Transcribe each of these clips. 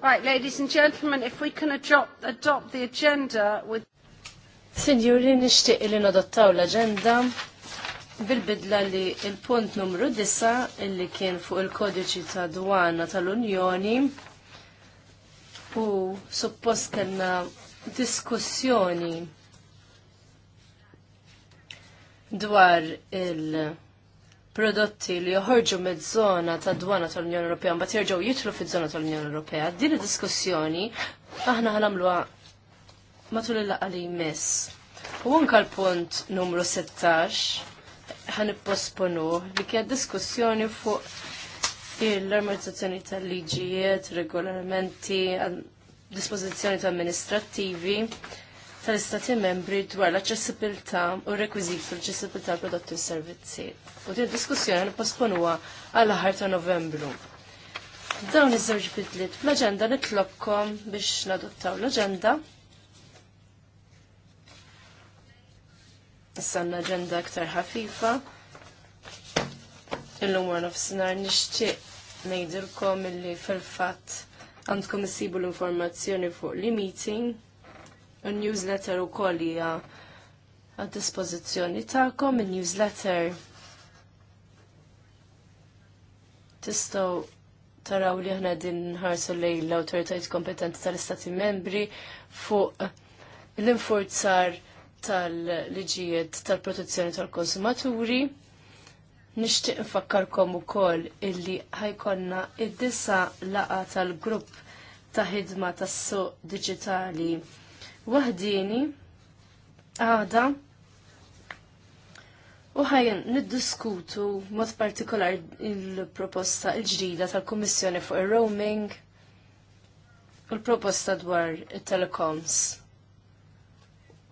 Right, ladies and gentlemen, if we can adopt, adopt the agenda with... Signori, nishtiq li nadottaw l-agenda bil-bidla li il-punt numru 9 illi kien fuq il-kodiċi ta' dwana tal-Unjoni u suppost kena diskussjoni dwar il- prodotti li joħorġu mid-żona ta' dwana tal-Unjoni Ewropea mbagħad jerġgħu jitlu fiż-żona tal-Unjoni Ewropea. Din id-diskussjoni aħna ħanamluha matul il-laqgħa li jmiss. U anke l-punt numru 16 ħan ipposponu li kien diskussjoni fuq l-armonizzazzjoni tal-liġijiet, regolamenti, dispożizzjoni tal amministrattivi tal-Istati membri dwar l-aċċessibilità u r-rekwiżiti tal-aċċessibilità ta' prodotti u servizzi. U din diskussjoni nipposponuha għal aħar ta' Novembru. Dawn iż-żewġ bidliet fl-aġenda nitlobkom biex nadottaw l-aġenda. Issa l-aġenda aktar ħafifa. Illum wara nofsinhar nixtieq ngħidilkom illi fil-fatt għandkom issibu l-informazzjoni fuq li meeting il-newsletter u kolli hija għad dispożizzjoni tagħkom il-newsletter tistgħu taraw li ħna din ħarsu li l-autoritajt kompetenti tal-istati membri fuq l-infurzar tal-liġijiet tal-protezzjoni tal-konsumaturi. Nixtieq nfakkarkom ukoll illi ħajkonna id-disa laqa tal-grupp ta' ħidma tas-suq digitali waħdini għada u ħajn niddiskutu mod partikolar il-proposta il-ġdida tal-Kummissjoni fuq il-roaming u l-proposta dwar il-telecoms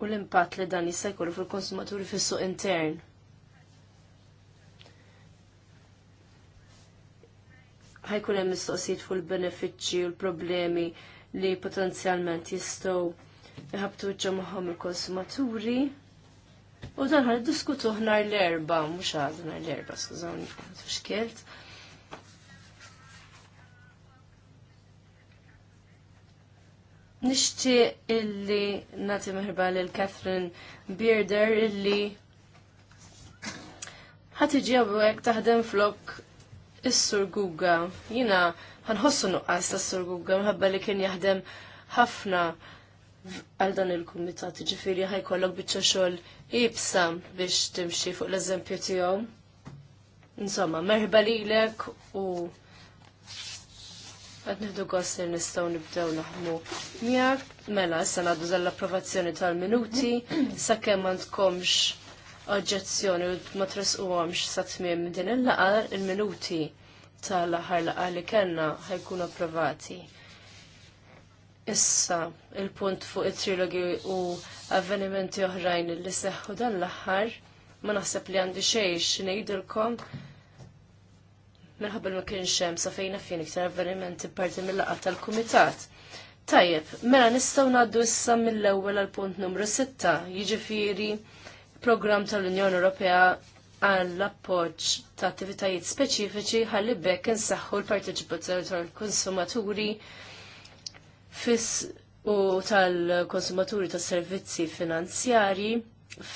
u l-impatt li dan jista' jkollu fil-konsumaturi fis-suq intern. ħajkun hemm mistoqsijiet fuq il-benefiċċji u l-problemi li potenzjalment jistgħu jħabtu ġomħom il-konsumaturi. U dan ħan diskutu ħnar l-erba, mux għad ħnar l-erba, skużawni, t-fiskelt. Nishti illi nati meħrba l-Catherine Bearder illi ħatiġi għek taħdem flok is-sur Guga. Jina ħanħossu nuqqas tas-sur Guga, mħabba li kien jaħdem ħafna għal dan il-kumitat, ġifiri ħajkollok bieċa xol jibsam biex timxi fuq l-eżempju tiegħu. Insomma, merħba lilek u għad nifdu għasni nistaw nibdew naħmu miak, mela, issa għadu dall-approvazzjoni tal-minuti, sa' kemm għandkomx oġġezzjoni u ma u għomx sa' tmiem din il-laqar, il-minuti tal-aħar laqar li kellna ħajkunu approvati. Issa, il-punt fuq it-trilogi u avvenimenti oħrajn li seħħu dan l-aħħar, ma naħseb li għandi xejx ngħidilkom minħabba ma kienx hemm sa fejna fien iktar avvenimenti parti mill-laqgħa tal-kumitat. Tajjeb, mela nistgħu ngħaddu issa mill-ewwel għal punt numru 6, jiġifieri programm tal-Unjoni Ewropea għall appoġġ ta' attivitajiet speċifiċi ħalli bekk insaħħu l-parteċipazzjoni tal-konsumaturi fis u tal-konsumaturi tas servizzi finanzjari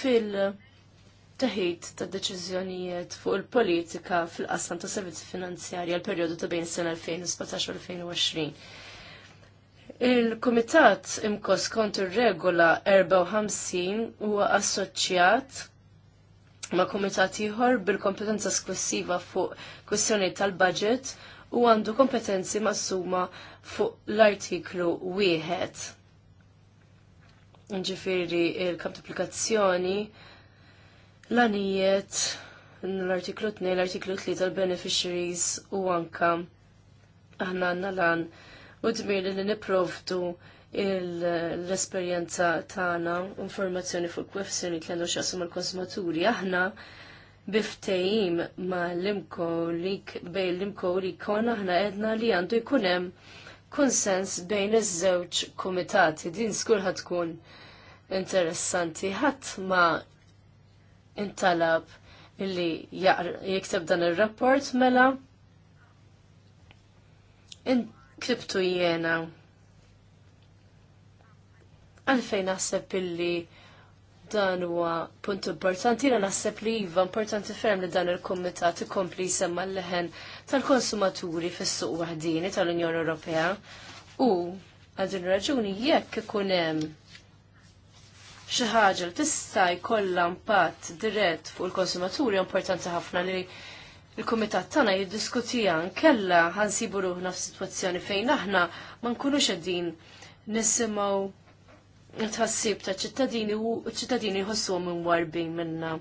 fil- teħid ta' deċiżjonijiet fuq il-politika fil-qasam ta' servizzi finanzjari għal perjodu ta' bejn sena 2017-2020. Il-Kumitat imkos kontu regola 54 huwa assoċjat ma' kumitat ieħor bil-kompetenza sklusiva fuq kwistjoni tal-budget u għandu kompetenzi massuma fuq l-artiklu wieħed. Ġifiri il-kamp applikazzjoni l-anijiet l-artiklu 2, l-artiklu 3 tal-beneficiaries u anka aħna għanna lan u dmir li niprovdu l-esperienza tagħna informazzjoni fuq kwestjoni li għandu xasum il-konsumaturi. Aħna biftejim ma l-imko li bej l-imko li kon aħna edna li għandu jkunem konsens bejn iż-żewġ komitati. Din skurħat tkun interessanti. Ħadd ma intalab illi jikteb dan il-rapport mela inkriptu jiena għalfejn naħseb illi dan huwa punt importanti, li naħseb li iva importanti ferm li dan il-Kumitat ikompli jsemma l-leħen tal-konsumaturi fis-suq waħdini tal-Unjoni Ewropea. U għal din raġuni jekk ikun hemm xi ħaġa li tista' jkollha impatt dirett fuq il-konsumaturi importanti ħafna li il-kumitat tagħna jiddiskutija nkella ħansibu ruħna f'sitwazzjoni fejn aħna ma nkunux qegħdin nisimgħu tħassib ta' ċittadini u ċittadini jħossu minn warbin minna.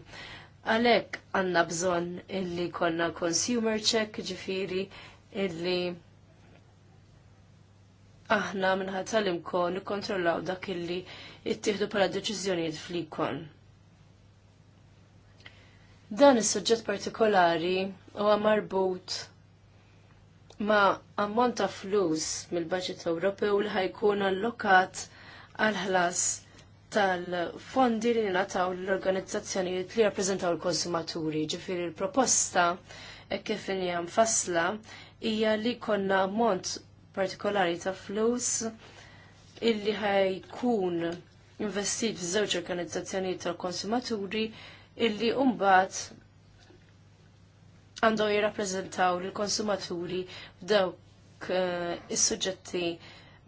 Għalhekk għandna bżonn illi konna consumer check ġifiri illi aħna minnħat tal imko nikkontrollaw dak illi jittihdu bħala deċiżjonijiet flikon. Dan is-suġġett partikolari huwa marbut ma' ammont ta' flus mill-Baġit Ewropew li ħajkun allokat għal-ħlas tal-fondi li nataw l-organizzazzjoni li jrappreżentaw l-konsumaturi. Ġifiri l-proposta e kif hija mfassla hija li konna mont partikolari ta' flus illi ħajkun investit f'żewġ organizzazzjoni tal-konsumaturi illi umbat għandhom jirrappreżentaw l-konsumaturi f'dawk eh, is-suġġetti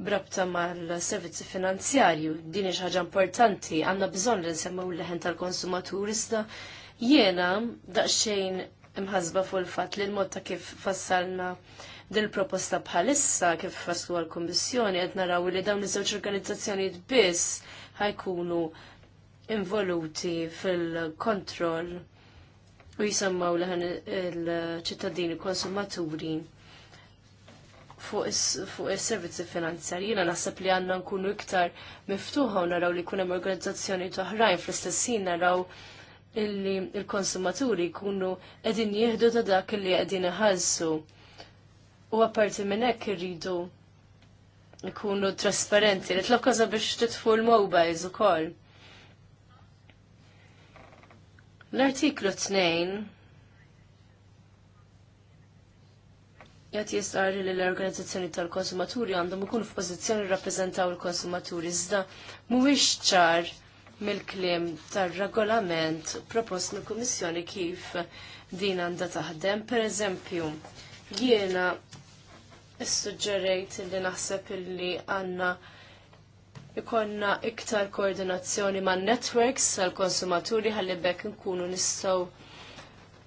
brabta mal-servizzi finanzjarju, din xi ħaġa importanti, għandna bżonn li l leħen tal konsumaturista jena jiena daqsxejn imħasba fuq il-fatt li l-mod ta' kif fassalna din proposta bħalissa kif fassu għal-Kommissjoni qed naraw li dawn iż-żewġ organizzazzjonijiet biss ħajkunu involuti fil-kontroll u jisemmaw l il-ċittadini konsumaturi fuq is-servizzi finanzjarji. Jiena naħseb li għandna nkunu iktar miftuħa u naraw li jkun hemm organizzazzjoni oħrajn fl-istessin naraw illi il-konsumaturi jkunu qegħdin jieħdu ta' dak li qegħdin iħallsu. U apparti minn hekk irridu ikunu trasparenti, li tlokkaża biex titfu l-mobiles ukoll. L-artiklu 2 jgħat jistqar li l-organizzazzjoni tal-konsumaturi għandhom ikunu f'pożizzjoni rappresentaw il-konsumaturi iżda mhuwiex ċar mill-klim tar-regolament propost mill-Kummissjoni kif din għandha taħdem. Per eżempju, jiena s-sugġerejt li naħseb illi għandna ikonna iktar koordinazzjoni ma' networks tal konsumaturi ħalli bekk nkunu nistgħu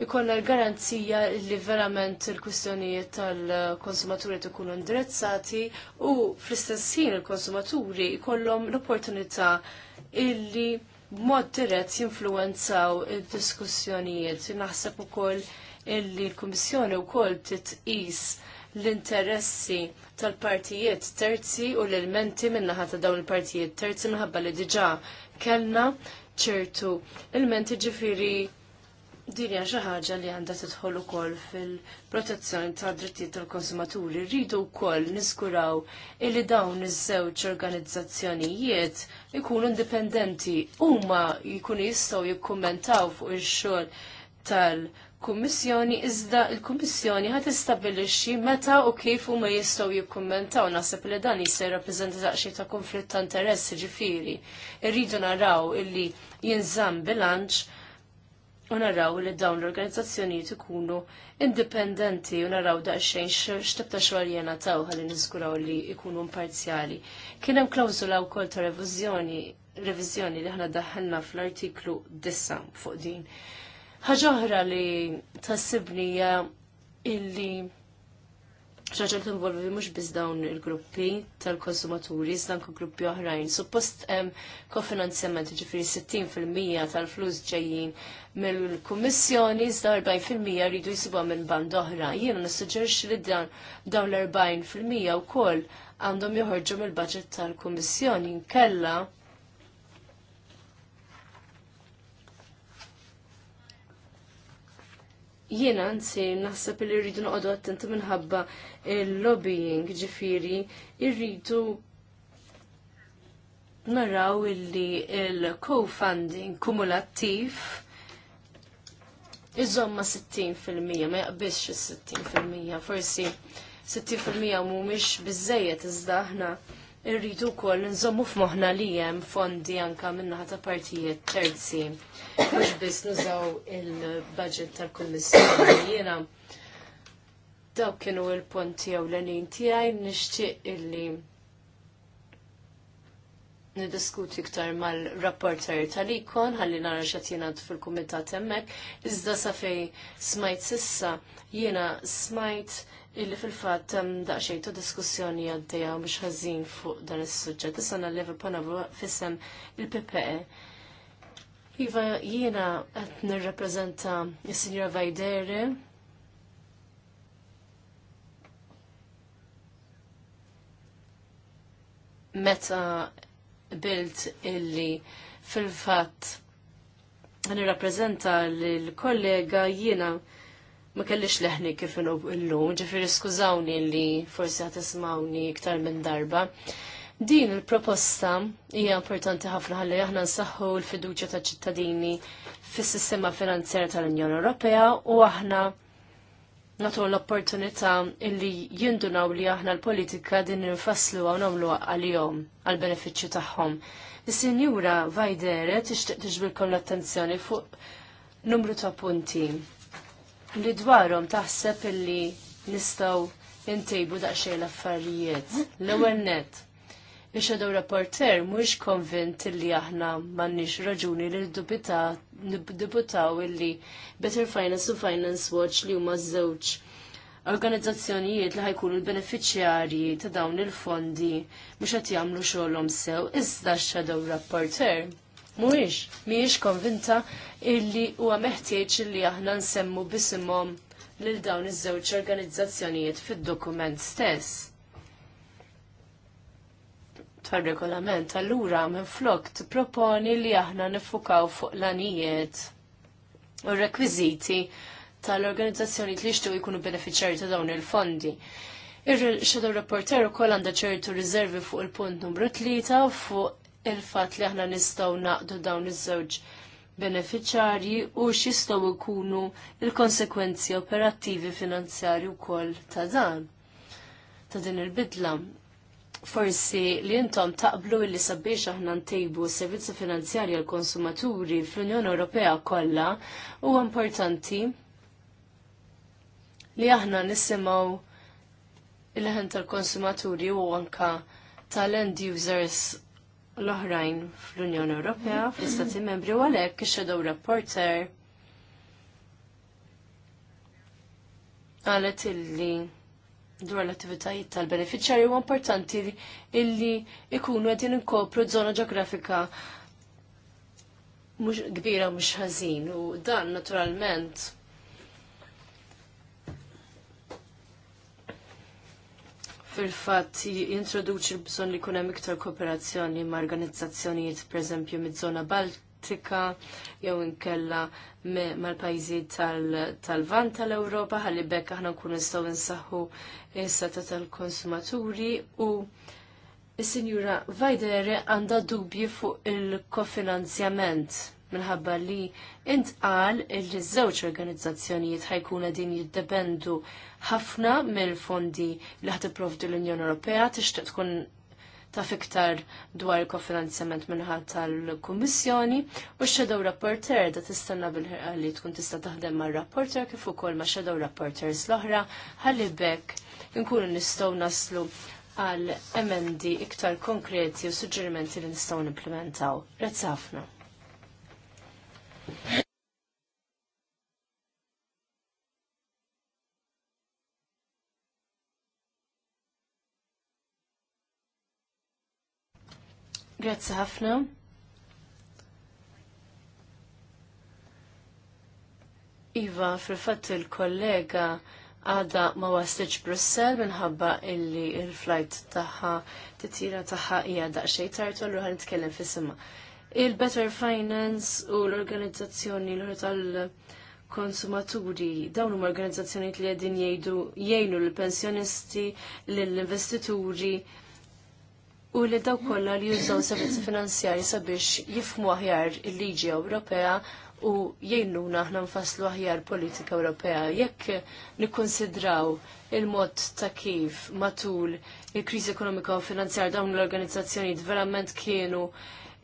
ikollna l-garanzija li verament il-kwistjonijiet tal-konsumaturi tkunu indirizzati u fl-istess il-konsumaturi jkollhom l-opportunità illi b'mod dirett jinfluwenzaw id-diskussjonijiet. Naħseb ukoll illi l-Kummissjoni wkoll titqis l-interessi tal-partijiet terzi u l-elementi minnaħa ta' dawn il-partijiet terzi minħabba li diġà kellna ċertu elementi ġifiri Din hija xi ħaġa li għandha tidħol ukoll fil-protezzjoni tad drittijiet tal-konsumaturi. Rridu wkoll niskuraw illi dawn iż-żewġ organizzazzjonijiet ikunu indipendenti huma jkunu jistgħu jikkummentaw fuq ix-xogħol tal-Kummissjoni iżda l-Kummissjoni ħad tistabbilixxi meta u kif huma jistgħu jikkummentaw naħseb li dan jista' jirrappreżenta daqsxejn ta' konflitt ta' interessi ġifieri. Irridu naraw illi jinżamm bilanċ u naraw li dawn l-organizzazzjonijiet ikunu indipendenti u naraw daqsxejn x'tib ta' xogħol jiena taw ħalli niżguraw li jkunu imparzjali. Kien hemm klawżula wkoll ta' reviżjoni revizjoni li ħna daħħalna fl-artiklu 9 fuq din. Ħaġa oħra li tasibni hija illi ċaċa t-involvi mux biz dawn il-gruppi tal-konsumaturi, zdanku gruppi oħrajn. Suppost kofinanzjament ġifiri 60% tal-flus ġejjin mill-kommissjoni, zda 40% rridu jisibu minn band oħra. Jena nissuġġerx li dawn l-40% u koll għandhom joħorġu mill-budget tal-kommissjoni. Kella Jiena anzi naħseb li rridu noqogħdu attenti minħabba il-lobbying ġifieri irridu naraw illi il-co-funding kumulattiv iżomma 60% ma jaqbis is-60% forsi 60% mhumiex biżejjed iżda aħna irridu wkoll nżommu f'moħħna li hemm fondi anke min-naħa ta' partijiet terzi mhux biss nużaw il-budget tal-Kummissjoni jiena dawk kienu l-punti ewlenin tiegħi nixtieq illi nidiskuti ktar mal-rapporter tal-ikon, ħalli nara xatina fil-kumitat emmek, iżda sa fej smajt sissa, jiena smajt illi fil-fatt hemm diskussjoni diskussjoni għaddejja mhux ħażin fuq dan is-suġġett. Issa nallevi panavu fissem il-PPE. Iva jiena qed nirrappreżenta is-Sinjora Vajderi meta bilt illi fil-fatt nirrappreżenta l-kollega jiena ma kellix leħni kif inqob illum, ġifiri skużawni li forsi għatismawni iktar minn darba. Din il-proposta hija importanti ħafna ħalli aħna nsaħħu l-fiduċja ta' ċittadini fis-sistema finanzjarja tal-Unjoni Ewropea u aħna natu l-opportunità illi jindunaw li aħna l-politika din nifasslu għaw namlu għal-jom għal-beneficju tagħhom. Is-Sinjura Vajdere tixtieq tiġbilkom l-attenzjoni fuq numru ta' punti li dwarom taħseb illi nistgħu intejbu daqsxejn l-affarijiet. L-ewwel net. Ix-shadow rapporter mhuwiex konvint illi aħna m'għandniex raġuni li dubitaw illi Better Finance u Finance Watch li huma żewġ organizzazzjonijiet li ħajkunu l-beneficjarji ta' dawn il-fondi mhux qed jagħmlu xogħolhom sew iżda x-shadow rapporter mhuwiex mhijiex konvinta illi huwa meħtieġ illi aħna nsemmu bisimhom lil dawn iż-żewġ organizzazzjonijiet fid-dokument stess tar-regolament allura minn flok tipproponi li aħna nifukaw fuq l-anijiet u r-rekwiżiti tal-organizzazzjoni li jixtiequ jkunu beneficjari ta' dawn il-fondi. Ir-Shadow Reporter ukoll għandha ċertu riservi fuq il-punt numru 3 fuq il-fat li aħna nistaw naqdu dawn iż-żewġ beneficjarji u x'jistgħu jkunu il-konsekwenzi operattivi finanzjarji wkoll ta' dan ta' din il-bidla. Forsi li intom taqblu li sabiex aħna ntejbu s-servizzi finanzjarji għal konsumaturi fl-Unjoni Ewropea kollha huwa importanti li aħna nisimgħu il-ħen tal-konsumaturi u anka tal-end users l-oħrajn fl-Unjoni Ewropea, fl-Istati Membri, u għalhekk ix rapporter Reporter qalet illi dwar l-attivitajiet tal-beneficjarju huwa importanti illi ikunu qegħdin inkopru żona ġeografika mux, kbira mhux ħażin u dan naturalment fil-fatt jintroduċi l-bżon li kunem iktar kooperazzjoni ma' organizzazzjonijiet, per eżempju, mid-zona Baltika, jew inkella mal-pajzi tal-van tal-Europa, ħalli bekk aħna nkunu nistgħu nsaħħu is-seta tal-konsumaturi u is-Sinjura Vajdere għandha dubji fuq il-kofinanzjament minħabba li intqal li żewġ organizzazzjonijiet ħajkun din jiddependu ħafna mill-fondi li ħat l-Unjoni Ewropea tixtieq tkun taf iktar dwar il-kofinanzjament minnħat tal-Kummissjoni u x-Shadow Rapporter da tistanna bil-ħirqa li tkun tista' taħdem mar rapporter kif ukoll ma' Shadow Rapporters l-oħra ħalli bekk nkunu nistgħu naslu għal emendi iktar konkreti u suġġerimenti li nistgħu nimplementaw. Grazzi ħafna. Grazzi ħafna. Iva, fil-fatt il-kollega għada ma wasliċ Brussel minħabba illi il-flight taħħa titira taħħa hija daqsxejn tartu allura ħan nitkellem fis-sema il-Better Finance u l-organizzazzjoni l-ħor tal-konsumaturi, dawn huma organizzazzjoni li qegħdin jgħinu l-pensjonisti, l-investituri u li daw kollha li jużaw servizzi finanzjari sabiex jifmu aħjar il-liġi Ewropea u jgħinuna aħna nfasslu aħjar politika Ewropea jekk nikkonsidraw il-mod ta' kif matul il-kriżi ekonomika u finanzjar dawn l-organizzazzjoni verament kienu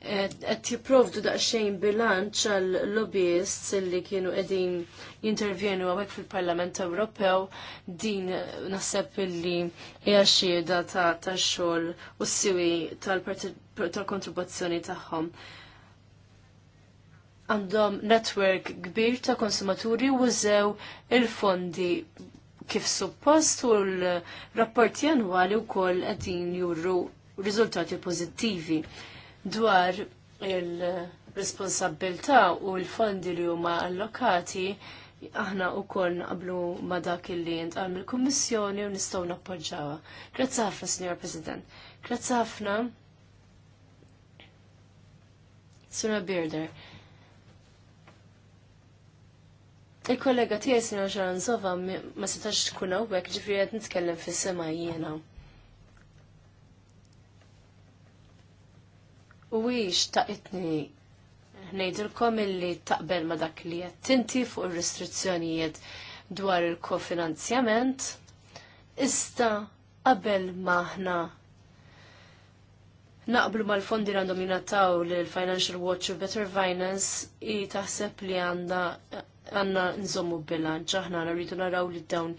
qed jipprovdu daqsxejn bilanċ għal lobbyists li kienu qegħdin jintervjenu għawek fil-Parlament Ewropew din naħseb illi hija xhieda ta' tax-xogħol u s-siwi tal-kontribuzzjoni tagħhom. Għandhom netwerk kbir ta' konsumaturi u żew il-fondi kif suppost u l-rapporti annwali wkoll qegħdin juru riżultati pożittivi dwar il-responsabilta u l-fondi li huma allokati aħna u koll naqblu ma dak il li jintqal mill-Kummissjoni u nistgħu nappoġġawha. Grazzi ħafna, Signor President. Grazzi ħafna. Sura Birder. Il-kollega tiegħi Signor Ġaranzova ma setax tkun hawnhekk ġifieri qed nitkellem fis-sema jiena. u wix taqitni nejdilkom illi taqbel ma dak li jattinti fuq il-restrizzjonijiet dwar il-kofinanzjament, ista qabel maħna naqblu mal-fondi għandhom jinataw l-Financial Watch u Better Finance i taħseb li għanda għanna nżommu bilanċ, aħna rridu naraw li dawn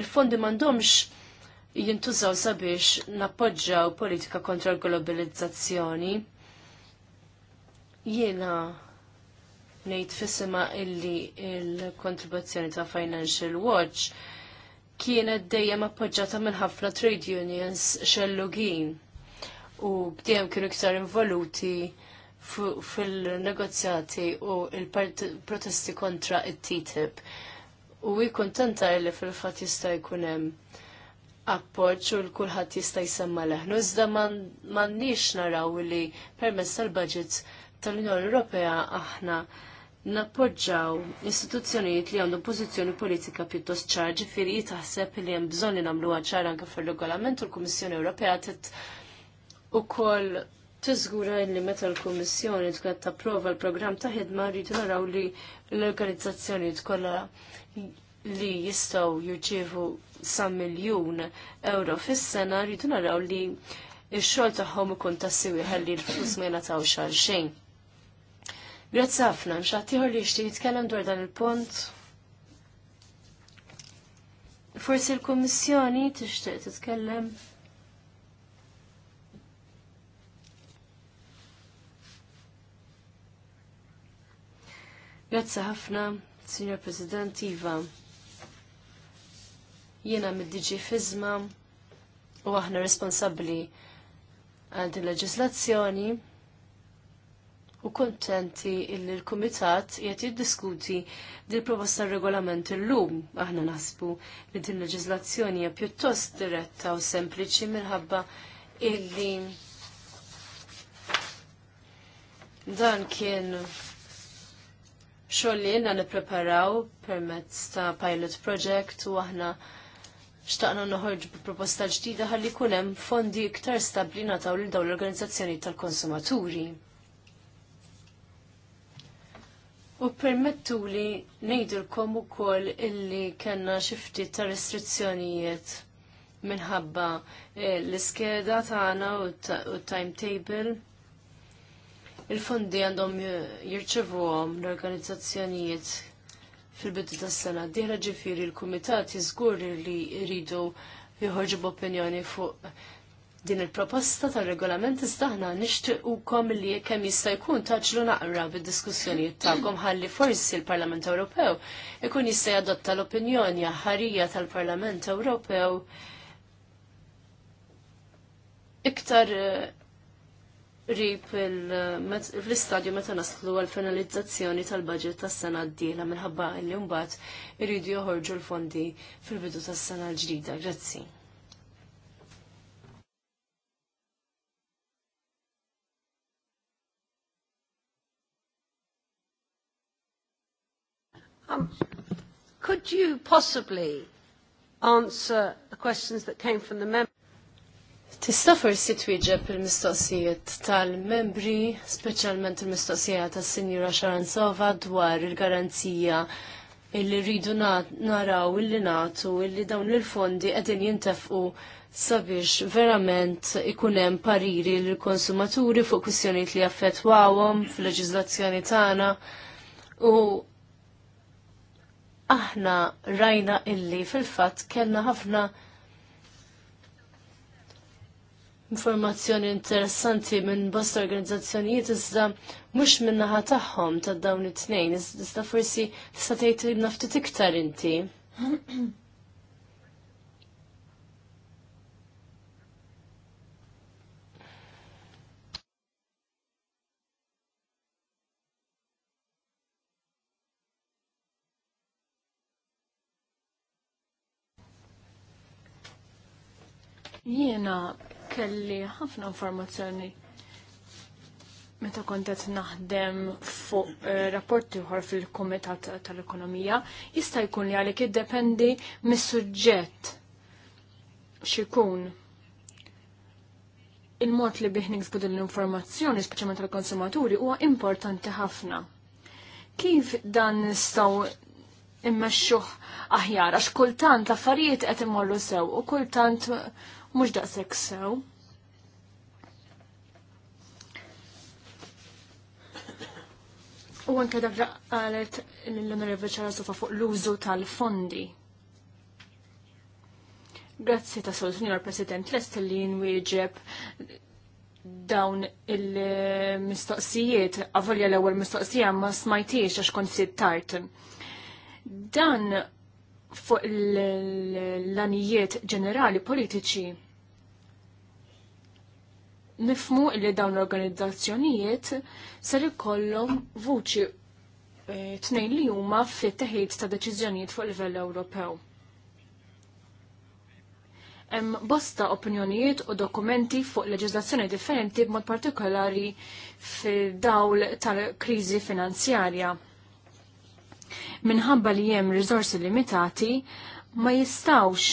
il-fondi mandomx jintużaw sabiex nappoġġaw politika kontra l-globalizzazzjoni Jiena nejt fissima illi il-kontribuzzjoni ta' Financial Watch kienet dejjem appoġġjata minn ħafna trade unions xellugin u dejjem kienu iktar involuti fil-negozjati u il-protesti kontra it-TTIP. U hi kontenta li fil-fatt jista' jkun hemm appoġġ u l-kulħadd jista' jsemma leħnu iżda m'għandniex naraw li permezz tal-budget tal-Unjoni Ewropea aħna nappoġġaw istituzzjonijiet li għandhom pożizzjoni politika pjuttost ċar ġifieri taħseb li hemm bżonn li nagħmluha ċara anke fir-regolament u l-Kummissjoni Ewropea tit ukoll tiżgura li meta l-Kummissjoni tkun qed tapprova l-programm ta' ħidma rridu naraw li l-organizzazzjoni kollha li jistgħu jirċievu sa miljun euro fis-sena rridu naraw li x-xogħol tagħhom ikun tassew ħalli l-flus ma jingħataw x'arxejn. xejn. Grazzi ħafna, mxattiħor li xti jitkellem dwar dan il-punt. Forsi l-Kommissjoni tixtieq titkellem. Grazzi ħafna, Signor President Iva. Jiena mid-DG Fizma u aħna responsabbli għal din leġislazzjoni u kontenti illi l-Kumitat qed jiddiskuti dil proposta regolament illum aħna naħsbu li din leġiżlazzjoni hija pjuttost diretta u sempliċi minħabba illi dan kien xogħol li jenna nippreparaw permezz ta' pilot project u aħna xtaqna noħorġ b'proposta ġdida ħalli jkun hemm fondi iktar stabbli nataw lil dawn l-organizzazzjoni tal-konsumaturi. U permettu li nejdilkom u kol illi kena xifti ta' restrizzjonijiet minħabba eh, l-iskeda tagħna u timetable. Il-fondi għandhom jirċevuhom l-organizzazzjonijiet fil-bidu tas-sena. Dieħla ġifieri l-kumitat jiżgur li jridu jħorġu b'opinjoni fuq din il-proposta tal-regolament istaħna kom li kemm jista' jkun taġlu naqra bid-diskussjonijiet tagħkom ħalli forsi l-Parlament Ewropew ikun jista' jadotta l-opinjoni ħarija tal-Parlament Ewropew iktar eh, rib fl-istadju meta naslu għal-finalizzazzjoni tal-budget tas-sena d dila minħabba li mbagħad iridu joħorġu l-fondi fil-bidu tas-sena l-ġdida. Grazzi. Um, could you possibly answer the questions that came from the members? Tista' forsi twieġeb il-mistoqsijiet tal-membri, speċjalment il-mistoqsija tas-Sinjura Xaranzova dwar il-garanzija illi rridu naraw illi natu illi dawn il-fondi qegħdin jintefqu sabiex verament ikun hemm pariri lill konsumaturi fuq kwistjonijiet li affettwawhom fil-leġiżlazzjoni tagħna u aħna rajna illi fil-fatt kellna ħafna informazzjoni interessanti minn bosta organizzazzjonijiet iżda mhux min-naħa tagħhom ta' dawn it-tnejn, iżda forsi tista' tgħid naftit iktar inti. Jiena kelli ħafna informazzjoni meta kont qed naħdem fuq eh, rapporti ieħor fil-Kumitat tal-Ekonomija, jista' jkun li għalik iddependi mis-suġġett x'ikun il-mod li bih niksbu din l-informazzjoni, speċjalment tal-konsumaturi, huwa importanti ħafna. Kif dan nistgħu immexxuh aħjar għax kultant l-affarijiet qed imorru sew u kultant mhux daqshekk sew. U anke dak qalet l-Onorevoli sofa fuq l-użu tal-fondi. Grazzi ta' sol, Signor President, lest li nwieġeb dawn il-mistoqsijiet, għavolja l-ewel mistoqsija ma smajtiex għax kont tart. Dan fuq l-anijiet ġenerali politiċi nifmu li dawn l-organizzazzjonijiet ser ikollhom vuċi eh, tnejn li huma fit-teħid ta' deċiżjonijiet fuq livell Ewropew. Hemm bosta opinjonijiet u dokumenti fuq leġiżlazzjoni differenti b'mod partikolari fil dawl tal-kriżi finanzjarja minħabba li hemm rizorsi limitati ma jistawx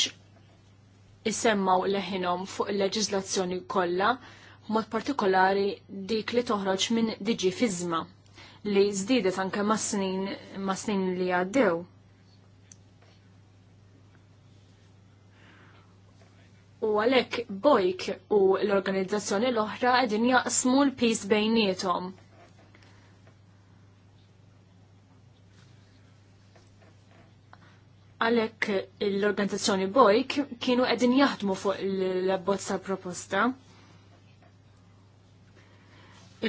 isemmaw leħinhom fuq il-leġiżlazzjoni kollha mod partikolari dik li toħroġ minn diġi fizma li żdiedet anke ma' snin li għaddew. U għalhekk bojk u l-organizzazzjoni l-oħra qegħdin jaqsmu l-pis bejniethom Għalek l-organizzazzjoni Bojk kienu għedin jaħdmu fuq l tal proposta.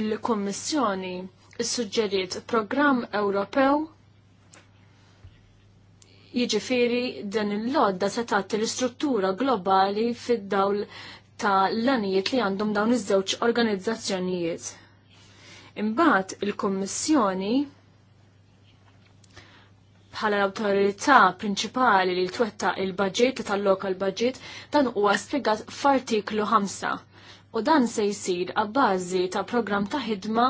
Il-Kommissjoni suġġeriet program Ewropew jiġifiri dan il-lodda se tagħti l-istruttura globali fid-dawl ta' l-anijiet li għandhom dawn iż-żewġ organizzazzjonijiet. Imbagħad il-Kummissjoni bħala l-autorità prinċipali li twetta il-budget, tal local budget dan huwa spiegat f'artiklu 5. U dan se jsir għabbażi ta' program ta' ħidma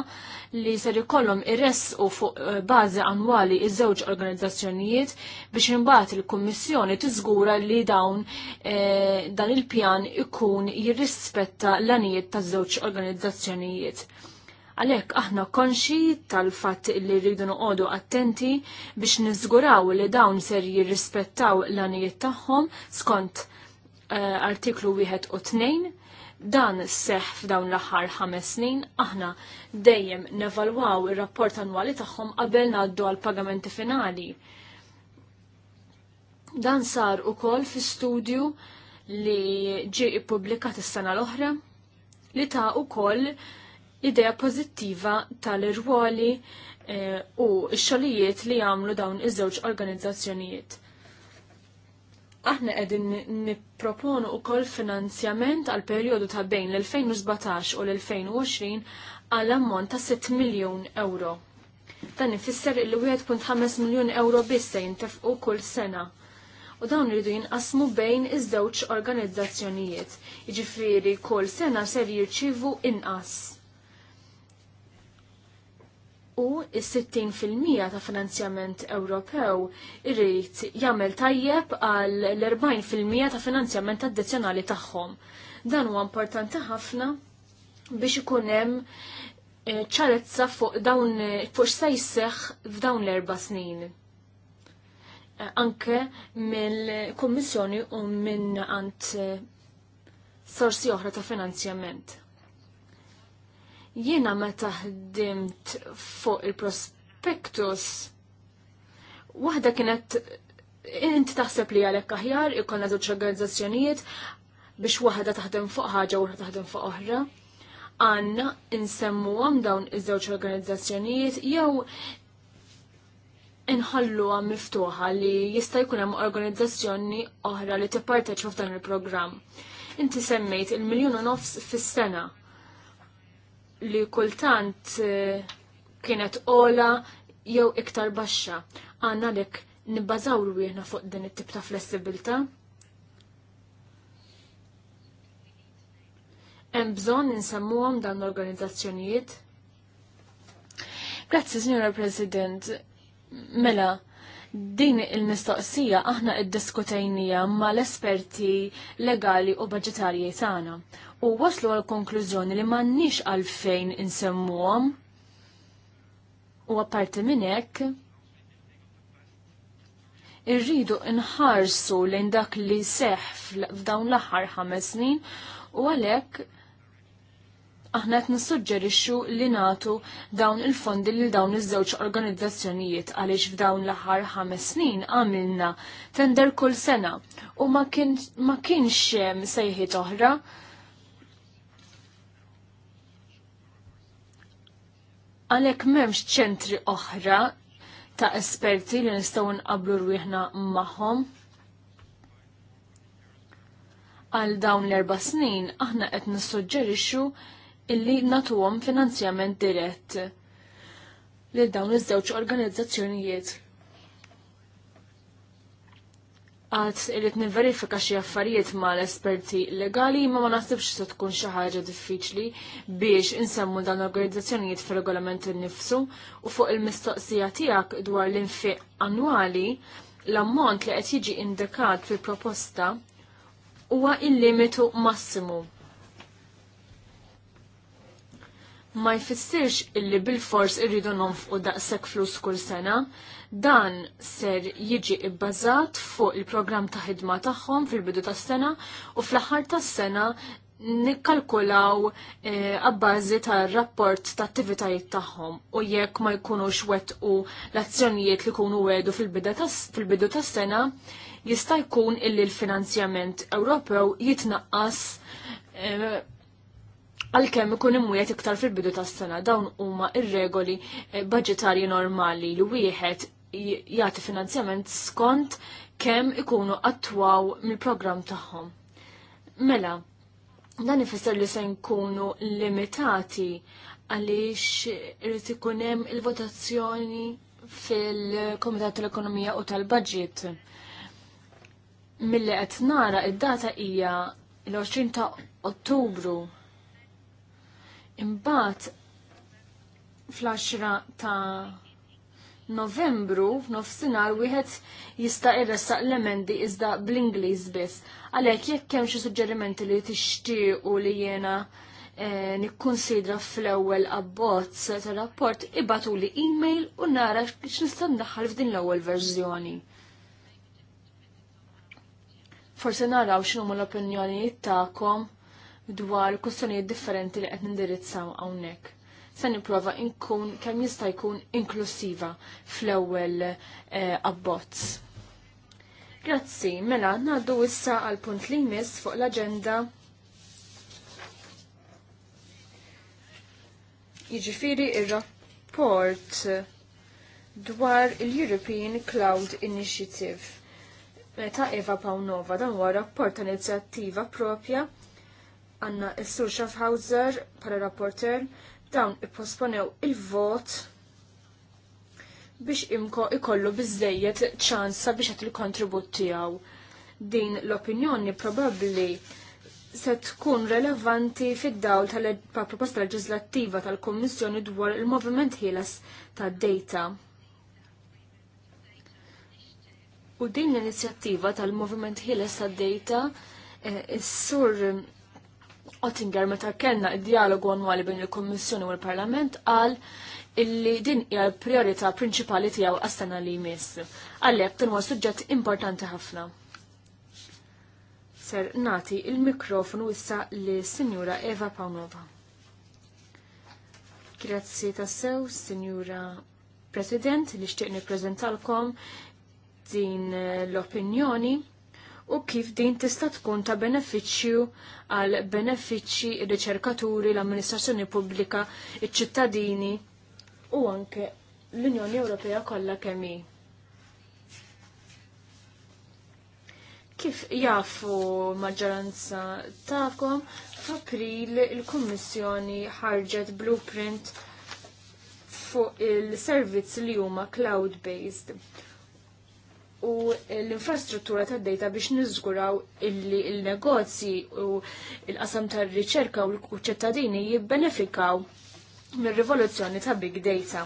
li ser ikollhom u fuq eh, bażi annwali iż-żewġ organizzazzjonijiet biex imbagħad il-Kummissjoni tiżgura li dawn eh, dan il-pjan ikun jirrispetta l-anijiet taż-żewġ organizzazzjonijiet. Għalhekk aħna konxi tal-fatt li rridu noqogħdu attenti biex niżguraw li dawn ser jirrispettaw l-għanijiet tagħhom skont uh, artiklu wieħed u tnejn, dan seħ f'dawn l-aħħar ħames snin aħna dejjem nevalwaw ir-rapport annwali tagħhom qabel ngħaddu għal pagamenti finali. Dan sar ukoll fi studju li ġie ippubblikat is-sena l-oħra li ta' ukoll koll idea pożittiva tal-irwoli eh, u x-xogħlijiet li jagħmlu dawn iż-żewġ organizzazzjonijiet. Aħna qegħdin nipproponu wkoll finanzjament għal perjodu ta' bejn l-2017 u l-2020 għal ammont ta' 6 miljun euro. Dan ifisser il 1.5 miljun euro biss se jintefqu kull sena u dawn iridu jinqasmu bejn iż-żewġ organizzazzjonijiet. Jiġifieri kull sena ser jirċivu inqas u s-60% ta' finanzjament Ewropew irrit jagħmel tajjeb għal l-40% ta' finanzjament addizzjonali tagħhom. Dan huwa importanti ħafna biex ikun hemm eh, ċarezza fuq dawn fuq se jseħħ f'dawn l-erba' snin. Eh, anke mill-Kummissjoni u minn għand eh, sorsi oħra ta' finanzjament. Jiena meta ħdimt fuq il-prospektus, waħda kienet inti taħseb li għalek aħjar ikkonna żewġ organizzazzjonijiet biex waħda taħdem fuq ħaġa u taħdem fuq oħra. Għanna insemmu għam dawn iż-żewġ organizzazzjonijiet jew inħalluha miftuħa li jista' jkun hemm organizzazzjoni oħra li tipparteċ f'dan il-programm. Inti semmejt il-miljun u nofs fis-sena li kultant eh, kienet ola jew iktar baxxa. Għanna lek nibbażaw rwieħna fuq din it-tip ta' flessibilta. Hemm bżonn insemmuhom dawn l-organizzazzjonijiet. Grazzi, Signora President. Mela, Din il-mistoqsija aħna id-diskutejnija ma l-esperti legali u budgetarji tagħna u waslu għal konklużjoni li m'għandniex għalfejn insemmuhom u apparti minn hekk irridu nħarsu lejn dak li seħ f'dawn l-aħħar ħames snin u għalhekk aħna qed nissuġġerixxu li nagħtu dawn il-fondi lil dawn iż-żewġ organizzazzjonijiet għaliex f'dawn l-aħħar ħames snin għamilna tender kull sena u ma kienx hemm sejħiet oħra. Għalhekk m'hemmx ċentri oħra ta' esperti li nistgħu nqablu rwieħna magħhom għal dawn l-erba snin aħna qed nissuġġerixxu illi natuwom finanzjament dirett li dawn iż-żewġ organizzazzjonijiet. Għad irrid niverifika xi affarijiet mal esperti legali ma ma naħsibx se tkun xi ħaġa diffiċli biex insemmu dan l-organizzazzjonijiet fir-regolament innifsu u fuq il-mistoqsija tiegħek dwar l-infiq annwali l-ammont li qed jiġi indikat fil-proposta huwa il-limitu massimu ma jfissirx illi bil-fors irridu nonfqu daqshekk flus kull sena, dan ser jiġi ibbażat fuq il-programm ta' ħidma tagħhom fil-bidu tas-sena u fl-aħħar tas-sena nikkalkulaw eh, għabbażi eh, tar rapport ta' attivitajiet tagħhom u jekk ma jkunux wettqu l-azzjonijiet li jkunu għedu fil-bidu tas-sena, jista' jkun illi l-finanzjament Ewropew jitnaqqas eh, għalkemm ikun imwiet iktar fil-bidu tas-sena dawn huma ir-regoli eh, budgetarji normali li wieħed jagħti finanzjament skont kemm ikunu attwaw mill-programm tagħhom. Mela, dan ifisser li se nkunu limitati għaliex irid ikun hemm il-votazzjoni fil-Komitat tal-Ekonomija u tal-Budget. Milli qed nara id-data hija l-20 ta' Ottubru Imbagħad fl-10 ta' Novembru f'nofsinhar wieħed jista' jressaq l-emendi iżda bl-Ingliż biss. Għalhekk jekk hemm xi suġġerimenti li tixtiequ li jiena eh, nikkunsidra fl-ewwel abbozz ta' rapport ibatu li email u nara x'nista' ndaħħal f'din l-ewwel verżjoni. Forse naraw x'inhu l-opinjonijiet tagħkom dwar kustonijiet differenti li qed nindirizzaw hawnhekk. Se nipprova nkun kemm jista' jkun inklusiva fl-ewwel eh, abbozz. Grazzi, mela ngħaddu issa għal punt li jmiss fuq l-aġenda jiġifieri ir-rapport dwar il-European Cloud Initiative. Meta eh, Eva Pawnova dan huwa rapport ta' inizjattiva propja għanna il-Sur Schaffhauser pala rapporter dawn ipposponew il-vot biex imko ikollu bizzejiet ċansa biex għat il-kontribut tijaw. Din l-opinjoni probabli se tkun relevanti fid-dawl tal-proposta leġislattiva tal-Kommissjoni dwar il-moviment ħieles tad-data. U din l-inizjattiva tal-Movement Ħieles tad-Data, eh, is-sur Ottinger meta kellna id-dialogu annwali bejn il-Kommissjoni u l-Parlament qal illi din hija l prijorità prinċipali tiegħu għas-sena li jmiss. Għalhekk din huwa suġġett importanti ħafna. Ser nati il-mikrofonu issa li Sinjura Eva Paunova. Grazzi tassew, Sinjura President, li xtieq nippreżentalkom din l-opinjoni u kif din tista' tkun ta' benefiċċju għal benefiċċji ir-riċerkaturi, l-amministrazzjoni pubblika, iċ-ċittadini u anke l-Unjoni Ewropea kollha kemm hi. Kif jafu maġġoranza tagħkom f'April il-Kummissjoni ħarġet blueprint fuq il-servizz li huma cloud-based u l-infrastruttura tad data biex niżguraw illi il-negozji u l-qasam tar-riċerka u l-ċittadini jibbenefikaw mir-rivoluzzjoni ta' big data.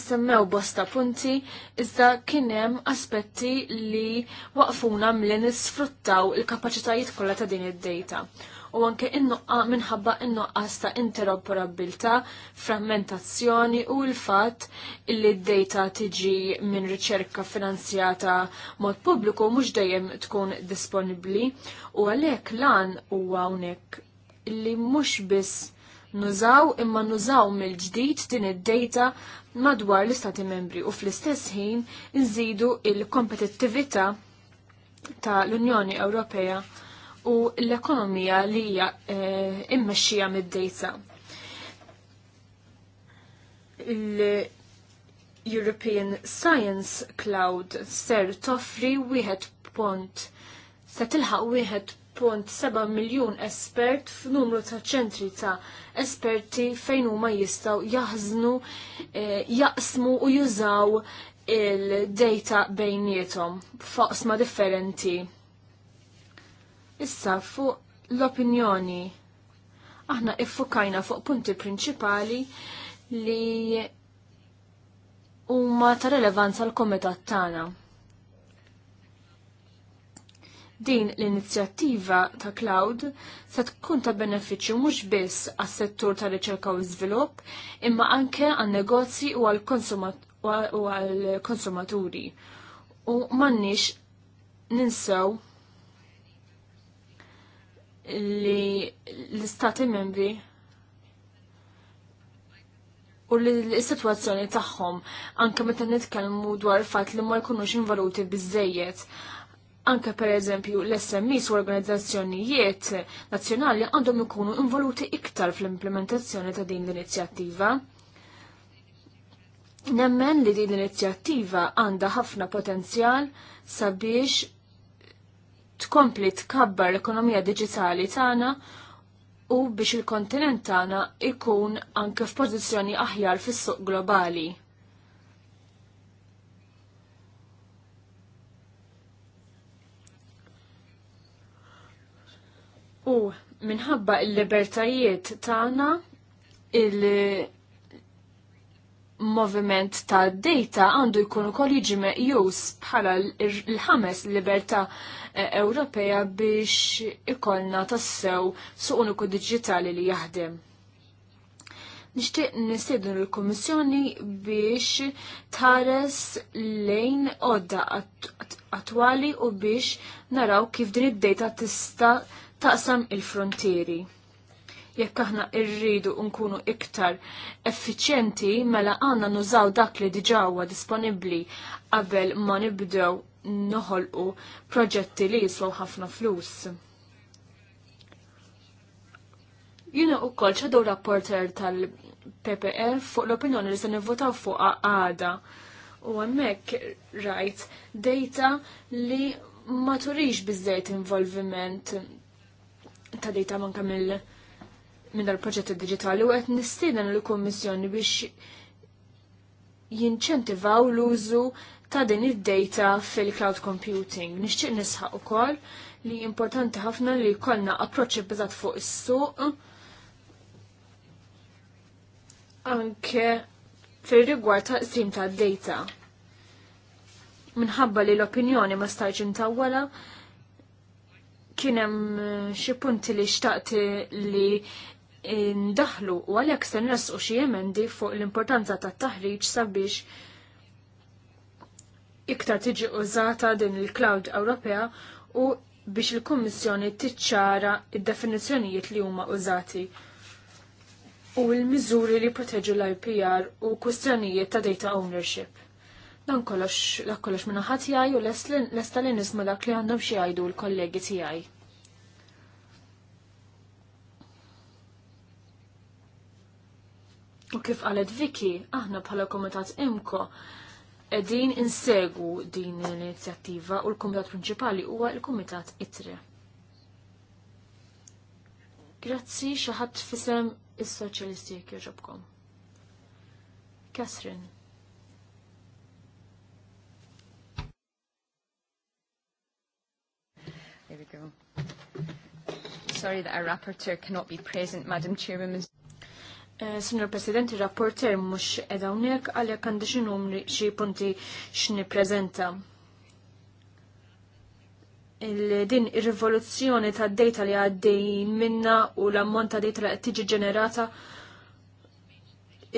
semmew bosta punti, iżda kienem aspetti li waqfuna mill nisfruttaw il-kapacitajiet kollha ta' din id-data u anke minħabba innuqqas ta' interoperabilta, frammentazzjoni u l-fatt illi d-data tiġi minn riċerka finanzjata mod pubbliku mhux dejjem tkun disponibbli u għalhekk lan huwa hawnhekk li mhux biss nużaw imma nużaw mill-ġdid din id-data madwar l-istati membri u fl-istess ħin nżidu il-kompetittività ta' l-Unjoni Ewropea u l-ekonomija li hija eh, immexxija mid-dejta. European Science Cloud ser toffri wieħed pont se tilħaq wieħed punt 7 miljun espert f'numru ta' ċentri ta' esperti fejn huma jistgħu jaħznu, eh, jaqsmu u jużaw il-data bejnietom f'oqsma differenti Issa fuq l-opinjoni. Aħna iffukajna fuq punti prinċipali li huma ta' relevanza l komitat tagħna. Din l-inizjattiva ta' Cloud se tkun ta' benefiċċju mhux biss għas-settur ta' riċerka u żvilupp, imma anke għan-negozji u għall-konsumaturi. U m'għandniex ninsew li l-istati membri u li l-situazzjoni tagħhom anke meta nitkellmu dwar fatt li ma jkunux involuti bizzejiet Anke per eżempju l-SMIs u organizzazzjonijiet nazzjonali għandhom ikunu involuti iktar fl-implementazzjoni ta' din l-inizjattiva. Nemmen li din l-inizjattiva għandha ħafna potenzjal sabiex tkompli tkabbar l-ekonomija digitali tagħna u biex il-kontinent tagħna ikun anke f'pożizzjoni aħjar fis-suq globali. U minħabba l-libertajiet tagħna il- moviment ta' data għandu jkun ukoll jiġi meqjus bħala l-ħames libertà eh, Ewropea biex ikollna tassew su uniku diġitali li jaħdem. Nixtieq nistiednu l-Kummissjoni biex tħares lejn odda attwali u biex naraw kif din id-data tista' taqsam il-frontieri jekk aħna rridu nkunu iktar effiċjenti mela għandna nużaw dak li diġà huwa disponibbli qabel ma nibdew noħolqu proġetti li jiswaw ħafna flus. Jina u koll ċadu rapporter tal ppf fuq l-opinjoni li se nivvotaw fuq għada u għemmek rajt data li ma turix bizzejt involviment ta' data manka mill- minn dal-proġetti digitali u qed nistieden lill kummissjoni biex jinċentivaw l-użu ta' din id-data fil-cloud computing. Nixtieq nisħaq ukoll li importanti ħafna li jkollna approċċi bżat fuq is-suq anke fil-rigward ta' qsim ta' data. Minħabba li l-opinjoni ma stajġ intawwala, hemm xi punti li xtaqt li ndaħlu u għalhekk se nresqu xi emendi fuq l-importanza tat-taħriġ sabiex iktar tiġi użata din il-Cloud Ewropea u biex il-Kummissjoni tiċċara id-definizzjonijiet li huma użati u l-miżuri li proteġu l-IPR u kwistjonijiet ta' data ownership. Dan kollox, dak kollox minna ħadd jaj u lesta li nismu dak li għandhom xi jgħidu l-kollegi tiegħi. U kif qalet Viki, aħna bħala komitat imko edin insegu din l-inizjattiva u l-komitat prinċipali huwa l-komitat itri. Grazzi xaħat fisem is-soċjalisti kjoġobkom. jogħġobkom. Catherine. There we go. Sorry that our rapporteur cannot be present, Madam Chairwoman. Eh, Signor Presidente, il-rapporter mux edawnek għalja għandi umri xie punti xni prezenta. din ir-rivoluzzjoni ta' data li għaddej minna u l-ammont ta' data li tiġi ġenerata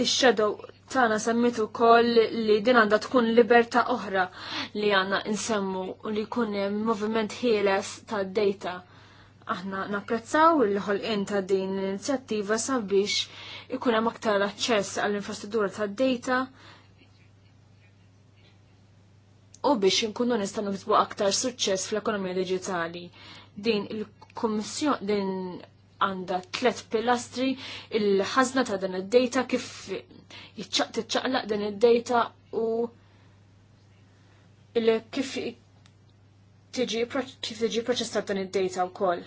ix-shadow tana semmitu kol li din għanda tkun liberta oħra li għanna nsemmu u li kun moviment ħieles ta' data. Aħna napprezzaw il-ħolqin ta' din l-inizjattiva sabiex ikun hemm aktar aċċess għall-infrastruttura tad-data u biex inkunu nistgħu niksbu aktar suċċess fl-ekonomija diġitali. Din il-Kummissjon din għandha tliet pilastri il-ħażna ta' dan id-data kif titċaqlaq din id-data u kif tiġi kif tiġi proċessat dan id-data wkoll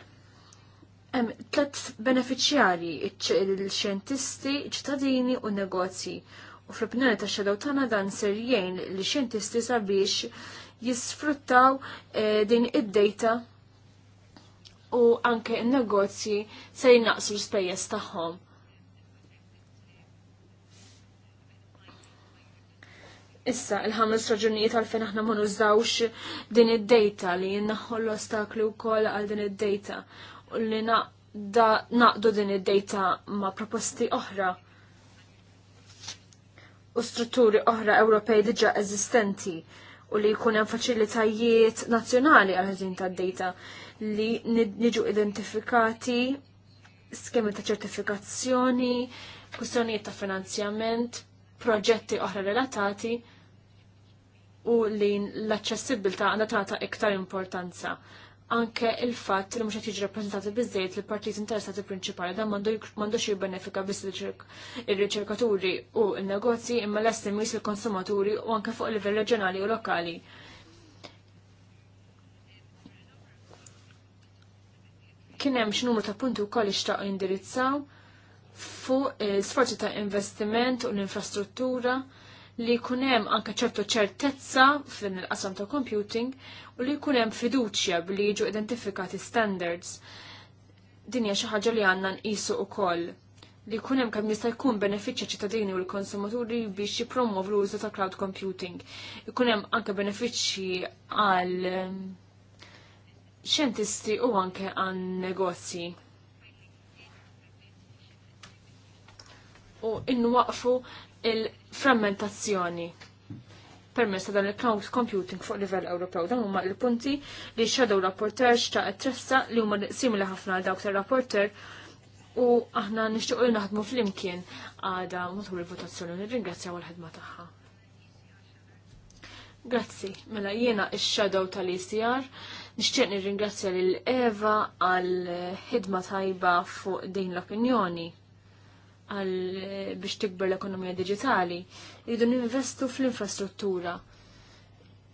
tlet beneficjari, il-xjentisti, ċittadini u negozji. U fl-opinjoni ta' xedew tagħna dan ser jgħin li xjentisti sabiex jisfruttaw e, din id-data u anke n-negozji se jnaqsu l-spejjeż tagħhom. Issa, il-ħames raġunijiet għalfejn aħna ma nużawx din id-data li jinnaħħol l-ostakli wkoll għal din id-data u li naqdu din id-data ma' proposti oħra u strutturi oħra Ewropej diġa eżistenti u li jkun hemm faċilitajiet nazzjonali għal ħażin tad-data li niġu identifikati skemi ta' ċertifikazzjoni, kwistjonijiet ta' finanzjament, proġetti oħra relatati u li l-aċċessibilità għandha tagħta iktar importanza anke il-fatt li mhux qed jiġi rappreżentati biżejt li partit interessati prinċipali dan m'għandux jibbenefika biss ir-riċerkaturi u n-negozji imma l estimis il-konsumaturi u anke fuq livell reġjonali u lokali. Kien hemm x'numru ta' punti wkoll ixtaqgħu jindirizzaw fuq eh, sforzi ta' investiment u l-infrastruttura li kunem anka ċertu ċertezza fin il-qasam ta' computing u li kunem fiduċja billi jiġu identifikati standards. Dinja xi ħaġa li għandna nqisu koll li kunem kemm jista' jkun benefiċċja ċittadini u l-konsumaturi biex jipromov l-użu ta' cloud computing. Ikunem anke benefiċċji għal ehm, xjentisti u anke għan negozji. u innu waqfu il-frammentazzjoni permessa ta' dan il-cloud computing fuq livell Ewropew. Dan huma l-punti li xadow rapporter ta' tressa li huma simili ħafna għal dawk tar-rapporter u aħna nixtiequ li naħdmu flimkien għada matul il-votazzjoni nirringrazzjaw għal ħedma tagħha. Grazzi, mela jiena x shadow tal-ICR nixtieq nirringrazzja lil Eva għal ħidma tajba fuq din l-opinjoni għal biex tikber l-ekonomija digitali. jridu ninvestu fl-infrastruttura.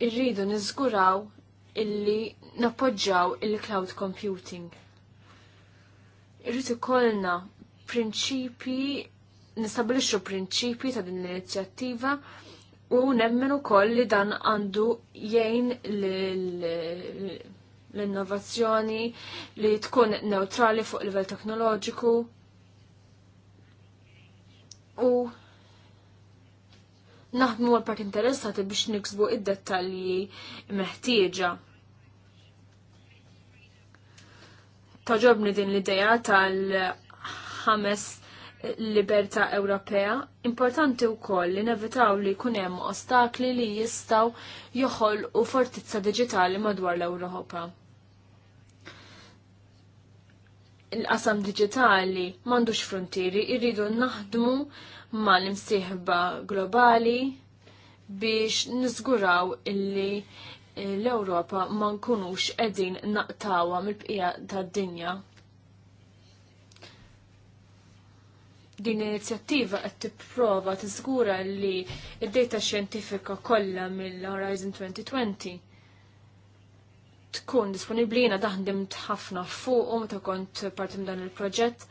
Irridu niżguraw illi nappoġġaw il-cloud computing. Irrid ikollna prinċipji, nistabilixxu prinċipji ta' din l-inizjattiva u nemmen ukoll li dan għandu jgħin l-innovazzjoni li tkun neutrali fuq livell teknoloġiku, u naħdmu għal part interessati biex niksbu id-dettalji meħtieġa. Taġobni din l-ideja tal-ħames libertà Ewropea, importanti wkoll li nevitaw li jkun hemm ostakli li jistgħu joħolqu fortizza digitali madwar l-Ewropa. il-qasam digitali m'għandux frontieri, irridu naħdmu mal-imsieħba globali biex niżguraw illi l-Ewropa ma nkunux qegħdin naqtawa mill-bqija tad-dinja. Din l-inizjattiva qed tipprova tiżgura li d-data xjentifika kollha mill-Horizon 2020 tkun disponibli jena daħdimt ħafna fuq u meta kont partim dan il-proġett.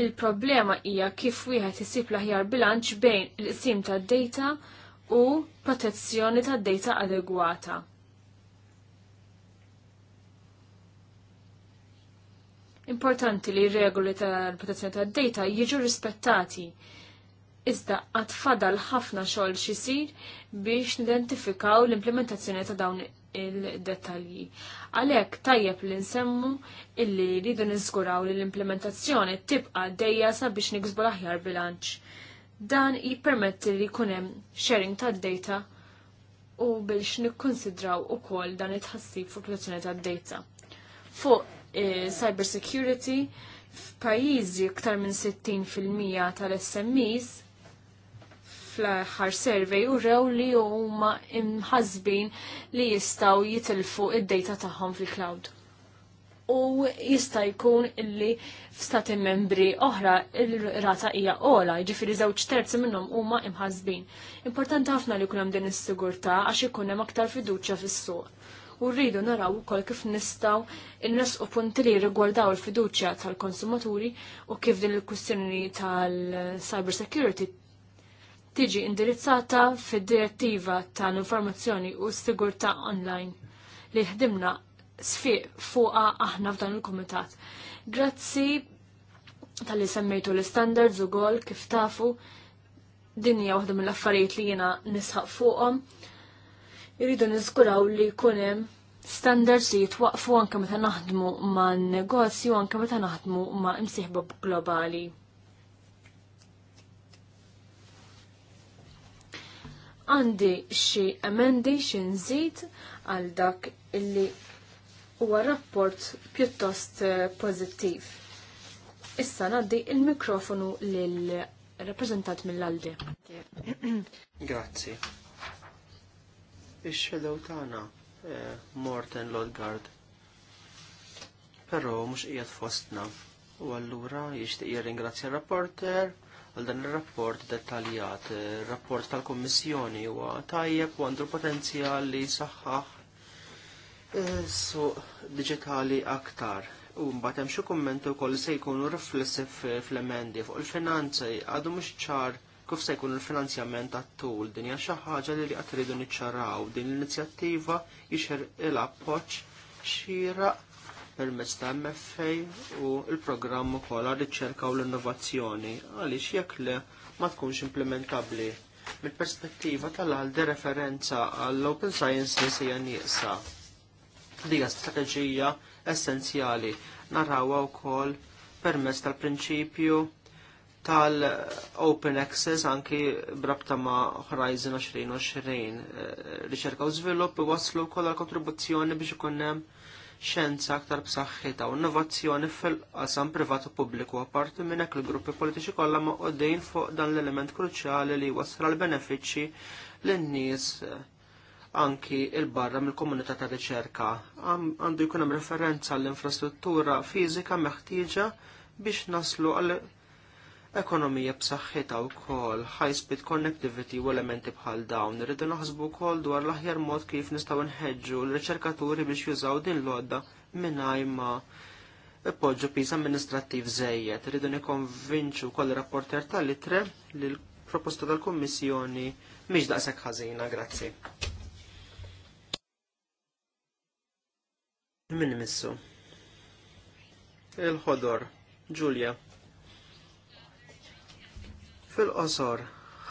Il-problema hija kif wieħed isib l-aħjar bilanċ bejn il-qsim tad-data u protezzjoni tad-data adegwata. Importanti li regoli tal-protezzjoni tad-data jiġu rispettati Iżda għad fadal ħafna xogħol xisir biex nidentifikaw l-implementazzjoni ta' dawn il-dettalji. Għalhekk tajjeb li nsemmu illi rridu niżguraw li l-implementazzjoni tibqa' dejja sabiex niksbu l-aħjar bilanċ. Dan jippermetti li jkun hemm sharing tad-data u biex nikkonsidraw ukoll dan it-ħassib fuq protezzjoni tad-data. Fuq eh, cyber security f'pajjiżi iktar minn 60% tal-SMEs fl-aħħar survey u rew li huma imħazbin li jistgħu jitilfu id-data tagħhom fil-cloud. U jista' jkun illi f'stati membri oħra il-rata hija ola, jiġifieri żewġ terzi minnhom huma imħazbin. Importanti ħafna li jkun hemm din is-sigurtà għax ikun hemm aktar fiduċja fis-suq u rridu naraw ukoll kif nistgħu innesqu punti li rigwardaw il-fiduċja tal-konsumaturi u kif din il-kwistjoni tal-cyber security tiġi indirizzata fid-direttiva tal-informazzjoni u s-sigurtà online li ħdimna sfiq fuqa aħna f'dan il-kumitat. Grazzi tal-li semmejtu l-standards u gol kif tafu dinja waħda mill-affarijiet li jena nisħaq fuqhom. Irridu niżguraw li kunem standards li jitwaqfu anke meta naħdmu ma' negozju anke meta naħdmu ma' imsieħba globali. għandi xi emendi xi nżid għal dak illi huwa rapport pjuttost eh, pożittiv. Issa naddi il-mikrofonu lil rappresentant mill-Aldi. Grazzi. Ix-xedew tagħna eh, Morten Lodgard. Però mhux qiegħed fostna. U allura jixtieq jirringrazzja r-rapporter għal dan ir-rapport dettaljat. il rapport tal-Kummissjoni huwa tajjeb u għandu potenzjal li saħħaħ eh, suq digitali aktar. U mbagħad hemm xi kummenti wkoll se jkunu riflessi fl-emendi fuq il-finanzi għadu mhux ċar kif se jkun il-finanzjament għat-tul din hija xi ħaġa li qatt iridu niċċaraw din l-inizjattiva jixer il-appoġġ xieraq permezz ta' MFA u il-programm ukoll għal riċerka u l-innovazzjoni għaliex jekk le ma tkunx implementabbli. Mill-perspettiva tal-għalde referenza għall-Open Science li sija nieqsa. Dija strateġija essenzjali narawha wkoll permezz tal-prinċipju tal-open access anki brabta ma' Horizon 2020. Eh, riċerka u żvilupp waslu kol għal kontribuzzjoni biex ikun hemm xenza aktar b'saħħitha u innovazzjoni fil-qasam u pubbliku apparti minn hekk il-gruppi politiċi kollha ma' qudejn fuq dan l-element kruċjali li jwassal l benefiċċji lin-nies eh, anki il-barra mill-komunità ta' riċerka. Għandu jkun hemm referenza għall-infrastruttura fiżika meħtieġa biex naslu għal ekonomija b'saħħitha wkoll, high speed connectivity u elementi bħal dawn, irridu naħsbu wkoll dwar l-aħjar mod kif nistgħu nħeġġu l-riċerkaturi biex jużaw din l-għodda mingħajr ma ipoġġu piż amministrattiv żejjed. Irridu nikkonvinċu wkoll rapporter tal-itre li l-proposta tal-Kummissjoni mhix daqshekk ħażina, grazzi. Min missu? Il-ħodor, Giulia. Fil-qosor,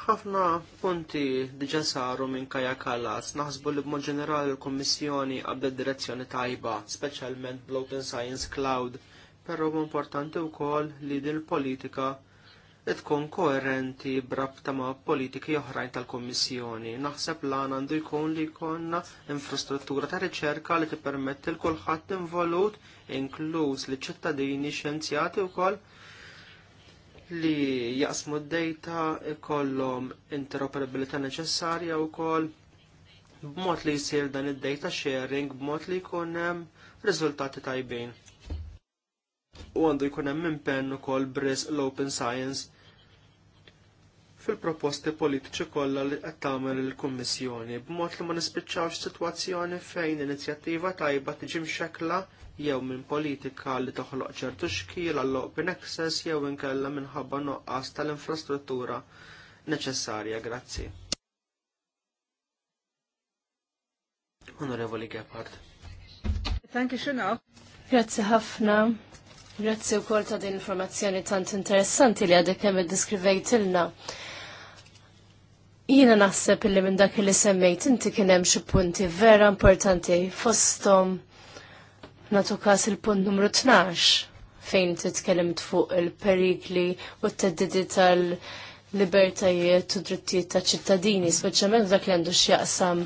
ħafna punti diġa saru minn Kaja Kallas, naħsbu li b'mod ġenerali l-Kommissjoni għabda direzzjoni tajba, specialment bl-Open Science Cloud, però importanti wkoll li din politika tkun koerenti brabta ma' politiki oħrajn tal-Kommissjoni. Naħseb l-għan għandu jkun li jkollna infrastruttura ta' riċerka li t-permetti l kulħadd involut, inkluż li ċittadini xjenzjati wkoll li jaqsmu d-data kollom interoperabilità neċessarja u koll b'mod li jisir dan id-data sharing b'mod li jkun hemm riżultati tajbin. U għandu jkun hemm impenn ukoll bris l-open science fil-proposti politiċi kollha li qed tagħmel il-Kummissjoni b'mod li ma nispiċċawx sitwazzjoni fejn inizjattiva tajba tiġi mxekla jew minn politika li toħloq ċertu xkil għall open access jew inkella minħabba noqqas tal-infrastruttura neċessarja. Grazzi. Onorevoli Gephardt. Thank you, Grazzi ħafna. Grazzi u kol ta' din informazzjoni tant interessanti li għadek kemm id-diskrivejtilna. Jiena naħseb illi minn dak li semmejt inti kien hemm xi punti vera importanti fosthom nagħtu każ il-punt numru 12 fejn titkellimt fuq il-perikli u t-teddidi tal-libertajiet u drittijiet ta' ċittadini, speċjalment dak li għandu x'jaqsam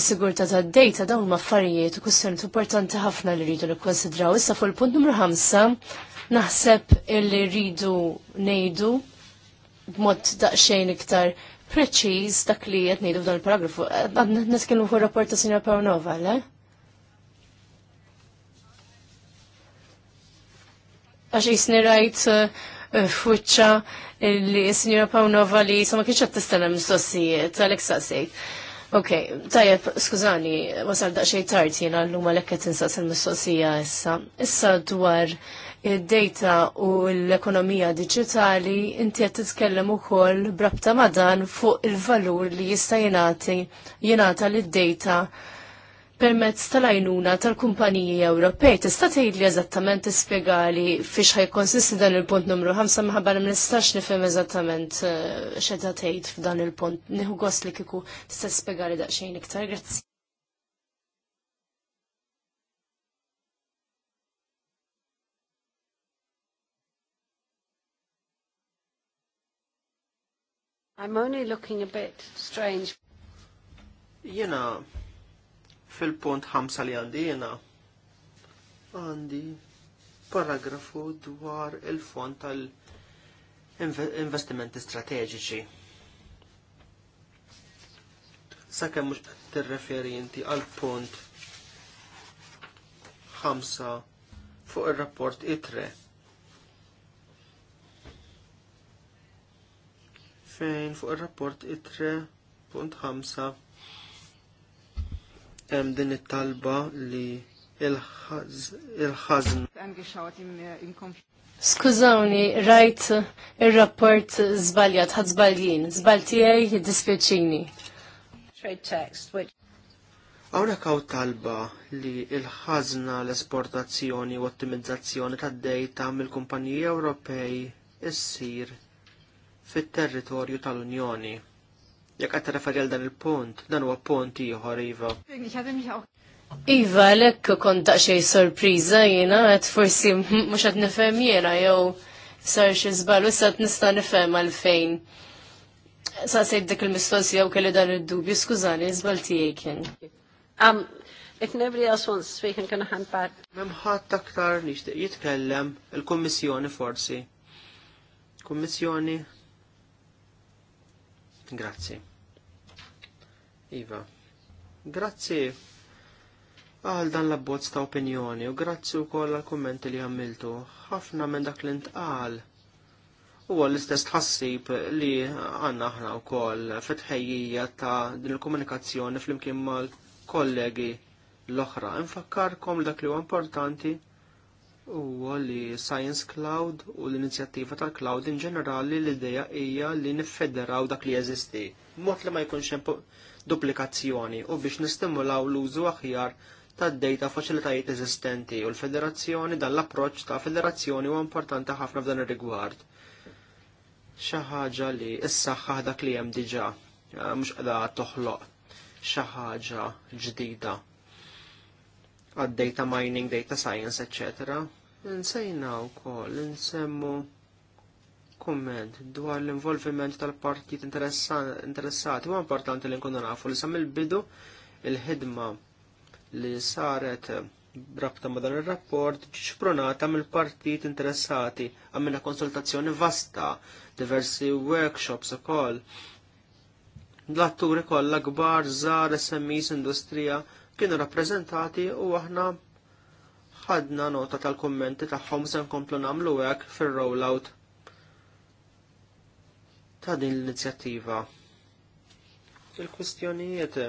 Is-sigurta tad-dejta dawn l-affarijiet u kwistjoni importanti ħafna li rridu nikkonsidraw. Issa fuq il-punt numru 5 naħseb illi rridu ngħidu b'mod daqsxejn iktar preċiż dak li qed ngħidu f'dan il-paragrafu. Għadna nitkellmu fuq rapport ta' Sinjora Pawnova, le? Għax jisni rajt eh, fuċċa li Sinjora Pawnova li sa ma kienx qed tistenna mistoqsijiet, għalhekk saqsejt. Ok, tajab, skużani, wasal tart tard jiena llum għalhekk qed insaqs il-mistoqsija issa. Issa dwar id-data u l-ekonomija diġitali inti qed titkellem ukoll brabta ma' dan fuq il-valur li jista' jingħati jingħata lid-data permezz tal-għajnuna tal-kumpaniji Ewropej. Tista' tgħidli eżattament tispjegali fiex ħajkonsisti dan il-punt numru 5 minħabba li ma nistax nifhem eżattament eh, x'qed tgħid f'dan il-punt. Nieħu gost li kieku tista' spjegali daqsxejn iktar. Grazzi. I'm only looking a bit strange. Jena, fil-punt ħamsa li għandi jena, għandi paragrafu dwar il-fond tal-investimenti strateġiċi. Sakke mux t referjenti għal-punt ħamsa fuq il-rapport itre fejn fuq ir-rapport itre punt ħamsa hemm din it-talba li il-ħażn. Äh, Skużawni, rajt ir-rapport żbaljat, ħadd zbaljien, żbal tiegħi jiddispjaċini. Hawnhekk talba li il ħazna l-esportazzjoni u ottimizzazzjoni tad-dejta mill-kumpaniji Ewropej issir fit-territorju tal-Unjoni. Jekk qed referi għal dan il-punt, dan huwa punt ieħor iva. Iva, lekk kont daqsxejn sorpriża jiena qed forsi mhux qed nifhem jiena jew sar xi żball issa qed nista' nifhem għalfejn. Sa sejt dik il-mistoqsija jew kelli dan id-dubju, skużani, żball tiegħi kien. Um, if nobody else wants to speak, I'm going to hand back. Memħat aktar nixtieq jitkellem il-Kummissjoni forsi. Kummissjoni Grazzi. Iva. Grazzi għal dan l-abbozz ta' opinjoni u grazzi u koll għal kommenti li għamiltu. ħafna minn dak li ntqal. U l-istess tħassib li għanna ħna u koll fetħejjija ta' din il-komunikazzjoni fl-imkien mal-kollegi l-oħra. Infakkarkom dak li huwa importanti huwa li Science Cloud u l-inizjattiva tal-cloud in ġenerali l-ideja hija li niffederaw dak li jeżisti, mod li ma jkunx hemm duplikazzjoni u biex nistimulaw l-użu aħjar tad-data faċilitajiet eżistenti u l-federazzjoni dan l-approċċ ta' federazzjoni huwa importanti ħafna f'dan ir-rigward. Xi ħaġa li issaħħaħ dak li hemm diġà mhux qiegħda toħloq xi ħaġa ġdida għad-data mining, data science, etc. Nsejna u koll, nsemmu komment dwar l-involviment tal-partijiet interessati, u importanti li nkunu nafu li sam il-bidu il-ħidma li saret rabta ma dan il-rapport ċipronata mill partit interessati għamilna konsultazzjoni vasta, diversi workshops u koll. L-atturi kollha kbar żar SMEs industrija kienu rappreżentati u aħna ħadna nota tal-kommenti tagħhom se nkomplu nagħmlu hekk fir-rollout ta' din l-inizjattiva. Il-kwistjonijiet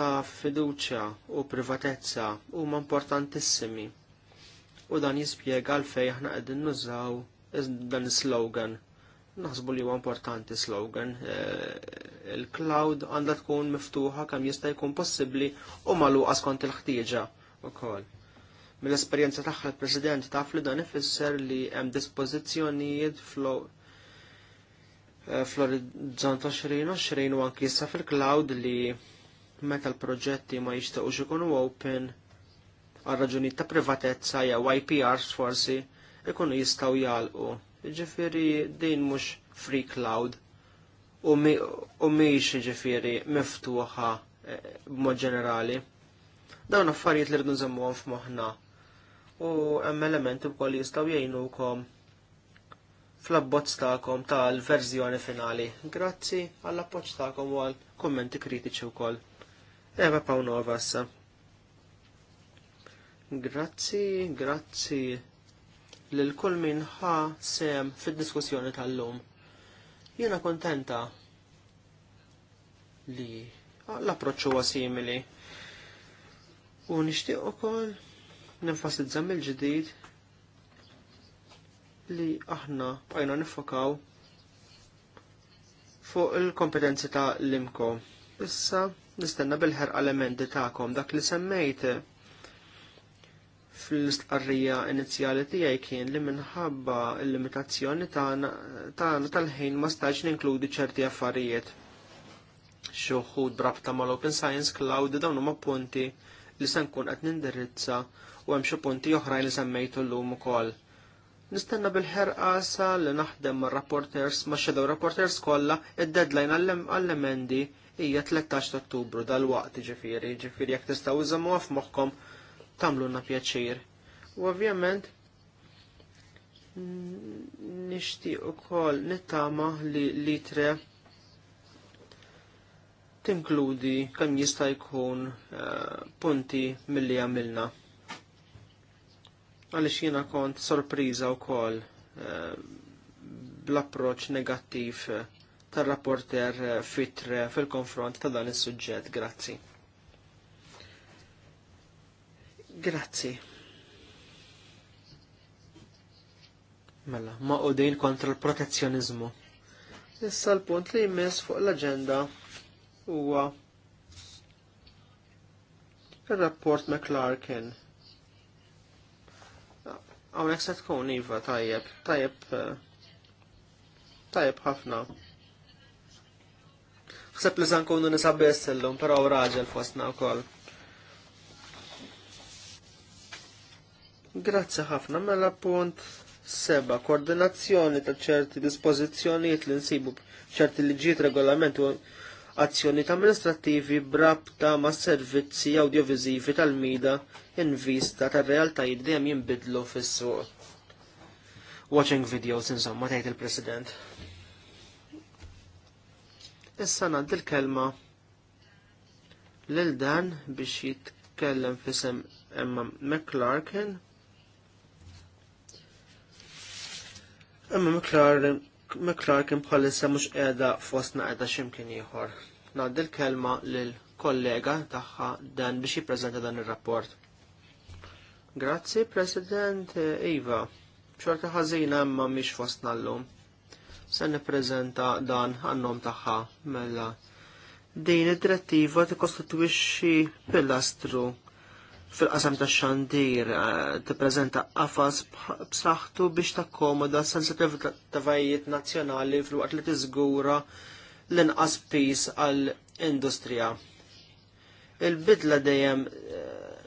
ta' fiduċja u privatezza huma importantissimi u dan jispjega għalfejn aħna qegħdin nużaw dan is-slogan. Naħsbu li huwa importanti slogan, slogan. Eh, il-cloud għandha tkun miftuħa kemm jista' jkun possibbli u magħluqa skont il-ħtieġa wkoll. Mill-esperjenza tagħha l president taf li dan ifisser li hemm dispożizzjonijiet eh, fl-orizzont 2020 u anki issa fil-cloud li meta l-proġetti ma jixtaqux ikunu open għal raġunijiet ta' privatezza jew IPRs forsi ikunu jistgħu jalqu. Ġifieri din mhux free cloud u miex ġifiri miftuħa eh, b'mod ġenerali. Dawn affarijiet li rridu nżammuhom f'moħħna u hemm elementi wkoll jistgħu jgħinukom fl-abbozz tagħkom tal-verżjoni finali. Grazzi għall-appoġġ tagħkom u għall kummenti kritiċi wkoll. Eva Pawnova issa. Grazzi, grazzi lil kull min ħa sem fid-diskussjoni tal-lum. Jiena kontenta li l-approċċ huwa simili. U nixtieq ukoll nenfasizza mill-ġdid li aħna bqajna nifokaw fuq il-kompetenzi ta' l-imko. Issa nistenna bil-ħerqa l-emendi ta'kom dak li semmejt fl istqarrija inizjali tiegħi kien li minħabba l-limitazzjoni tagħna tal-ħin ma stax ninkludi ċerti affarijiet. Xi wħud brabta mal-Open Science Cloud dawn huma punti li se nkun qed nindirizza u hemm xi punti oħrajn li semmejtu llum ukoll. Nistenna bil ħerqasa li naħdem mar-rapporters ma' shadow rapporters kollha id-deadline għall-emendi hija 13 ta' Ottubru dal-waqt ġifieri, ġifieri jekk tistgħu iżammuha f'moħħkom na pjaċir. U ovvjament nixtieq ukoll nittama li litre tinkludi kemm jista' jkun eh, punti milli għamilna. Għaliex jiena kont sorpriża wkoll eh, bl-approċċ negattiv eh, tar-rapporter fitre fil-konfront ta' dan is-suġġett. Grazzi. Grazzi. Mela, ma' udejn kontra l-protezzjonizmu. Issa l-punt li jmiss fuq l-agenda huwa il-rapport Clarkin. Għawnek se tkun Iva, tajjeb, tajjeb, tajjeb ħafna. Xsepp li zankunu nisa bess illum, pero raġel fostna u koll. Grazzi ħafna mela punt seba' koordinazzjoni ta' ċerti dispożizzjonijiet li nsibu ċerti liġijiet regolament u azzjonijiet amministrattivi brabta ma' servizzi audiovisivi tal-mida in vista tar realtà dejjem jinbidlu fis-suq. Watching videos insomma tgħid il-President. Issa ngħaddi l-kelma lil dan biex jitkellem fisem Emma McClarkin Imma miklar kien bħalissa mhux qiegħda fostna qiegħda x'imkien ieħor. Ngħaddi l-kelma lill kollega tagħha dan biex jippreżenta dan ir-rapport. Grazzi, President Iva. Xorta ħażina imma mhix fostna llum. Se nippreżenta dan għannom tagħha mela din id-direttiva tikkostituwixxi pilastru fil-qasam ta' xandir eh, tippreżenta qafas b'saħħtu biex takkomoda vajiet nazzjonali fil-waqt li tiżgura l-inqas pis għall industrija Il-bidla dejjem eh,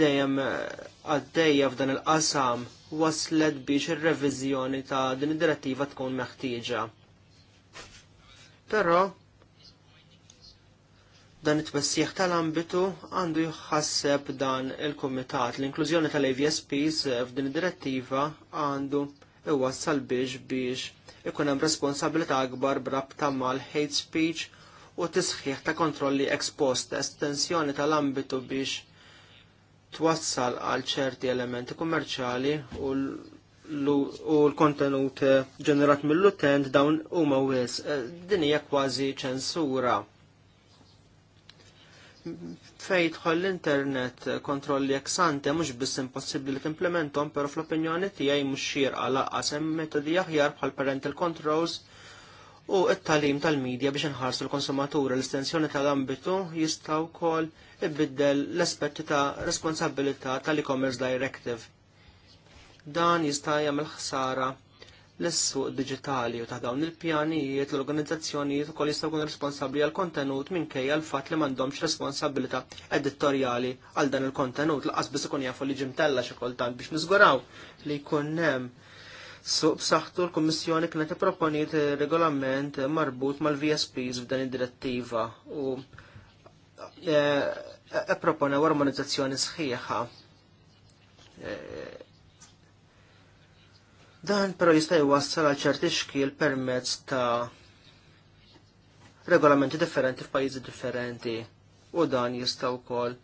dejjem eh, għaddejja f'dan il-qasam waslet biex ir-reviżjoni ta' din id-direttiva tkun meħtieġa. Però dan it-twessieħ tal-ambitu għandu jħasseb dan il-Kumitat. L-inklużjoni tal-AVSPs f'din id-direttiva għandu iwassal biex biex ikun hemm responsabilità akbar brabta mal-hate speech u tisħiħ ta' kontrolli ex post, estensjoni tal-ambitu biex twassal għal ċerti elementi kummerċali u l-kontenut ġenerat mill-utent dawn huma wis. Eh, din hija kważi ċensura fej tħoll l-internet eh, kontrolli eksante mhux biss impossibbli li timplementom, però fl-opinjoni tiegħi mhux xir laqqas hemm metodi aħjar bħal parental controls u t-talim tal-medja biex inħarsu l-konsumaturi l istensjoni tal-ambitu jistgħu wkoll ibiddel l-aspetti ta' responsabilità tal-e-commerce directive. Dan jista' jagħmel ħsara l-suq digitali u ta' dawn il-pjanijiet l-organizzazzjonijiet ukoll jistgħu jkunu responsabbli għal kontenut minkejja l fatt li m'għandhomx responsabilità editorjali għal dan il-kontenut laqas biss ikun jafu li ġimtella xi kultant biex niżguraw li jkun hemm suq b'saħħtu l-Kummissjoni kienet ipproponiet regolament marbut mal-VSPs f'dan id-direttiva u eh, e-, e-, e-, proponew armonizzazzjoni sħiħa eh, Dan però jista' jwassal għal ċerti xkil permezz ta' regolamenti differenti f'pajjiżi differenti u dan jista' wkoll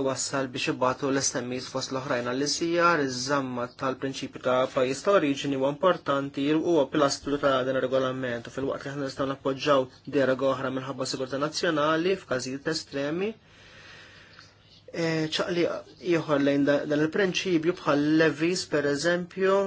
iwassal biex ibatu l-SMEs fost l-oħrajn għall sijar iż-żamma tal-prinċipju ta' pajjiż ta' oriġini huwa importanti huwa pilastru ta' dan ir-regolament u fil-waqt li ħna nistgħu nappoġġaw deroga oħra minħabba sigurtà nazzjonali f'każijiet estremi Eh, ċaqli jħor lejn dan il-prinċipju bħal levis per eżempju.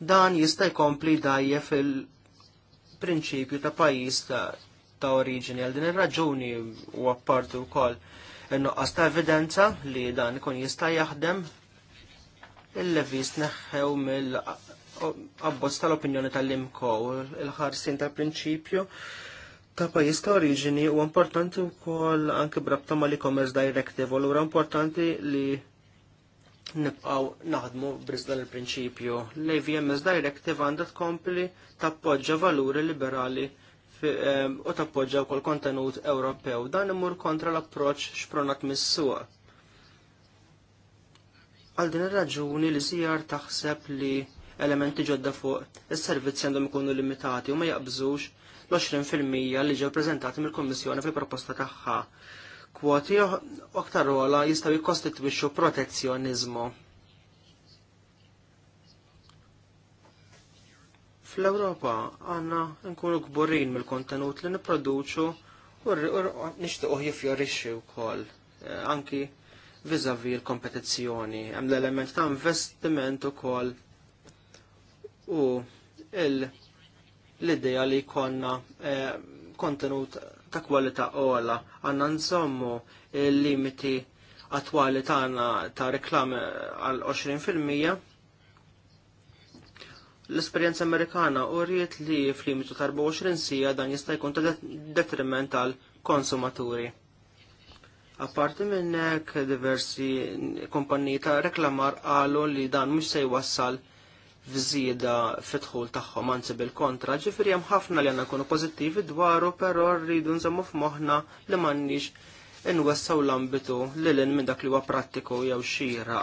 Dan jista' jkompli dajje fil-prinċipju ta' pajjiż ta' oriġini għal din ir-raġuni u apparti wkoll in-noqqas ta' evidenza li dan ikun jista' jaħdem il-levis neħħew mill-abbozz tal-opinjoni tal-imkow il-ħarsin tal-prinċipju. tal prinċipju ta' pajjiż ta' oriġini huwa importanti wkoll anki brabta mal li commerce directive, u l importanti li nibqaw naħdmu b'rizda l-prinċipju. L-AVMS Directive għandha tkompli tappoġġa valuri liberali ehm, u tappoġġa wkoll kontenut Ewropew. Dan imur kontra l-approċċ xpronat mis-suq. Għal din ir-raġuni li żjar taħseb li elementi ġodda fuq is-servizzi għandhom ikunu limitati u ma jaqbżux l-20% li ġew preżentati mill-Kummissjoni fil-proposta tagħha. Kwoti aktar rola jistgħu jikkostitwixxu protezzjoniżmu. Fl-Ewropa għandna nkunu kburin mill-kontenut li nipproduċu u nixtiequ jifjorixxi wkoll eh, anki vizavi l-kompetizzjoni, hemm l-element ta' investiment ukoll u il- l-ideja li jkollna eh, kontenut ta' kwalità ogħla għandna nżommu il-limiti attwali tagħna ta' reklam għal 20 l-esperienza amerikana u rrit li f'limitu ta' 24 sija dan jista' jkun ta' detriment għal konsumaturi. Apparti minnek diversi kompaniji ta' reklamar għalu li dan mhux se jwassal f'żieda fitħul tagħhom anzi bil-kontra, ġifieri hemm ħafna li għandna nkunu pożittivi dwaru, però rridu nżommu f'moħħna li m'għandniex inwessaw l-ambitu lil minn dak li huwa prattiku jew xira.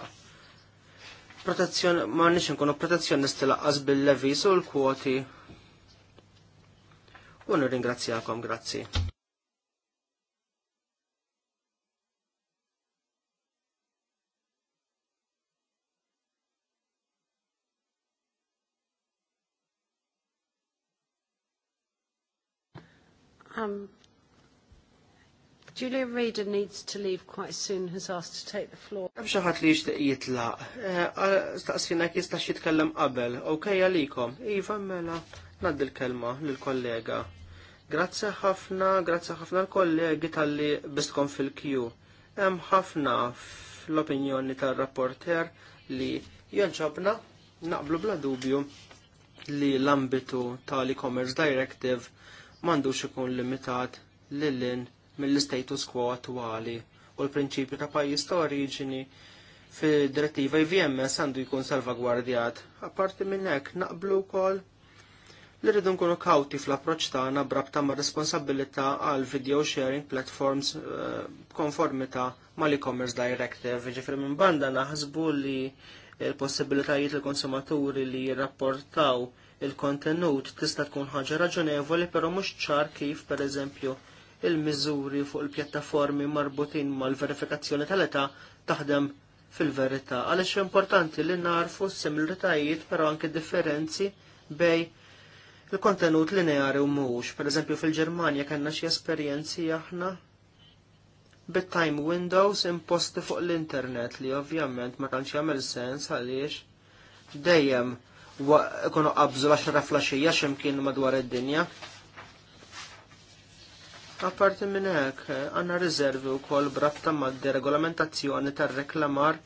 Protezzjoni ma nix nkunu protezzjonisti laqqas bil-levis u l-kwoti. U nirringrazzjakom, grazzi. Um, Julia Reader needs to leave quite soon, has asked to take the floor. Għam xaħat li jishtiq jitlaq. Eh, Staqsina jistax jitkellem qabel. Okej għalikom. Iva mela, naddi l-kelma l-kollega. Grazzi ħafna, grazzi ħafna l-kollegi tal-li bistkom fil-kju. Hemm ħafna fl-opinjoni tal-rapporter li jonċabna naqblu bla dubju li l-ambitu tal-e-commerce directive m'għandux ikun limitat lillin mill-status quo attuali u l-prinċipju ta' pajjiż ta' oriġini fid-direttiva IVMS e għandu jkun salvagwardjat. Apparti minn hekk naqblu wkoll li rridu nkunu kawti fl-approċċ tagħna brabta ma' responsabilità għal video sharing platforms eh, ta mal e-commerce directive. Ġifri minn banda naħsbu li l-possibilitajiet il konsumaturi li jirrapportaw il-kontenut tista' tkun ħaġa raġonevoli però mhux ċar kif pereżempju il-miżuri fuq il-pjattaformi marbutin mal-verifikazzjoni tal-età taħdem fil-verità. Għaliex importanti li narfu similitajiet però anke differenzi bej il-kontenut lineari u mhux. Pereżempju fil-Ġermanja kellna xi esperjenzi aħna bit-time windows imposti fuq l-internet li ovvjament ma tantx jagħmel sens għaliex dejjem ikunu qabżu l-10 flaxija x'imkien madwar id-dinja. Apparti minn hekk, għandna riservi wkoll bratta mad regolamentazzjoni tar-reklamar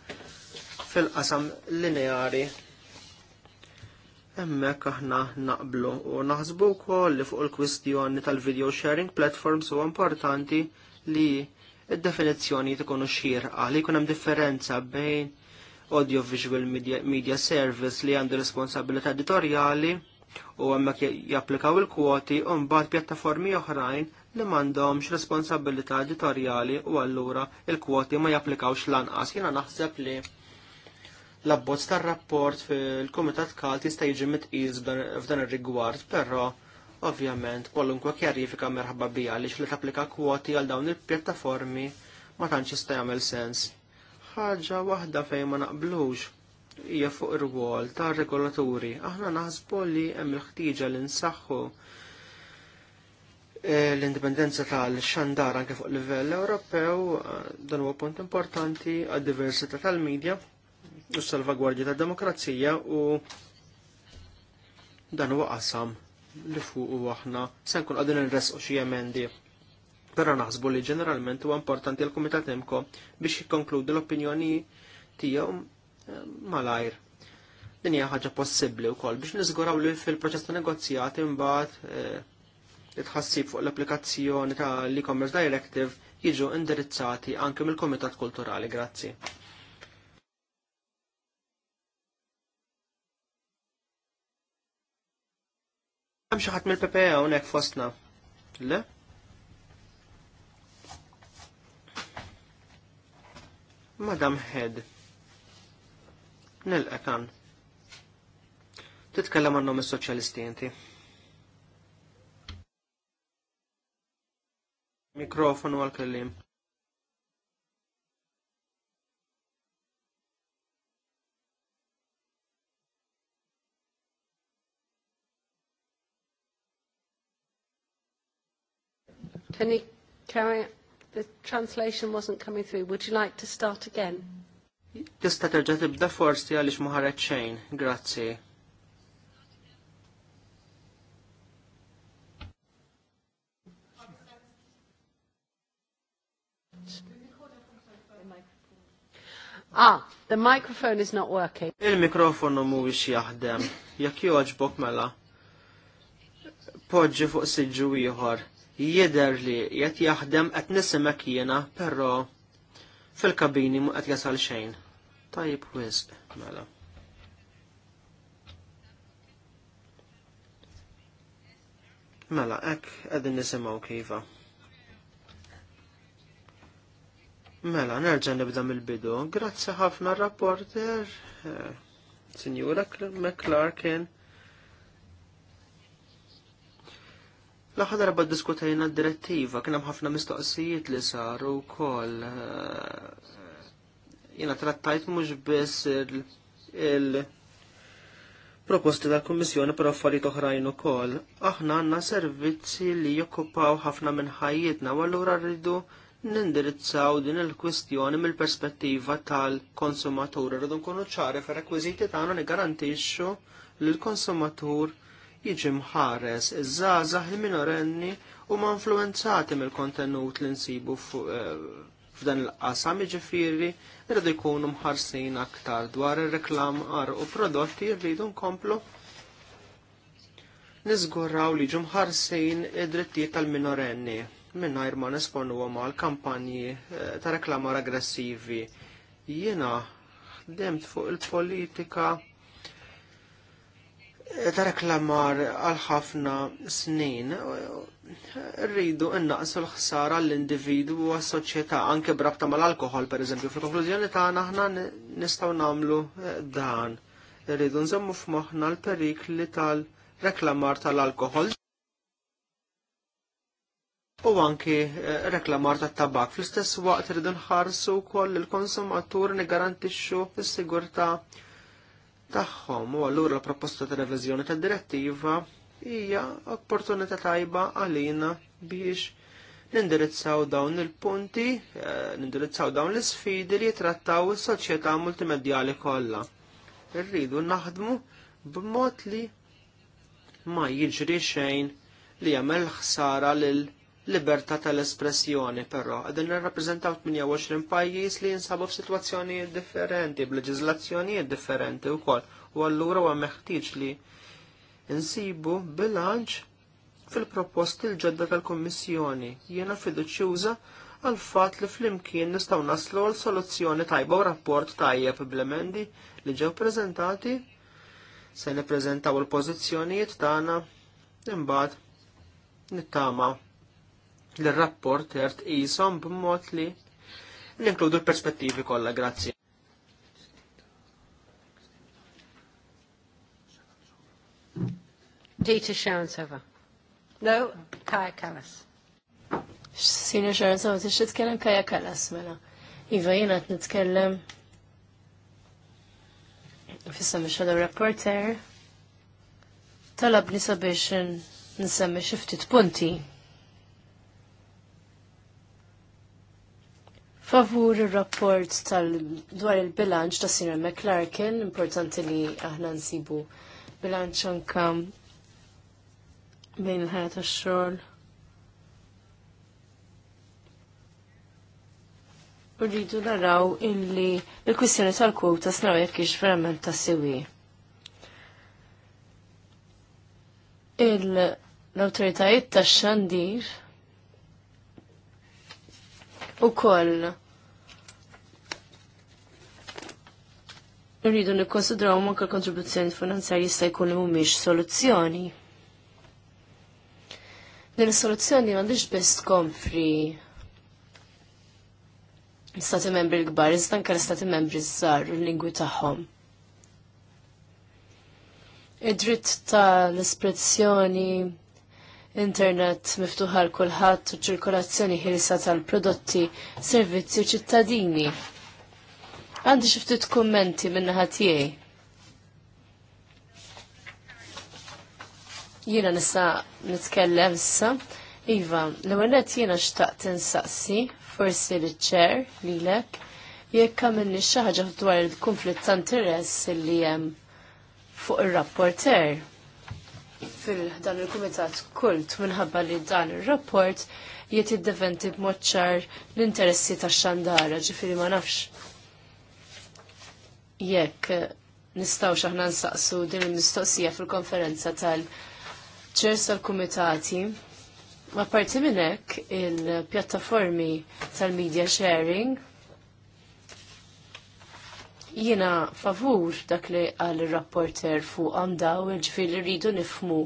fil-qasam lineari. Hemmhekk aħna naqblu u naħsbu wkoll li fuq il-kwistjoni tal-video sharing platforms huwa importanti li id-definizzjoni tkunu xierqa li jkun hemm differenza bejn Audiovisual Media, Media Service li għandu responsabilità editorjali u għemmek japplikaw il-kwoti u mbagħad pjattaformi oħrajn li m'għandhomx responsabilità editorjali u allura il-kwoti ma japplikawx lanqas. Jina naħseb li l-abbozz tar-rapport fil-Kumitat Kalt jista' jiġi mitqis f'dan ir-rigward, però ovvjament kwalunkwe kjarifika merħabba bija li li tapplika kwoti għal dawn il-pjattaformi ma tantx jista' jagħmel sens ħaġa waħda fejn ma naqblux hija fuq ir-wol tar regolaturi. Aħna naħsbu li hemm il-ħtieġa li nsaħħu eh, l-indipendenza tal-xandar anke fuq livell Ewropew eh, dan huwa punt importanti għad diversità tal-medja u salvagwardja tad-demokrazija u dan huwa qasam li fuq u aħna se nkun qegħdin nresqu xi emendi Pero naħsbu li ġeneralment huwa importanti l kumitat Imko biex jikkonkludi l-opinjoni tiegħu eh, malajr. Din hija ħaġa possibbli wkoll biex niżguraw li fil-proċess ta' negozjat imbagħad eh, tħassib fuq l-applikazzjoni ta' l-e-commerce directive jiġu indirizzati anke mill kumitat Kulturali. Grazzi. Hemm xi ħadd mill ppa e hawnhekk fostna. Le? Madam Head, nil-ekan, titkellem għannu il-soċjalisti inti. Mikrofonu għal-kellim. Can you carry The translation wasn't coming through. Would you like to start again? Tista terġa tibda forsi għaliex ma xejn. Grazzi. Ah, the microphone is not working. Il-mikrofonu mu mhuwiex jaħdem. Jekk joġbok mela. Poġġi fuq siġġu ieħor jider li jett jaħdem qed nisimek jiena, però fil-kabini mu qed jasal xejn. Tajib wisq, mela. Mela, ek qegħdin nisimgħu kiva. Mela, nerġa' nibda mill-bidu. Grazzi ħafna rapporter, eh, Sinjura McClarkin L-aħħar darba diskutajna d-direttiva, kien hemm ħafna mistoqsijiet li saru wkoll. Eh, jiena trattajt mhux biss il- proposti tal-Kummissjoni per affarijiet oħrajn ukoll. Aħna għandna servizzi li jokkupaw ħafna minn ħajjitna u allura rridu nindirizzaw din il-kwistjoni mill-perspettiva tal-konsumatur. Rridu nkunu ċari fir-rekwiżiti tagħna nigarantixxu lill konsumatur jiġi mħares iż-żgħażagħ il-minorenni huma influenzati mill-kontenut li nsibu eh, f'dan il-qasam jiġifieri rridu jkunu mħarsin aktar dwar ir-reklam u prodotti rridu nkomplu nizgurraw li ġu mħarsin id-drittijiet tal-minorenni minnajr ma nesponu għama l-kampanji eh, ta' reklamar aggressivi. Jena demt fuq il-politika ta' reklamar għal ħafna snin rridu innaqsu l-ħsara l-individu u għas-soċjetà anke brabta mal-alkohol per eżempju. Fil-konklużjoni tagħna aħna nistgħu nagħmlu eh, dan. Rridu nżommu f'moħħna l-perikli tal-reklamar tal-alkohol. U anki eh, reklamar tat tabak fl-istess waqt rridu nħarsu wkoll il-konsumatur nigarantixxu s-sigurtà tagħhom u allura l-proposta ta' reviżjoni tad-direttiva hija opportunità tajba għalina biex nindirizzaw dawn il-punti, eh, nindirizzaw dawn l-sfidi li jitrattaw is-soċjetà multimedjali kollha. Irridu naħdmu b'mod li ma jiġri xejn li jagħmel ħsara lil libertà tal-espressjoni, però qegħdin nirrappreżentaw 28 pajjiż li jinsabu f'sitwazzjonijiet differenti, b-leġizlazzjoni differenti wkoll, u allura huwa meħtieġ li insibu bilanċ fil-proposti l-ġodda tal-Kummissjoni. Jiena fiduċjuża għal fatt li flimkien nistgħu naslu għal soluzzjoni tajba u rapport tajjeb bl blemendi li ġew prezentati, se nippreżentaw il-pożizzjonijiet tagħna imbagħad nittama l-rapport jert jisom b'mod li ninkludu l-perspettivi kollha, grazzi. Dita Sharon No, Kaya Kallas. Sina Sharon Sova, tix tkellem kaya Kallas, mela. Iva jina t-nitkellem fissa mishadu reporter talab nisa biex nsemmi xiftit punti favur ir-rapport tal dwar il-bilanċ ta' Sir McClarkin, importanti li aħna nsibu bilanċ anka bejn il-ħajja xogħol Rridu naraw illi il-kwistjoni tal-kwota snaw jekk ix verament ta' sewi. Il-autoritajiet tax-xandir ukoll. Rridu nikkonsidraw manka kontribuzzjoni finanzjarji jista' jkun mhumiex soluzzjoni. Din is-soluzzjoni m'għandix biss tkompri l-istati membri l-kbar, iżda anke l-istati membri żgħar u l-lingwi tagħhom. Id-dritt tal-espressjoni internet miftuħa l kulħadd u ċirkolazzjoni ħirsa tal-prodotti, servizzi u ċittadini. Għandi xi ftit kummenti minn tiegħi. Jiena nista' nitkellem issa. Iva, l-għanet jena xtaqt insaqsi, forsi li ċer li lek, jekk għamilni xaħġa dwar il-konflitt ta' interess li jem fuq il-rapporter fil-dan il-Kumitat Kult minħabba li dan il-rapport jiet id-deventi b'moċċar l-interessi ta' xandara ġifiri ma nafx. Jekk eh, nistaw xaħna nsaqsu din il-mistoqsija fil-konferenza tal-ċers tal-Kumitati, ma parti minnek il-pjattaformi tal-media sharing Jiena favur dak li għal rapporter għamda u ġifir li rridu nifmu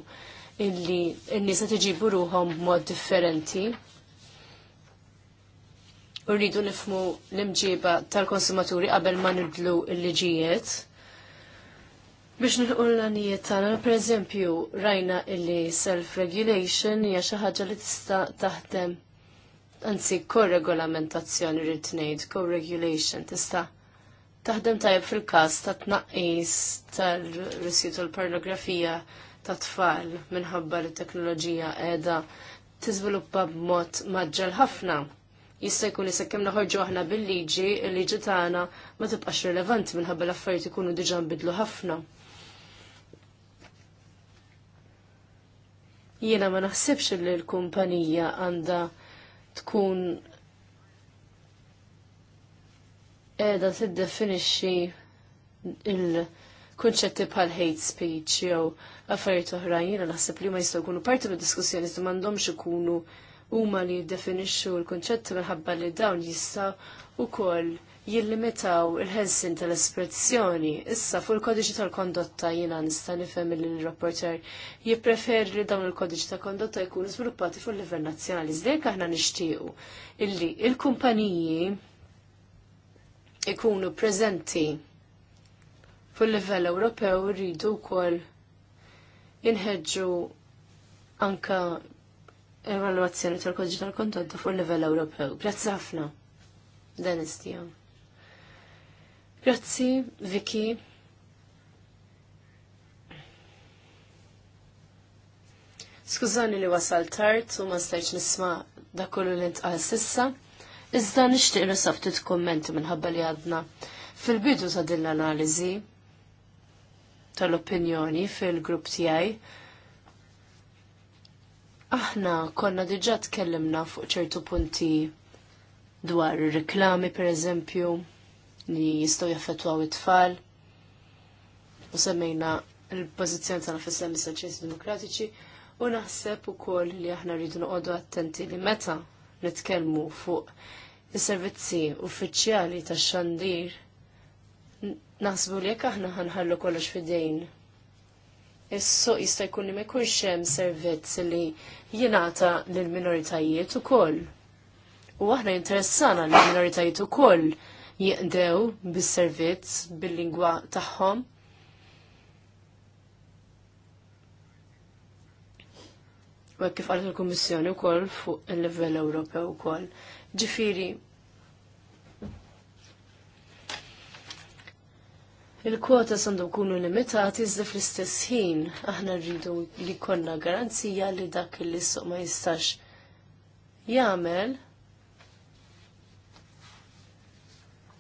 illi n-nisa tiġibu ruħom mod differenti. U rridu nifmu l-imġiba tal-konsumaturi qabel ma nidlu l-liġijiet. Biex nilqu l-għanijiet tagħna, pereżempju, rajna illi self-regulation hija xi ħaġa li tista' taħdem anzi korregolamentazzjoni rrid ngħid, co-regulation tista' taħdem tajjeb fil-każ ta' tnaqqis tal-riskju tal-pornografija ta' tfal minħabba li t-teknoloġija qiegħda tiżviluppa b'mod maġġal ħafna. Jista' jkun li kemm naħorġu aħna bil-liġi, il-liġi tagħna ma tibqax rilevanti minħabba l-affarijiet ikunu diġà nbidlu ħafna. Jiena ma naħsibx li l-kumpanija għandha tkun edha tiddefinixxi il-kunċetti bħal hate speech jew affarijiet oħrajn naħseb li ma jistgħu jkunu parti mid-diskussjoni iżda m'għandhomx ikunu huma li jiddefinixxu l-kunċetti minħabba li dawn jista' wkoll jillimitaw il-ħelsin tal-espressjoni. Issa, fuq il-kodiċi tal-kondotta jina nista' nifhem li l-rapporter jippreferi li dawn il-kodiċi tal-kondotta jkunu sviluppati fuq livell nazzjonali. Zdejk aħna nixtiequ illi il-kumpaniji ikunu preżenti fuq livell Ewropew rridu wkoll jinħeġġu anka evalwazzjoni tal-kodġi tal-kondotta fuq livell Ewropew. Grazzi ħafna, Dennis Tiam. Grazzi, Vicky. Skużani li wasal tard u ma stajċ nisma' dak kollu li ntqal sissa. Iżda nixtieq nisab ftit kommenti minħabba li għadna. Fil-bidu ta' din l-analiżi tal-opinjoni fil-grupp tiegħi aħna konna diġà tkellimna fuq ċertu punti dwar reklami per eżempju li jistgħu jaffettwaw it-tfal u semmejna l-pożizzjoni tal-Fissem Soċjalisti Demokratiċi u naħseb ukoll li aħna rridu noqogħdu attenti li meta nitkellmu fuq is-servizzi uffiċjali tax-xandir naħsbu li jekk aħna ħanħallu kollox fidejn. is jista' jkun li ma jkunx hemm servizz li jingħata lil minoritajiet ukoll. U aħna interessana li minoritajiet ukoll jiqdew bis-servizz bil-lingwa tagħhom. U kif qalet il-Kummissjoni wkoll fuq il-livell Ewropew ukoll. Ġifiri, Il-kwota sandu kunu limitati iżda fl-istess ħin aħna rridu li konna garanzija li dak li suq ma jistax jagħmel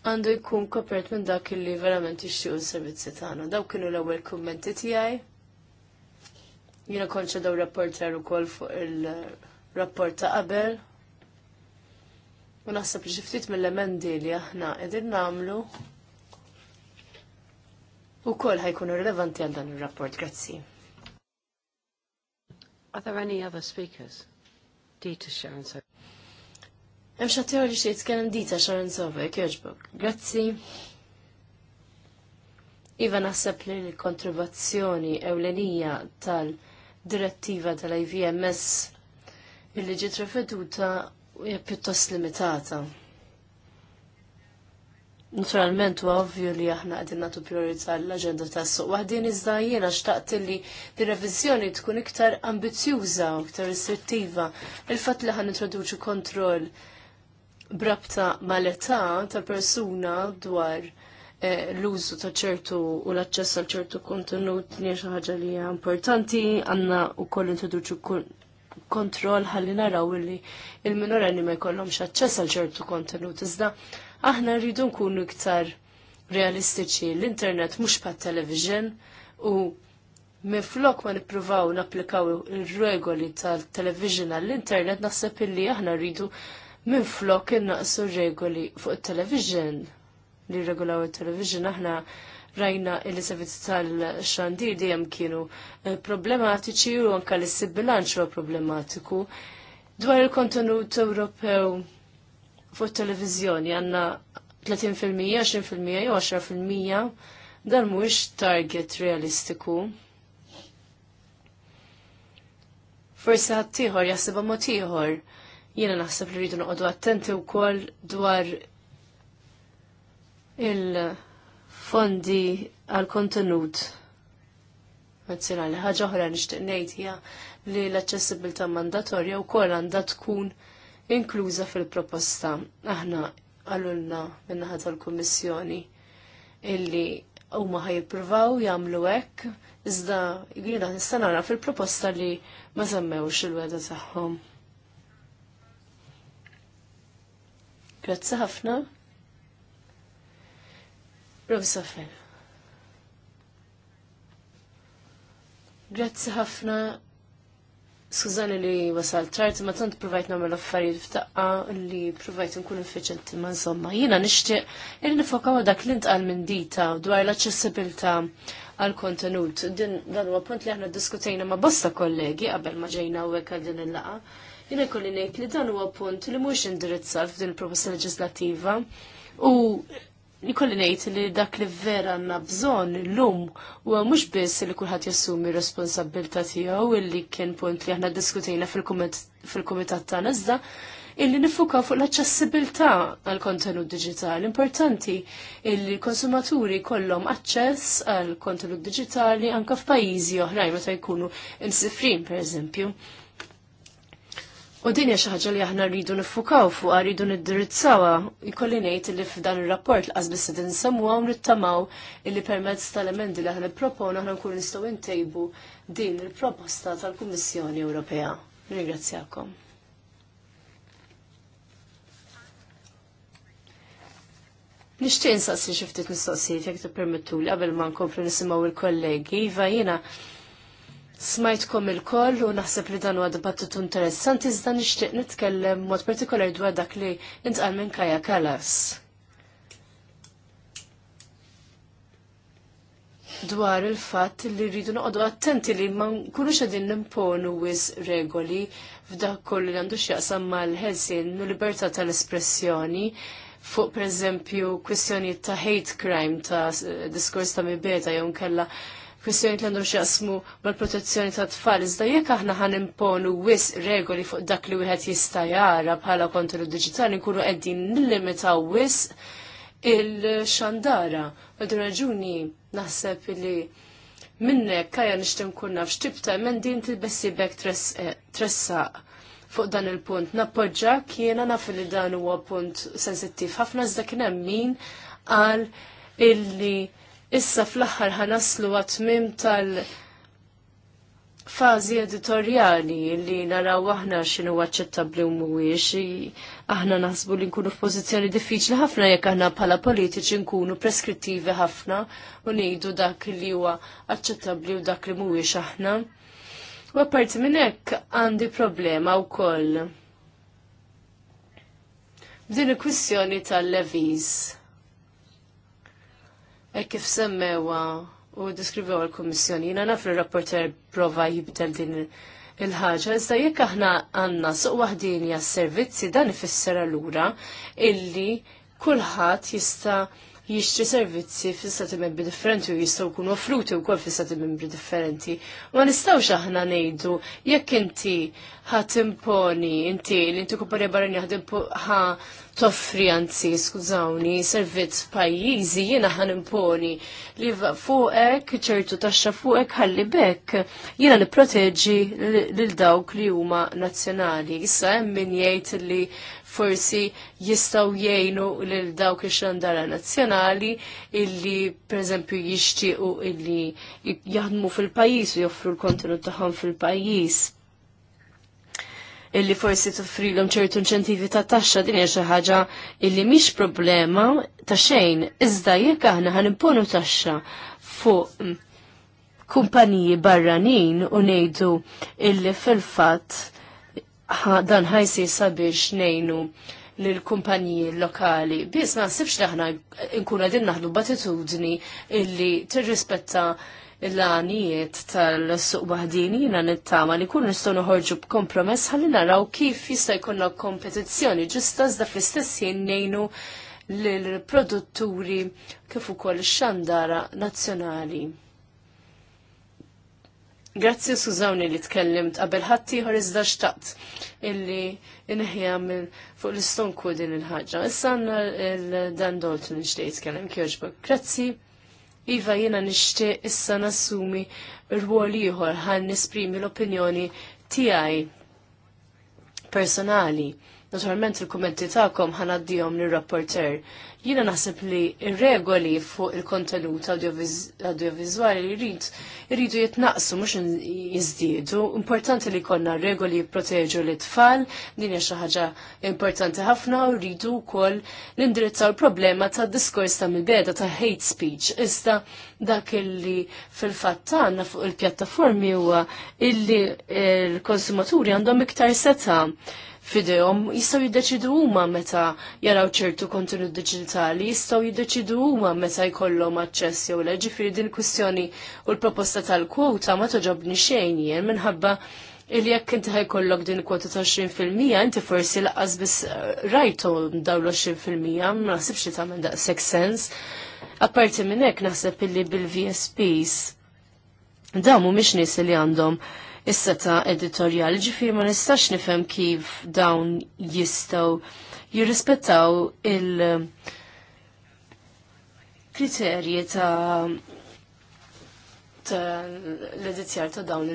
għandu jkun kopert minn dak li verament jixtiequ s-servizzi tagħna. Daw kienu l-ewwel kummenti tiegħi. Jiena konċa daw rapporter ukoll fuq il-rapport ta' qabel U naħseb li ftit mill-emendi li aħna qegħdin nagħmlu kol ħajkunu rilevanti għal dan ir-rapport. Grazzi. Are there any other speakers? Dita Sharon Sovek. Hemm xattijaw li xejn tkellem Dita Sharon Sovek, jogħġbok. Grazzi. Iva naħseb li l-kontrovazzjoni ewlenija tal-direttiva tal-IVMS illi ġiet refeduta. U pjuttost limitata. Naturalment u ovvju li aħna qegħdin nagħtu priorità l-aġenda tas-suq. Waħdin iżda jiena xtaqt li di reviżjoni tkun iktar ambizjuża u iktar restrittiva. Il-fatt li ħan introduċu kontroll brabta mal-età ta' persuna dwar eh, l-użu ta' ċertu u l-aċċess għal ċertu kontenut li xi ħaġa li hija importanti, għandna wkoll introduċu kontroll ħalli naraw illi il-minorenni ma jkollhomx aċċess għal ċertu kontenut. Iżda aħna rridu nkunu iktar realistiċi l-internet mhux pat television u minflok ma nippruvaw napplikaw ir-regoli tal-television għall-internet naħseb illi aħna rridu minflok innaqsu regoli fuq it-television li regolaw il-television aħna rajna il-servizzi tal-xandir dejjem kienu eh, problematiċi u anka l-sibilanċ huwa problematiku. Dwar il-kontenut Ewropew fuq televizjoni għanna 30%, 20% jew 10% dan mhuwiex target realistiku. Forsi ħadd ieħor jaħsibha mod ieħor. Jiena naħseb li rridu noqogħdu attenti wkoll dwar il- fondi għal kontenut nazzjonali. Ħaġa oħra nixtieq nejt hija li l-aċċessibilità mandatorja wkoll għandha tkun inkluża fil-proposta. Aħna għalulna minnaħa tal-Kummissjoni illi huma ħajjippruvaw jagħmlu hekk iżda jiena nista' nara fil-proposta li ma semmewx il-weda tagħhom. Grazzi ħafna. Professor Fenn. Grazzi ħafna. Skużani li wasal tard, ma tant provajt nagħmel affarijiet f'taqqa li provajt nkun effiċenti ma insomma. Jiena nixtieq li nifokaw dak li ntqal minn dita dwar l-aċċessibilità għal kontenut. Din dan huwa punt li aħna ddiskutejna ma' bosta kollegi qabel ma ġejna hawnhekk għal din il-laqgħa. Jiena kolli ngħid li dan huwa punt li mhux indirizzat f'din il-proposta leġislattiva u Nikolli ngħid li dak li vera għandna bżonn llum huwa mhux biss li kulħadd jassumi r-responsabilità tiegħu illi kien punt li aħna diskutejna fil-kumitat tagħna iżda illi nifuka fuq l-aċċessibilità għal kontenut digitali. Importanti illi konsumaturi kollom aċċess għal kontenut digitali anke f'pajjiżi oħrajn meta jkunu insifrin pereżempju. U din hija xi ħaġa li aħna rridu niffukaw fuqha rridu niddirizzawha. jkolli ngħid li f'dan ir-rapport laqas biss qed insemmuha u nittamaw illi permezz tal-emendi li aħna nipproponu aħna nkunu nistgħu ntejbu din il-proposta tal-Kummissjoni Ewropea. Ringrazzjakom. Nixtieq insaqsi xi ftit mistoqsijiet jekk tippermettu li qabel ma nkomplu nisimgħu il-kollegi, iva jiena smajtkom il-koll u naħseb li dan huwa dibattitu interessanti iżda nixtieq nitkellem mod partikolar dwar dak li intqal minn Kaja Kalas. Dwar il-fatt li rridu noqogħdu attenti li ma nkunux qegħdin nimponu wis regoli f'dak kollu li għandu x'jaqsam mal-ħelsien u libertà tal-espressjoni fuq pereżempju kwistjonijiet ta' hate crime ta' diskors ta' mibeta jew kella kwistjoni li għandhom xjaqsmu mal-protezzjoni ta' tfal, iżda jekk aħna ħan imponu wis regoli fuq dak li wieħed jista' jara bħala kontenut digitali nkunu qegħdin nillimitaw wis il-xandara. Għadu raġuni naħseb li minnek kaja nishtim kunna f'xtib ta' mendin tilbessibek eh, tressa fuq dan il-punt. Nappoġġa kiena naf li dan huwa punt sensittiv ħafna iżda kien hemm min għal illi Issa fl-aħħar ħanaslu għatmim tal- fazi editorjali li naraw aħna xinu għacċettabli u mhuwiex, aħna naħsbu li nkunu f'pożizzjoni diffiċli ħafna jekk aħna bħala politiċi nkunu preskrittivi ħafna u ngħidu dak li huwa aċċettabbli u dak li mhuwiex aħna. U apparti minn hekk għandi problema wkoll. Din il-kwissjoni tal levis E kif semmewa u diskrivew għal komissjoni Jina naf il-rapporter prova jibdel din il-ħagġa. Iżda jekk aħna għanna suq waħdin s servizzi dan ifisser allura illi kulħadd jista' jixtri servizzi fi stati membri differenti u jistgħu jkunu offruti wkoll fi stati membri differenti. Ma nistgħux aħna ngħidu jekk inti imponi, inti li inti kumpanija barra jaħdem toffri anzi, skużawni, servizz pajjiżi jiena ħan imponi li fuqek ċertu taxxa fuqek ħalli bekk jiena niproteġi lil dawk li huma nazzjonali. Issa hemm min jgħid li forsi jistaw jgħinu lil dawk li xandara nazzjonali illi pereżempju jixtiequ illi jaħdmu fil-pajjiż u joffru l-kontenut tagħhom fil-pajjiż illi forsi tuffrilhom ċertu inċentivi ta' taxxa din hija xi ħaġa illi mhix problema ta' xejn, iżda jekk aħna ħanimponu taxxa fuq mm, kumpaniji barranin u ngħidu illi fil-fatt dan ħajsi sabiex ngħinu l-kumpaniji lokali. Biss ma nsibx li aħna nkun qegħdin naħdu battitudni illi tirrispetta rispetta l-għanijiet tal-suq wahdini jina nittama li kun nistaw noħorġu b'kompromess ħalli naraw kif jista' jkunna kompetizzjoni ġusta iżda fl-istess jien l-produtturi kif ukoll xandara nazzjonali. Grazzi Sużawni li tkellimt qabel ħadd ieħor iżda xtaqt illi inħja fuq l-istonku din il-ħaġa. Issa il dan Dalton nixtieq kellem kjoġbok. Grazzi. Iva jiena nixtieq issa nassumi rwol ieħor ħan nisprimi l-opinjoni tiegħi personali. Naturalment il-kummenti tagħkom għaddijom lir-rapporter. Jina naħseb li regoli fuq il-kontenut audiovizuali jrid jridu jitnaqsu mhux jiżdiedu. Importanti li konna regoli jipproteġu l tfal din hija xi ħaġa importanti ħafna u rridu wkoll l-indirizzaw il-problema ta' diskors ta' mi-beda ta' hate speech. Iżda dak illi fil-fatt għandna fuq il-pjattaformi huwa illi l-konsumaturi għandhom iktar seta' fidejhom jistgħu jiddeċidu huma meta jaraw ċertu kontenut diġitali, jistgħu jiddeċidu huma meta jkollhom aċċess jew le. Ġifieri din kwistjoni u l-proposta tal-kwota ma toġobni xejn jien minħabba il jekk inti ħajkollok din kwota ta' 20% inti forsi laqqas biss rajtu daw l-20% ma naħsibx li tagħmel daqshekk sens. Apparti minn hekk naħseb illi bil-VSPs dawn mhumiex nies li għandhom is-seta editorjali ġifiri ma nistax nifhem kif dawn jistgħu jirrispettaw il- kriterji ta' l-edizjar ta' dawn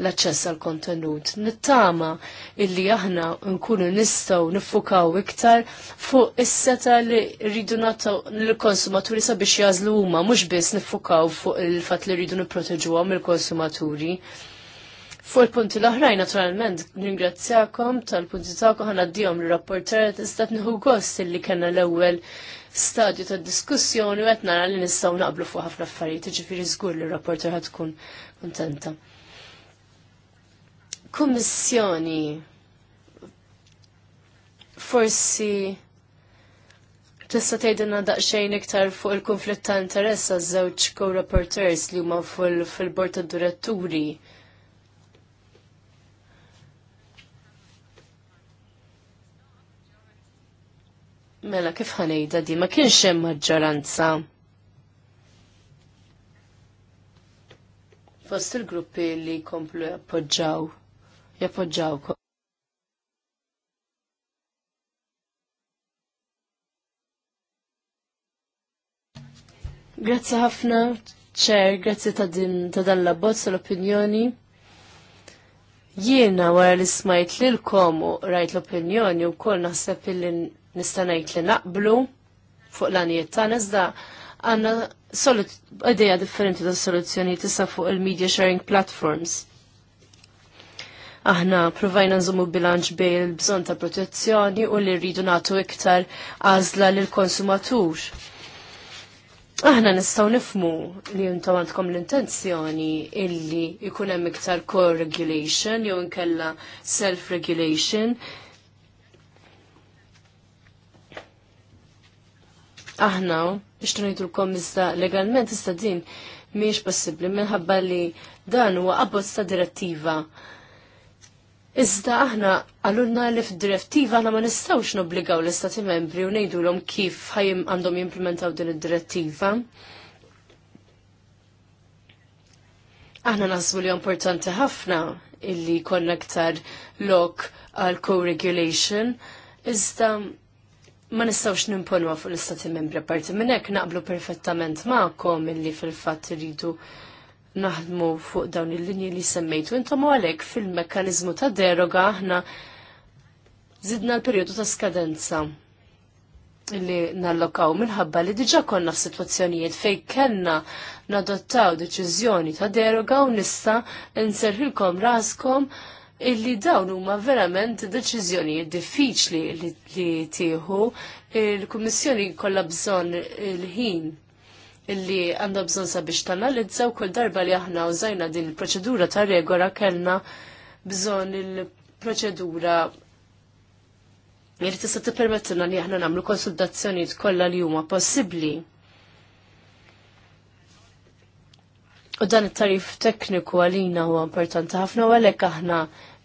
l-access għal kontenut. Nittama illi aħna nkunu nistaw nifukaw iktar fuq is-seta li rridu nataw l-konsumaturi sabiex jazlu huma mhux biss nifukaw fuq il-fatt li rridu nipproteġuhom il-konsumaturi. il il konsumaturi Fuq il-punti l-oħrajn, naturalment, ringrazzjakom tal-punti tagħkom ħana ddihom l-rapporter tista' nħu gost li kellna l-ewwel stadju ta' diskussjoni u qed nara li nistgħu naqblu fuq ħafna affarijiet, jiġifieri żgur li r-rapporter ħatkun tkun kuntenta. Kummissjoni forsi tista' tgħidilna daqsxejn iktar fuq il-konflitt ta' interess għaż-żewġ co-rapporters li huma fil-bord tad-diretturi Mela kif ħanejda di ma kienx hemm maġġoranza. Fost il-gruppi li komplu jappoġġaw, jappoġġaw. Grazzi ħafna, ċer, grazzi ta' din ta' dan l-abbozz l-opinjoni. Jiena wara li smajt lilkom u rajt l-opinjoni u kol naħseb illi nista' ngħid li naqblu fuq l-għanijiet ta' iżda għandna idea differenti ta' soluzzjoni tista' fuq il-media sharing platforms aħna provajna nżommu bilanċ bej il-bżon ta' protezzjoni u li rridu nagħtu iktar għażla lil konsumatur. Aħna nistgħu nifmu li intom għandkom l-intenzjoni illi jkun hemm iktar co-regulation jew inkella self-regulation Aħna, biex tunajdulkom iżda legalment iżda din miex possibli minħabba li dan huwa abbozz ta' direttiva. Iżda aħna għallunna li f-direttiva aħna ma nistawx nobbligaw l-istati membri u ngħidulhom kif ħajim għandhom jimplementaw din id-direttiva. Aħna nasbu li importanti ħafna illi konna ktar lok għal co-regulation, iżda ma nistawx nimponwa fuq l-istati membri parti minn hekk naqblu perfettament magħkom illi fil-fatt iridu naħdmu fuq dawn il-linji li semmejtu intom għalhekk fil mekkanizmu ta' deroga aħna zidna l-perjodu ta' skadenza li nallokaw minħabba li diġa konna f'sitwazzjonijiet fej kellna nadottaw deċiżjoni ta' deroga u nista' nserħilkom raskom illi dawn huma verament deċiżjonijiet diffiċli li, li tieħu il-Kummissjoni kollha bżonn il-ħin illi għandha bżonn sabiex tanalizzaw kull darba li aħna użajna din il-proċedura ta' regola kellna bżonn il-proċedura li tista' tippermettilna li aħna nagħmlu konsultazzjonijiet kollha li huma possibbli. U dan it-tarif tekniku għalina huwa importanti ħafna u għalhekk aħna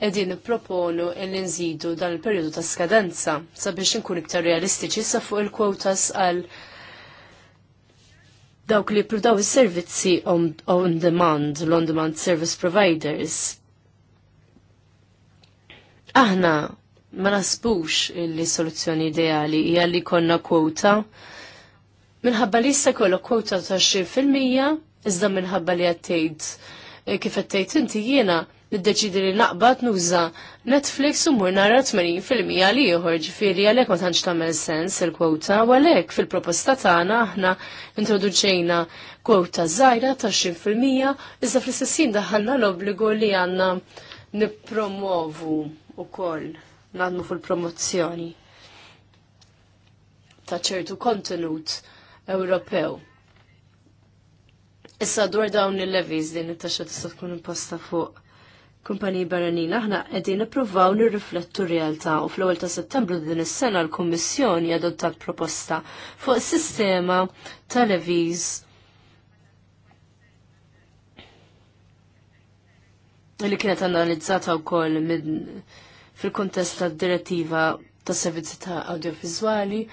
qegħdin nipproponu li nżidu dan il-perjodu ta' skadenza sabiex inkun iktar realistiċi sa fuq il-kwotas għal dawk li prudaw is-servizzi on, demand, l-on demand service providers. Aħna ma nasbux li soluzzjoni ideali hija li konna kwota minħabba li issa kollok kwota ta' 20 Iżda minħabba li għattejt eh, kif għattejt inti jiena niddeċidi li naqbad nuża Netflix u mur nara 80% li juħor ġifiri għalek ma tantx tagħmel sens il-kwota u għalhekk fil-proposta tagħna aħna introduċejna kwota zaħira ta' 20% iżda fl-istessin daħalna l-obbligu li għandna nippromovu koll nadmu fil-promozzjoni ta' ċertu kontenut Ewropew. Issa dwar dawn il levis din it-taxxa tista' tkun imposta fuq kumpaniji barranin aħna qegħdin nippruvaw nirriflettu r-realtà u fl-ewwel ta' Settembru din is-sena l-Kummissjoni adottat proposta fuq sistema ta' levies li kienet analizzata wkoll fil kuntest tad direttiva ta' servizzi ta' audiovizuali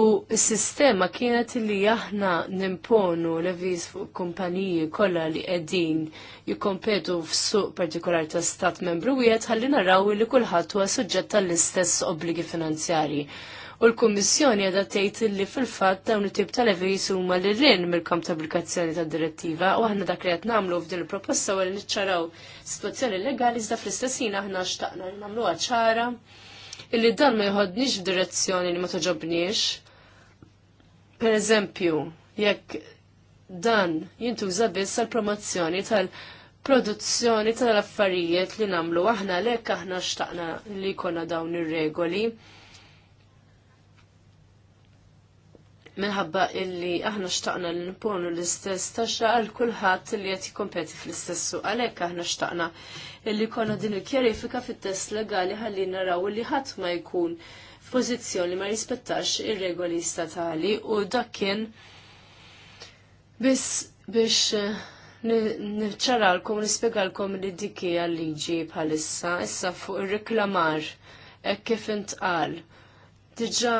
U s-sistema kienet li aħna nimponu leviz fuq kumpaniji kollha li qegħdin jikkompetu f'suq partikolari ta' stat membru wieħed ħalli naraw li kulħadd huwa suġġetta l istess obbligi finanzjarji. U l-Kummissjoni għadha tgħid li fil-fatt dawn it-tip ta' levis huma l rin mill-kamp ta' applikazzjoni tad-direttiva u aħna dak li qed nagħmlu f'din il-proposta wara niċċaraw sitwazzjoni legali iżda fl-istess ħin aħna xtaqna nagħmluha ċara illi dan ma jħodniġ f'direzzjoni li ma toġobniġ. Per eżempju, jekk dan jintuża biss għal promozzjoni tal-produzzjoni tal-affarijiet li namlu aħna lek aħna xtaqna li konna dawn ir-regoli minħabba illi aħna xtaqna li nimponu l-istess taxxa għal kulħadd li qed jikkompeti fl-istess suq għalhekk aħna xtaqna illi konna din il-kjerifika fit-test legali ħalli naraw li ħadd ma jkun f'pożizzjoni ma jispettax ir-regoli statali u dak kien biss biex eh, Nċaralkom, nispiegalkom li dikija liġi bħalissa, issa fuq il-reklamar, kif intqal. Diġa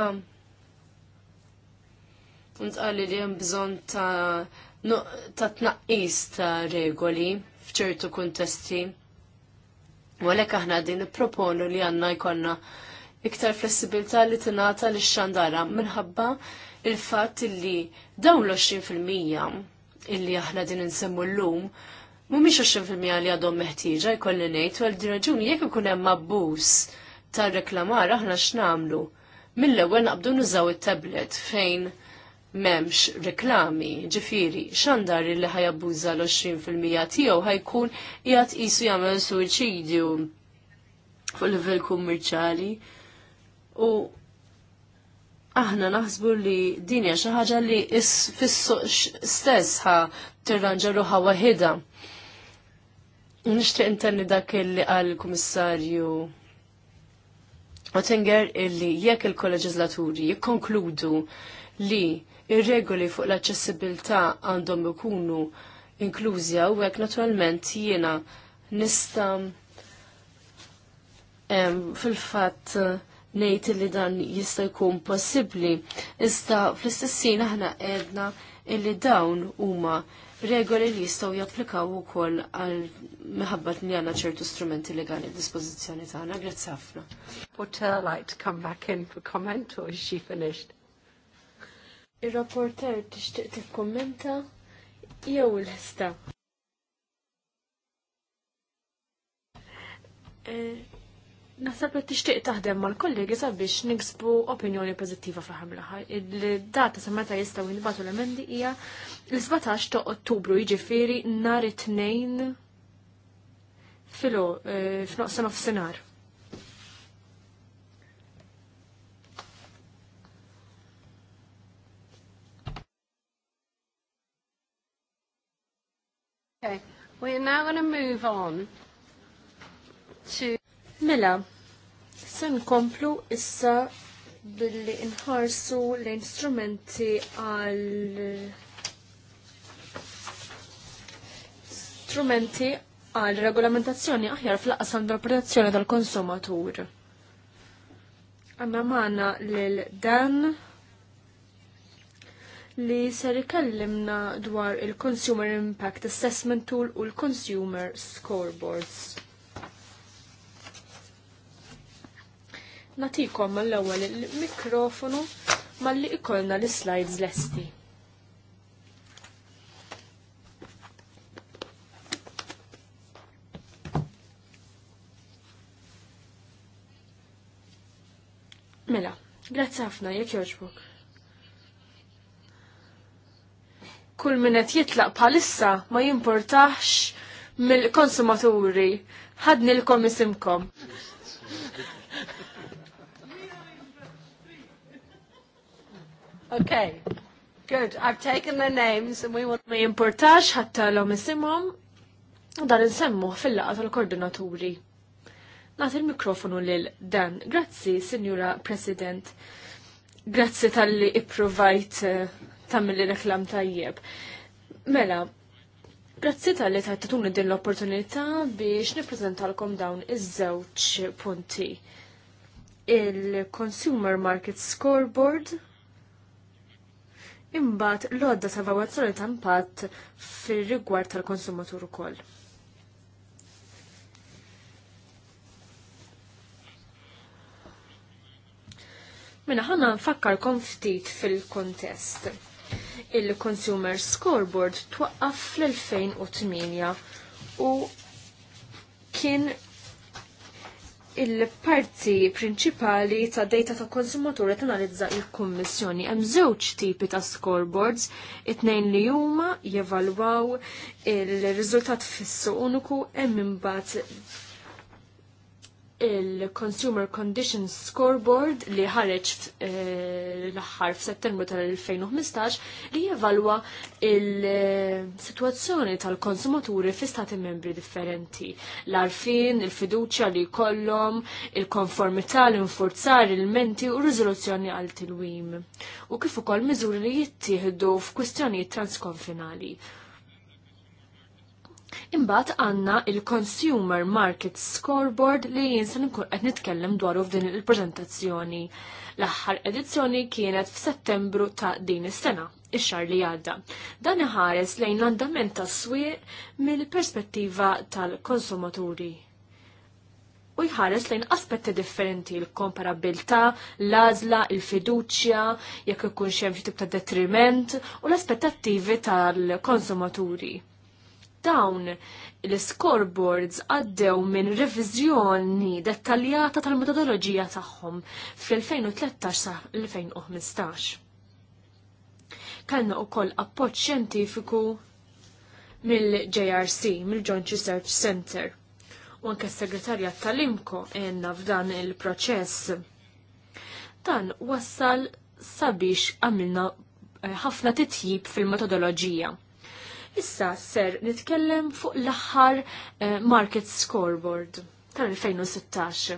Ntqalli li hemm bżonn ta' ta' tnaqqis ta' regoli f'ċertu kuntesti. Walek aħna din proponu li għandna jkollna iktar flessibilità li tingħata li xandara minħabba il-fatt li dawn l-20% illi aħna din insemmu llum mhumiex 20% li għadhom meħtieġa jkolli ngħid u għal din raġuni jekk ikun hemm abbuż ta' reklamar aħna x'namlu. Mill-ewwel naqbdu nużaw it-tablet fejn memx reklami, ġifiri, xandar li ħajabbuża l-20% tiegħu ħajkun jgħat isu jagħmel suċidju fuq livell kummerċali. U aħna naħsbu li din hija xi ħaġa li fis-suq stess ħa tirranġa ruħha waħida. Nixtieq intenni dak li għal kummissarju Ottinger illi jekk il-kolleġislaturi jikkonkludu li ir-regoli fuq l-aċċessibilità għandhom ikunu inklużi hawnhekk naturalment jiena nista fil-fatt ngħid li dan jista' jkun possibbli. Iżda fl-istessin aħna qedna illi dawn huma regoli li jistgħu japplikaw ukoll għal minħabba li għandna ċertu strumenti legali a dispożizzjoni tagħna. Grazzi ħafna. Would like to come back in for comment or is she finished? Ir-rapporter tixtieq tikkummenta jew il-ħsta. Eh, naħseb li tixtieq taħdem mal-kollegi sabiex niksbu opinjoni pożittiva fl l Il-data sa meta jistgħu l-emendi hija l-17 ta' Ottubru, jiġifieri nhar it-tnejn filo eh, f'noqsa nofsinhar. Okay, are now going to move on to... Mela, sen komplu issa billi inħarsu l-instrumenti għal strumenti għal regolamentazzjoni aħjar fl-qas għal tal-konsumatur. Għanna maħna l-dan li ser ikellimna dwar il-Consumer Impact Assessment Tool u l-Consumer Scoreboards. Natikom mal-ewwel il-mikrofonu malli ikollna l-slides lesti. Mela, grazzi ħafna jekk jogħġbok. kull minnet jitlaq bħalissa ma jimportax mill-konsumaturi. l-kom isimkom. Ok, good. I've taken their names and we want... Ma jimportax ħatta l isimom dan insemmu fil-laqa tal-koordinaturi. Nat il-mikrofonu lil Dan. Grazzi, Signora President. Grazzi tal-li ipprovajt eh, li reklam tajjeb. Mela, Grazzi tal-li tajtatuni din l-opportunità biex niprezentalkom dawn iż-żewġ punti. Il-Consumer Market Scoreboard imbagħad l-għodda ta' evalwazzjoni ta' impatt fir-rigward tal-konsumatur ukoll. Minna mela, ħana nfakkarkom ftit fil-kontest il-Consumer Scoreboard twaqqaf fl-2008 u kien il-parti prinċipali ta' data ta' konsumatur qed analizza il-Kummissjoni. Hemm żewġ tipi ta' scoreboards, it-tnejn li huma jevalwaw il-riżultat fis-suq uniku hemm imbagħad il-Consumer Conditions Scoreboard li ħareġ eh, l-aħħar f'Settembru tal-2015 li jevalwa il-sitwazzjoni tal-konsumaturi fi stati membri differenti. L-arfin, il-fiduċja li kollom, il-konformità, l-infurzar, il-menti u riżoluzzjoni għal tilwim. U kif ukoll miżuri li jittieħdu f'kwistjonijiet transkonfinali Imbagħad għandna il-Consumer Market Scoreboard li jinsan nkun qed nitkellem dwaru f'din il-preżentazzjoni. L-aħħar edizzjoni kienet f'Settembru ta' din is-sena, ix xar li għadda. Dan iħares lejn l-andament ta' swieq mill-perspettiva tal-konsumaturi u jħares lejn aspetti differenti, l-komparabilità, l-azla, il-fiduċja, jekk ikun xi xi tip ta' detriment u l-aspettattivi tal-konsumaturi dawn l-scoreboards għaddew minn reviżjoni dettaljata tal-metodoloġija tagħhom fl-2013 sa l-2015. Kellna wkoll appoġġ xjentifiku mill-JRC, mill-Joint Research Center. U anke s-segretarjat tal-IMCO għenna f'dan il-proċess. Dan wassal sabiex għamilna eh, ħafna titjib fil-metodoloġija Issa ser nitkellem fuq l-aħħar eh, Market Scoreboard tal-2016.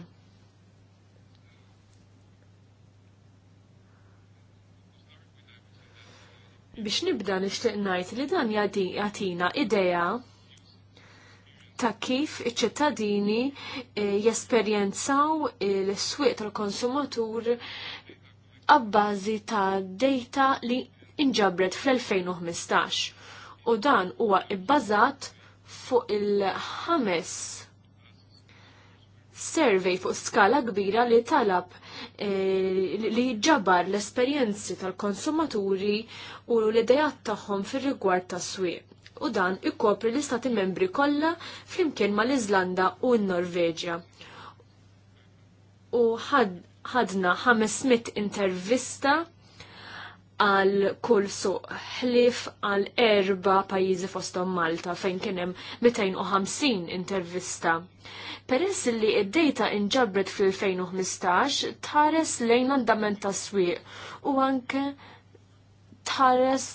Biex nibda nixtieq ngħid li dan jagħtina idea ta' kif iċ-ċittadini eh, jesperjenzaw l-swieq tal-konsumatur għabbażi ta' data li inġabret fl-2015 u dan huwa ibbażat fuq il-ħames survey fuq skala kbira li talab e, li ġabar l-esperjenzi tal-konsumaturi u l-idejat tagħhom fir-rigward tas-swieq. U dan ikkopri l-istati membri kollha flimkien mal iżlanda u n-Norveġja. U ħadna 500 intervista għal kull suq ħlif għal erba pajjiżi fostom Malta fejn kien hemm 250 intervista. Peress li id-data inġabret fil-2015 tħares lejn andament ta' swieq u anke tħares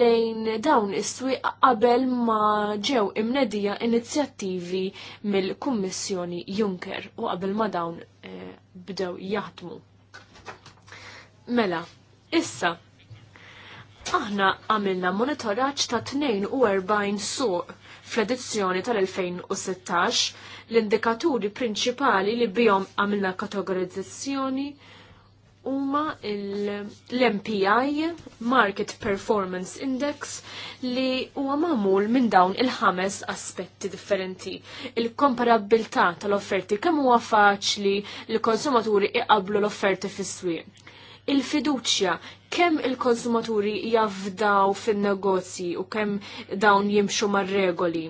lejn dawn is-swieq qabel ma ġew imnedija inizjattivi mill-Kummissjoni Juncker u qabel ma dawn eh, bdew jaħdmu. Mela, Issa, aħna għamilna monitoraċ ta' 42 suq fl-edizzjoni tal-2016 l-indikaturi prinċipali li bihom għamilna kategorizzazzjoni huma l-MPI, Market Performance Index, li huwa magħmul minn dawn il-ħames aspetti differenti. Il-komparabilità tal-offerti kemm huwa faċli l-konsumaturi iqablu l-offerti fis-swieq il-fiduċja kemm il-konsumaturi jafdaw fin-negozji u kemm dawn jimxu mar-regoli.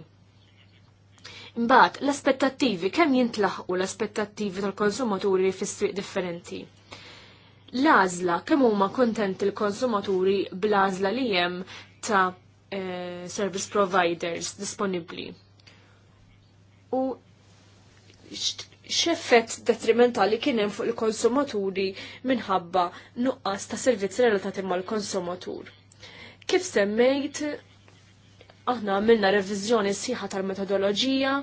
Mbagħad l-aspettattivi kemm jintlaħqu l-aspettattivi tal-konsumaturi fis-swieq differenti. L-għażla kemm huma kontent il-konsumaturi bl-għażla li hemm ta' eh, service providers disponibbli. U x'effett detrimentali kien hemm fuq il-konsumaturi minħabba nuqqas ta' servizzi relatati mal-konsumatur. Kif semmejt, aħna għamilna reviżjoni sħiħa tal-metodoloġija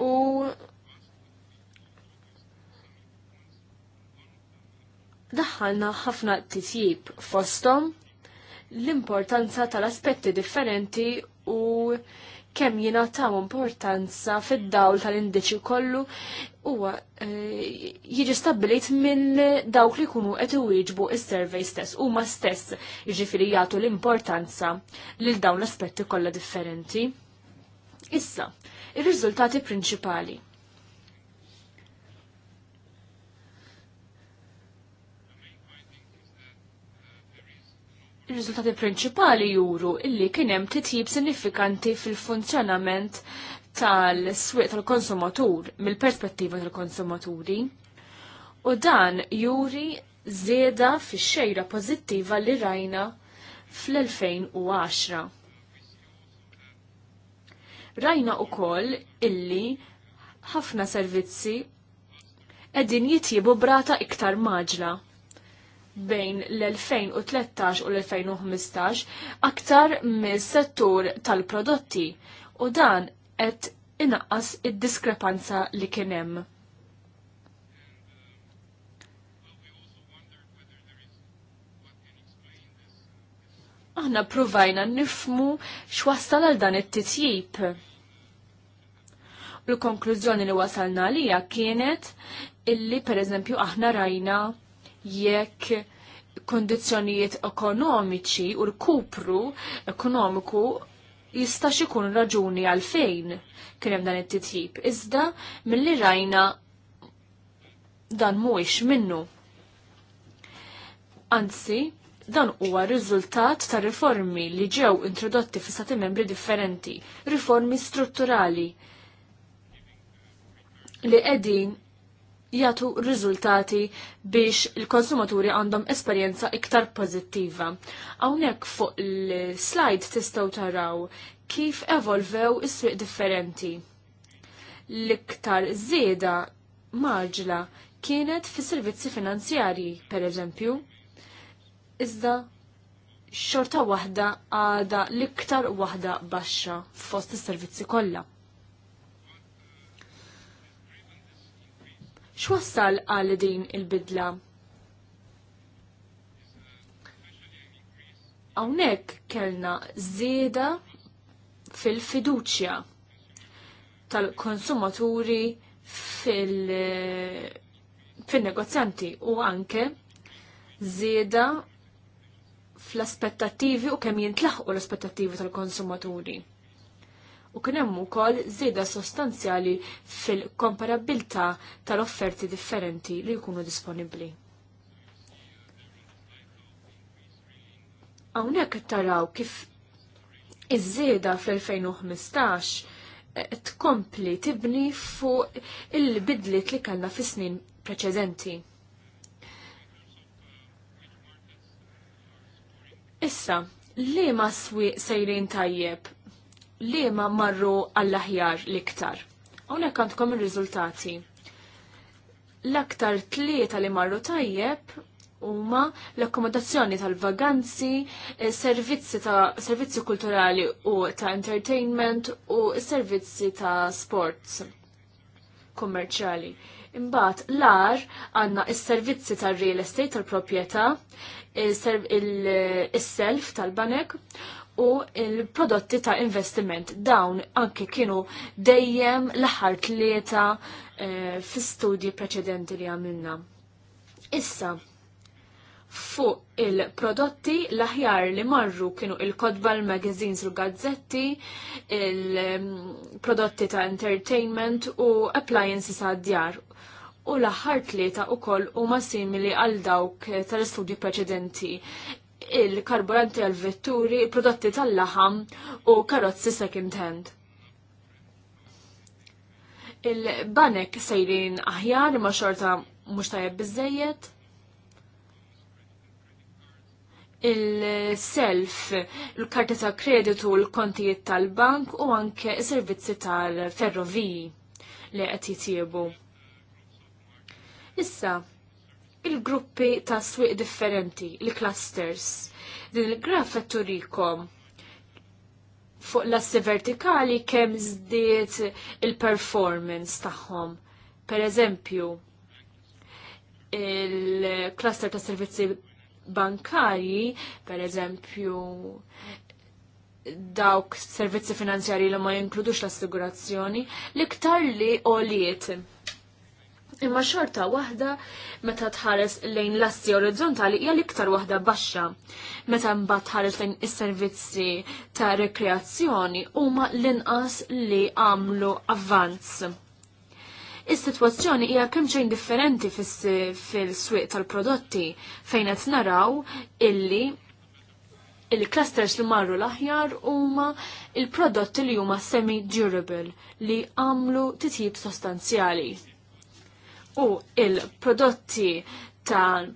u daħħalna ħafna titjib fostom l-importanza tal-aspetti differenti u kemm jingħataw importanza fid-dawl tal-indiċi kollu huwa eh, jiġi stabbilit minn dawk li jkunu qed iwieġbu s survey stess huma stess jiġifieri jagħtu l-importanza lil dawn l-aspetti kollha differenti. Issa, ir-riżultati prinċipali. il-riżultati prinċipali juru illi kien hemm titjib sinifikanti fil-funzjonament tal swiq tal-konsumatur mill-perspettiva tal-konsumaturi. U dan juri żieda fix-xejra pożittiva li rajna fl-2010. Rajna ukoll illi ħafna servizzi edin jitjibu brata iktar maġla bejn l-2013 u l-2015 aktar mis-settur tal-prodotti u dan qed inaqqas id-diskrepanza li kien hemm. Aħna provajna nifmu x'wassal għal dan it-titjib. L-konklużjoni li wasalna għalija kienet illi pereżempju aħna rajna jekk kondizjonijiet ekonomiċi u l-kupru ekonomiku jistax ikun raġuni għalfejn kien hemm dan it-titjib. Iżda milli rajna dan mhuwiex minnu. Anzi, dan huwa riżultat ta' riformi li ġew introdotti fi stati membri differenti, riformi strutturali li qegħdin jagħtu riżultati biex il-konsumaturi għandhom esperjenza iktar pożittiva. Hawnhekk fuq il-slide tistgħu taraw kif evolvew is-swieq differenti. L-iktar żieda marġla kienet fis servizzi finanzjarji, per eżempju, iżda xorta waħda għada l-iktar waħda baxxa fost is-servizzi kollha. X'wassal għal din il-bidla? Hawnhekk kellna żieda fil-fiduċja tal-konsumaturi fil-negozjanti fil u anke żieda fl-aspettativi u kemm jintlaħqu l-aspettativi tal-konsumaturi u kien hemm ukoll żieda sostanzjali fil-komparabilità tal-offerti differenti li jkunu disponibbli. Hawnhekk qed taraw kif iż-żieda fl-2015 tkompli tibni fuq il-bidliet li kellna fis-snin preċedenti. Issa, li ma swi sejrin tajjeb li ma marru għall-aħjar liktar. Unek għandkom il-rizultati. L-aktar tlieta li marru tajjeb huma l-akkomodazzjoni tal-vaganzi, eh, servizzi ta' servizzi kulturali u ta' entertainment u servizzi ta' sports kommerċali. Imbagħad l-ar għandna s-servizzi tal-real estate tal-proprjetà, eh, is-self tal-banek u il-prodotti ta' investiment. Dawn anke kienu dejjem l-aħħar tlieta e, eh, fi-studji preċedenti li għamilna. Issa, fuq il-prodotti l-aħjar li marru kienu il-kodba, l-magazines u gazzetti, il-prodotti ta' entertainment u appliances għad djar. U l-aħħar tlieta u koll u ma simili għal dawk tal-istudji preċedenti il-karburanti għal-vetturi, prodotti tal-laħam u karozzi second hand. Il-banek sejrin aħjar ma xorta mux tajab bizzejiet. Il-self, il-karti ta' kreditu, l-kontijiet tal-bank u anke servizzi tal-ferroviji li qed jitjiebu. Issa, il-gruppi ta' swiq differenti, il-clusters. Din il-graf turikom fuq l-assi vertikali kemm zdiet il-performance tagħhom. Per eżempju, il-cluster ta' servizzi bankarji, per eżempju, dawk servizzi finanzjari li ma jinkludux l-assigurazzjoni, liktar li oliet. Imma xorta waħda meta tħares lejn l-assi orizzontali hija l-iktar waħda baxxa. Meta mbagħad tħares lejn is-servizzi ta' rekreazzjoni huma l-inqas li għamlu avvanz. Is-sitwazzjoni hija kemm xejn differenti fil-swieq tal-prodotti fejn qed naraw illi il-clusters li marru l-aħjar huma il-prodotti li huma semi-durable li għamlu titjib sostanzjali u il-prodotti ta'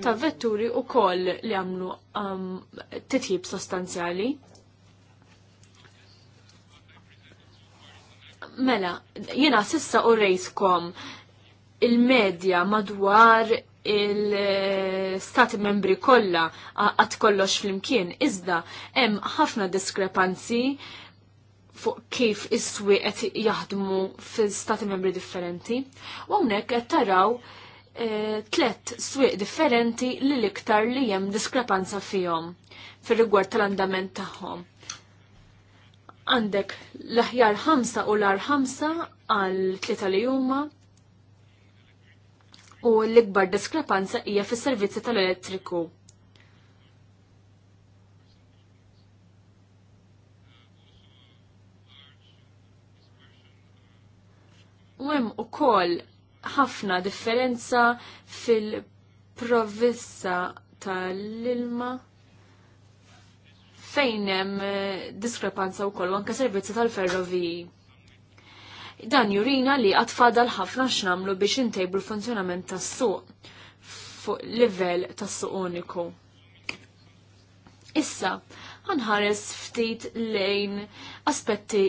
ta' vetturi u koll li għamlu um, titjib sostanzjali. Mela, jena sissa u Rejskom il-medja madwar il-stati membri kolla għat kollox flimkien, iżda hemm ħafna diskrepanzi fuq kif is-swi qed jaħdmu fil-stati membri differenti. U hawnhekk qed taraw e, tlet swieq differenti li liktar iktar li hemm diskrepanza fihom fir-rigward tal-andament tagħhom. Għandek l-aħjar ħamsa u l-ar ħamsa għal tlieta li huma u l-ikbar diskrepanza hija fis-servizzi tal-elettriku u hemm ukoll ħafna differenza fil-provissa tal-ilma fejn hemm eh, diskrepanza wkoll anke servizzi tal-ferroviji. Dan jurina li fadal ħafna x'namlu biex intejbu l-funzjonament tas-suq fuq livell tas-suq uniku. Issa, ħanħares ftit lejn aspetti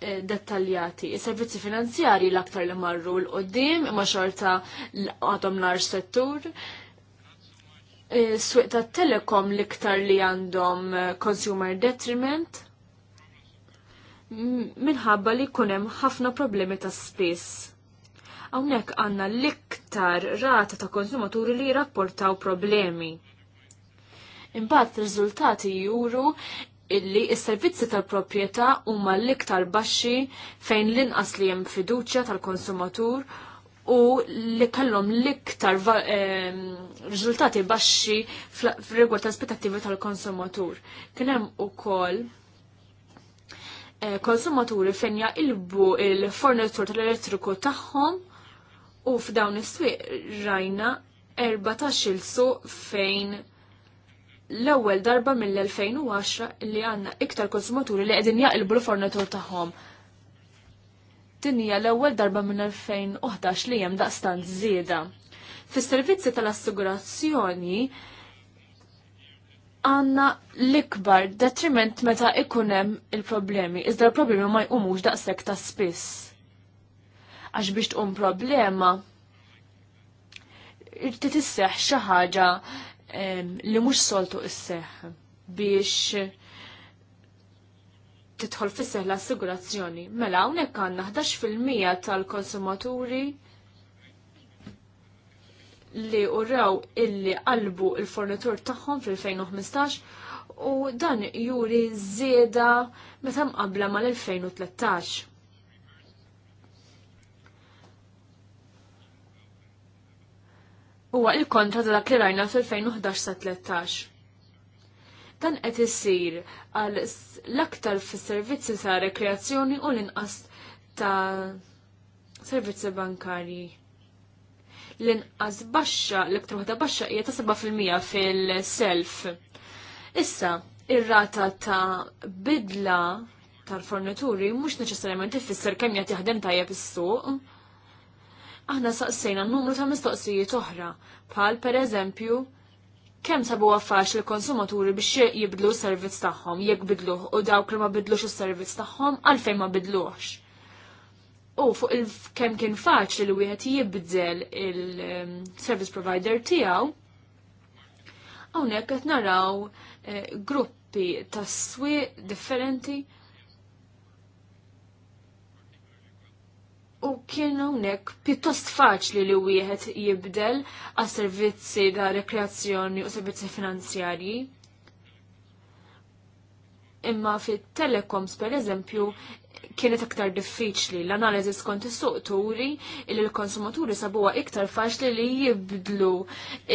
Eh, dettaljati. Is-servizzi finanzjari l-aktar li marru l-qoddim, imma xorta għadhom nar settur. Eh, Suq ta' telekom l-iktar li għandhom eh, consumer detriment. Minħabba li kunem ħafna problemi ta' spiss. Hawnhekk għandna l-iktar rata ta' konsumaturi li jirrapportaw problemi. Imbagħad riżultati juru illi s-servizzi tal-proprjetà huma l-iktar baxxi fejn l-inqas li hemm fiduċja tal-konsumatur u li kellhom l-iktar ehm, riżultati baxxi f'rigward l aspettattivi tal-konsumatur. Kien hemm ukoll eh, konsumaturi fejn jaqilbu il-fornitur tal-elettriku tagħhom u f'dawn is-swieq rajna 14-il suq fejn l-ewwel darba mill-2010 li għandna iktar konsumaturi li qegħdin jaqilbu l-fornitur tagħhom. Din hija l-ewwel darba minn 2011 li hemm daqstant żieda. Fis-servizzi tal-assigurazzjoni għanna l-ikbar detriment meta hemm il-problemi, iżda l-problemi ma jqumux daqshekk ta' spiss. Għax biex tqum problema, irti tisseħ xi ħaġa li mhux soltu isseħ biex titħol fisseħ l-assigurazzjoni. Mela hawnhekk għandna 11% tal-konsumaturi li urraw illi qalbu il-fornitur tagħhom fil-2015 u dan juri żieda meta mqabbla mal-2013. huwa il-kontra ta' dak li rajna fil-2011 sa 13. Dan qed issir għal l-aktar fis-servizzi ta' rekreazzjoni u l-inqas ta' servizzi bankarji. L-inqas baxxa, l-iktar waħda baxxa hija ta' 7% fil-self. Issa, ir-rata ta' bidla tal-fornituri mhux neċessarjament ifisser kemm jagħti jaħdem tajjeb is-suq aħna saqsejna numru ta' mistoqsijiet oħra, bħal pereżempju kemm sabu għaffax il-konsumaturi biex jibdlu s-servizz tagħhom, jekk bidlu u dawk li ma bidlux is-servizz tagħhom għalfejn ma bidlux. U fuq il kemm kien faċli li wieħed jibdel il-service provider tiegħu, hawnhekk qed naraw eh, gruppi ta' swi differenti U kienu nek pjuttost faċli li wieħed jibdel għas servizzi ta' rekreazzjoni u servizzi finanzjarji. Imma fit-telecoms pereżempju kienet aktar diffiċli l-analiżi skont is suqturi li l-konsumaturi sabuha iktar faċli li jibdlu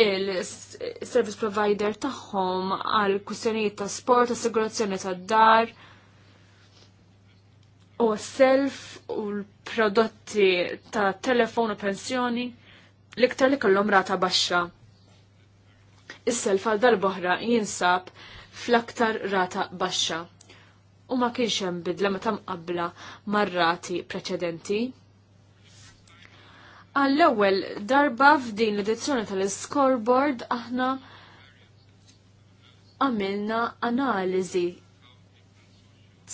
il-service provider tagħhom għal kwistjonijiet ta' sport, assigurazzjoni tad-dar u self u l-prodotti ta' telefon u pensjoni l-iktar li kollom rata baxxa. Is-self għal dal-boħra jinsab fl-aktar rata baxxa u ma kienx hemm bidla meta mqabbla mar-rati preċedenti. Għall-ewwel darba f'din l-edizzjoni tal-scoreboard aħna għamilna analiżi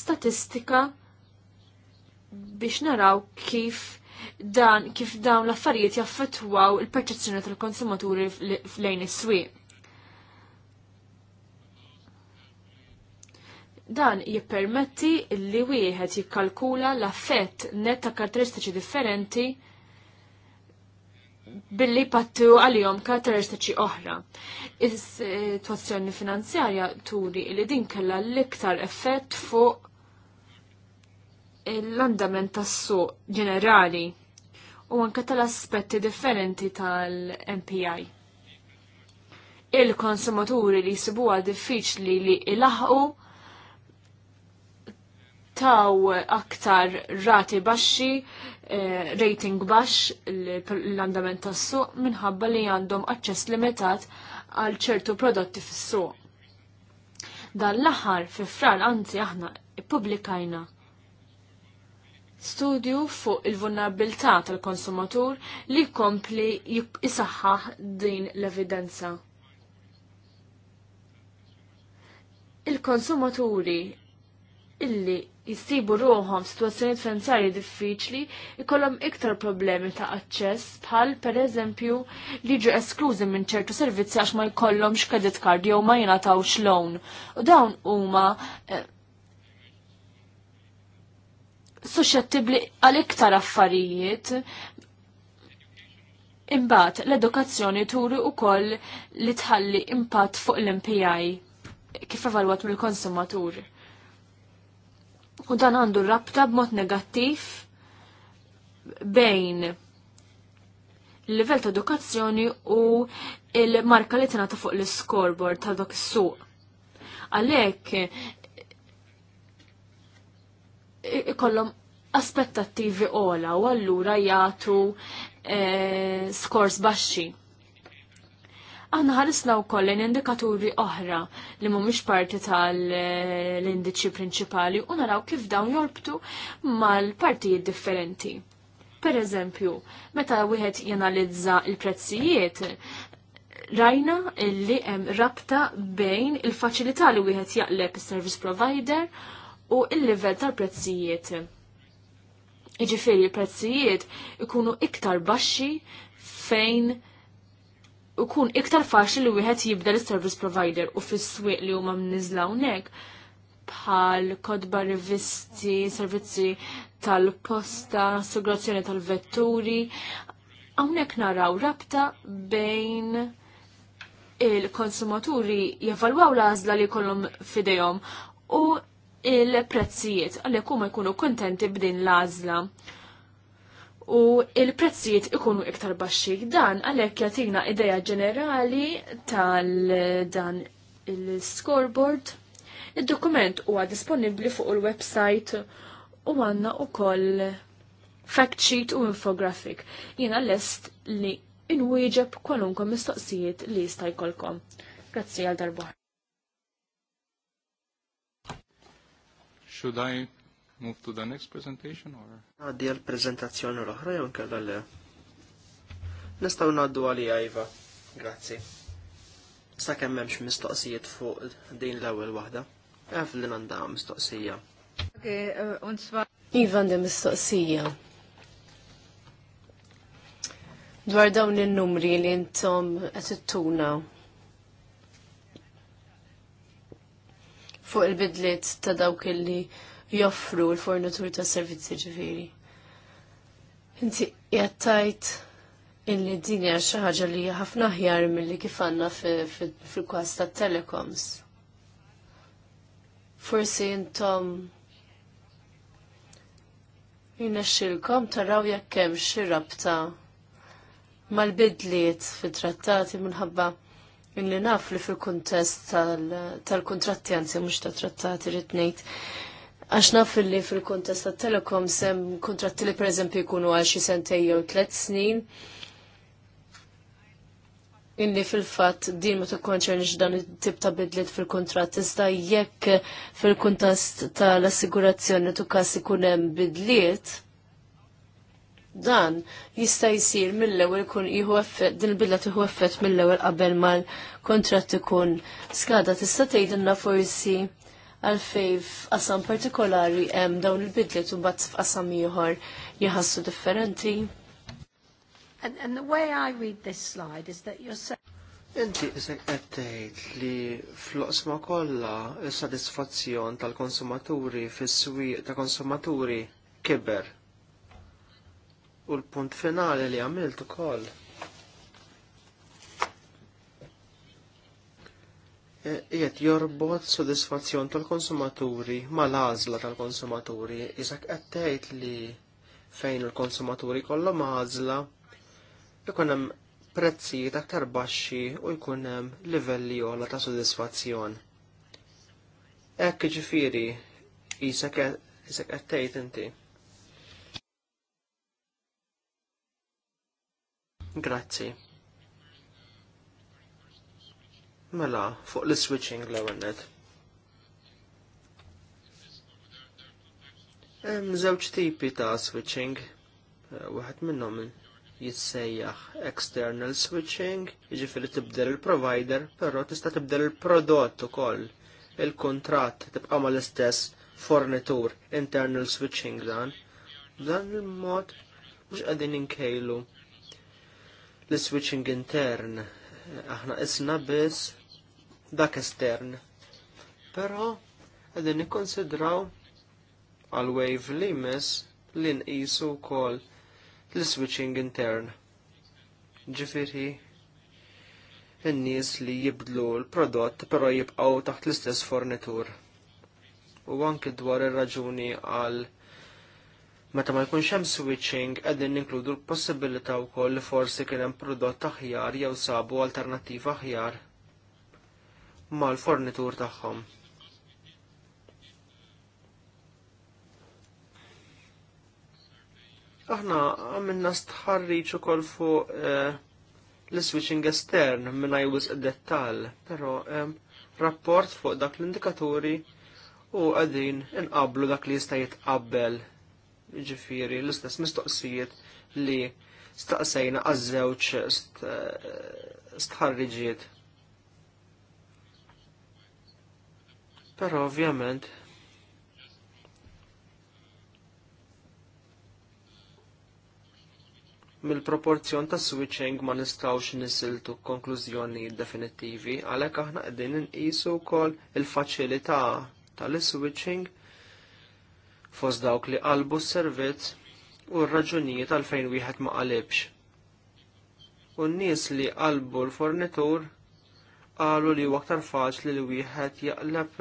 statistika biex naraw kif dan kif dawn l-affarijiet jaffettwaw il-perċezzjoni tal-konsumaturi lejn is-swieq. Dan jippermetti li wieħed jikkalkula l-affett net ta' karatteristiċi differenti billi pattu għalihom karatteristiċi oħra. Is-situazzjoni finanzjarja turi li din kellha l-iktar effett fuq l-andament tas-suq ġenerali u anke tal-aspetti differenti tal-MPI. Il-konsumaturi li jisibuha diffiċli li ilaħqu taw aktar rati baxxi, eh, rating baxx l-andament tas-suq minħabba li għandhom aċċess limitat għal ċertu prodotti fis-suq. Dan l-aħħar fi fran anzi aħna ippubblikajna studju fuq il-vulnerabilità tal-konsumatur li kompli jisaxħaħ din l-evidenza. Il-konsumaturi illi jistibu ruħom situazzjoni finanzjarji diffiċli ikollhom iktar problemi ta' aċċess bħal pereżempju li ġu esklużi minn ċertu servizzi għax ma jkollhomx credit card jew ma jingħatawx loan. U dawn huma eh, suscettibli għal iktar affarijiet imbagħad l-edukazzjoni turi wkoll li tħalli impatt fuq l-MPI kif evalwat mill-konsumatur. U dan għandu rabta b'mod negattiv bejn il-livell ta' edukazzjoni u il-marka li tingħata fuq l-scoreboard tal dak is-suq. Għalhekk ikollhom aspettattivi ola u allura jagħtu eh, skors baxxi. Aħna ħarisna wkoll in indikaturi oħra li mhumiex parti tal-indiċi prinċipali u naraw kif dawn jorbtu mal-partijiet differenti. Per eżempju, meta wieħed janalizza il-prezzijiet, rajna illi hemm rabta bejn il-faċilità li wieħed jaqleb is-service provider u il-livell tal-prezzijiet. Iġifiri, l-prezzijiet ikunu iktar baxxi fejn ikun iktar faċli li wieħed jibda l-service provider u fis-swieq li huma mniżla hawnhekk bħal kodba rivisti, servizzi tal-posta, assigurazzjoni tal-vetturi. Hawnhekk naraw rabta bejn il-konsumaturi jevalwaw l-għażla li kollhom fidejhom u il-prezzijiet għalli kuma jkunu kontenti b'din l-għażla u il-prezzijiet ikunu iktar baxxi. Dan għalhekk jagħtina idea ġenerali tal-dan il-scoreboard. Id-dokument huwa disponibbli fuq il-website u għandna koll fact sheet u infografik. Jiena lest li inwieġeb kwalunkwe mistoqsijiet li jista' jkollkom. Grazzi għal darba. Should I move to the next presentation or? Għaddi għal-prezentazzjoni l-oħra jew nkella le. Nistgħu ngħaddu għali Iva. Grazzi. Sa kemm hemmx mistoqsijiet fuq din l-ewwel waħda. Għaf li għandha mistoqsija. Eh, iva għandi mistoqsija. Dwar dawn il numri li intom t-tuna fuq il-bidliet ta' dawk illi joffru l-fornitur ta' servizzi ġifiri. Inti jattajt illi din hija xi ħaġa li hija ħafna aħjar milli kif għandna fil-kwas tat telecoms. Forsi intom Jinaxxilkom taraw jekk hemm xi rabta mal-bidliet fit-trattati minħabba illi naf li fil-kuntest tal-kontratti għanzi mux ta' trattati ritnejt. Għax naf li fil-kuntest tal-telekom sem kontratti li per eżempju jkunu għal xi sentej jew tliet snin. Illi fil-fatt din ma tikkonċernix dan it-tip ta' bidliet fil-kontratt iżda jekk fil-kuntest tal-assigurazzjoni tukas ikun hemm bidliet dan jista' jsir mill-ewwel ikun jieħu effett din il-bidla tieħu effett mill-ewwel qabel mal-kontratt ikun skada tista' tgħidilna forsi għalfej f'qasam partikolari hemm dawn il-bidlet u mbagħad f'qasam ieħor jħassu differenti. And, and the way I read this slide is that you're saying Inti isek għettejt li fl-osma kolla il-sadisfazzjon tal-konsumaturi fis swieq ta' konsumaturi kiber U l-punt finali li għamilt ukoll. E, jiet jorbot sodisfazzjon tal-konsumaturi ma l-għażla tal-konsumaturi. Isak qed li fejn il-konsumaturi kollu għażla jkun hemm prezzijiet aktar baxxi u jkun hemm livelli ogħla ta' sodisfazzjon. Hekk ġifieri isek qed tgħid inti. Grazzi. Mela, fuq l-switching l net. Hemm żewġ tipi ta' switching. Eh, waħed minnhom jissejjaħ external switching, jiġifieri tibdel il-provider, però tista' tibdel il-prodott ukoll. Il-kuntratt tibqa' mal-istess fornitur internal switching dan. Dan il-mod mhux qegħdin inkejlu l-switching intern. Aħna isna biss dak estern. Però qegħdin nikkonsidraw għal wave li jmiss li nqisu wkoll l-switching intern. Ġifieri in-nies li jibdlu l-prodott però jibqgħu taħt l-istess fornitur. U anki dwar ir-raġuni għal Meta ma jkunx hemm switching qegħdin ninkludu l-possibilità wkoll li forsi kien hemm prodott aħjar jew sabu alternattiva aħjar mal-fornitur tagħhom. Aħna għamilna stħarriċ ukoll fuq eh, l-switching estern minn id-dettall, però eh, rapport fuq dak l-indikaturi u għadin inqablu dak li jista' jitqabbel ġifiri l-istess mistoqsijiet li staqsejna għaż-żewġ stħarriġiet. Però ovvjament mill-proporzjon ta' switching ma nistawx nisiltu konklużjoni definittivi, għalhekk aħna qegħdin inqisu wkoll il-faċilità tal-switching fost dawk li qalbu s-servizz u r-raġunijiet għalfejn wieħed ma qalibx. U n-nies li qalbu l-fornitur qalu li waktar aktar faċli li wieħed jaqleb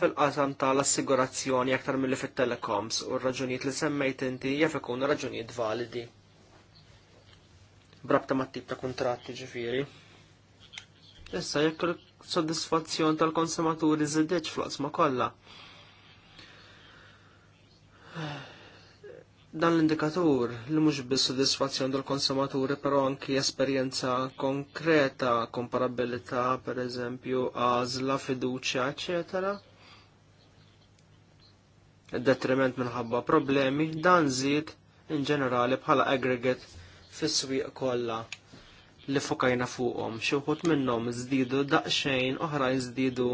fil-qasam tal-assigurazzjoni aktar mill-li fit-telecoms u r-raġunijiet li semmejt inti jaf ikunu raġunijiet validi. Brabta ma' tip ta' kontratti ġifiri. Issa jekk il-soddisfazzjon tal-konsumaturi żidiet fl ma kollha, Dan l-indikatur li mhux biss sodisfazzjon tal-konsumaturi, però anki esperjenza konkreta, komparabilità, per eżempju, għażla, fiduċja, eċetera. Detriment minħabba problemi, dan żid in ġenerali bħala aggregate fis-swieq kollha li fokajna fuqhom. Xi wħud minnhom żdiedu daqsxejn, oħrajn żdiedu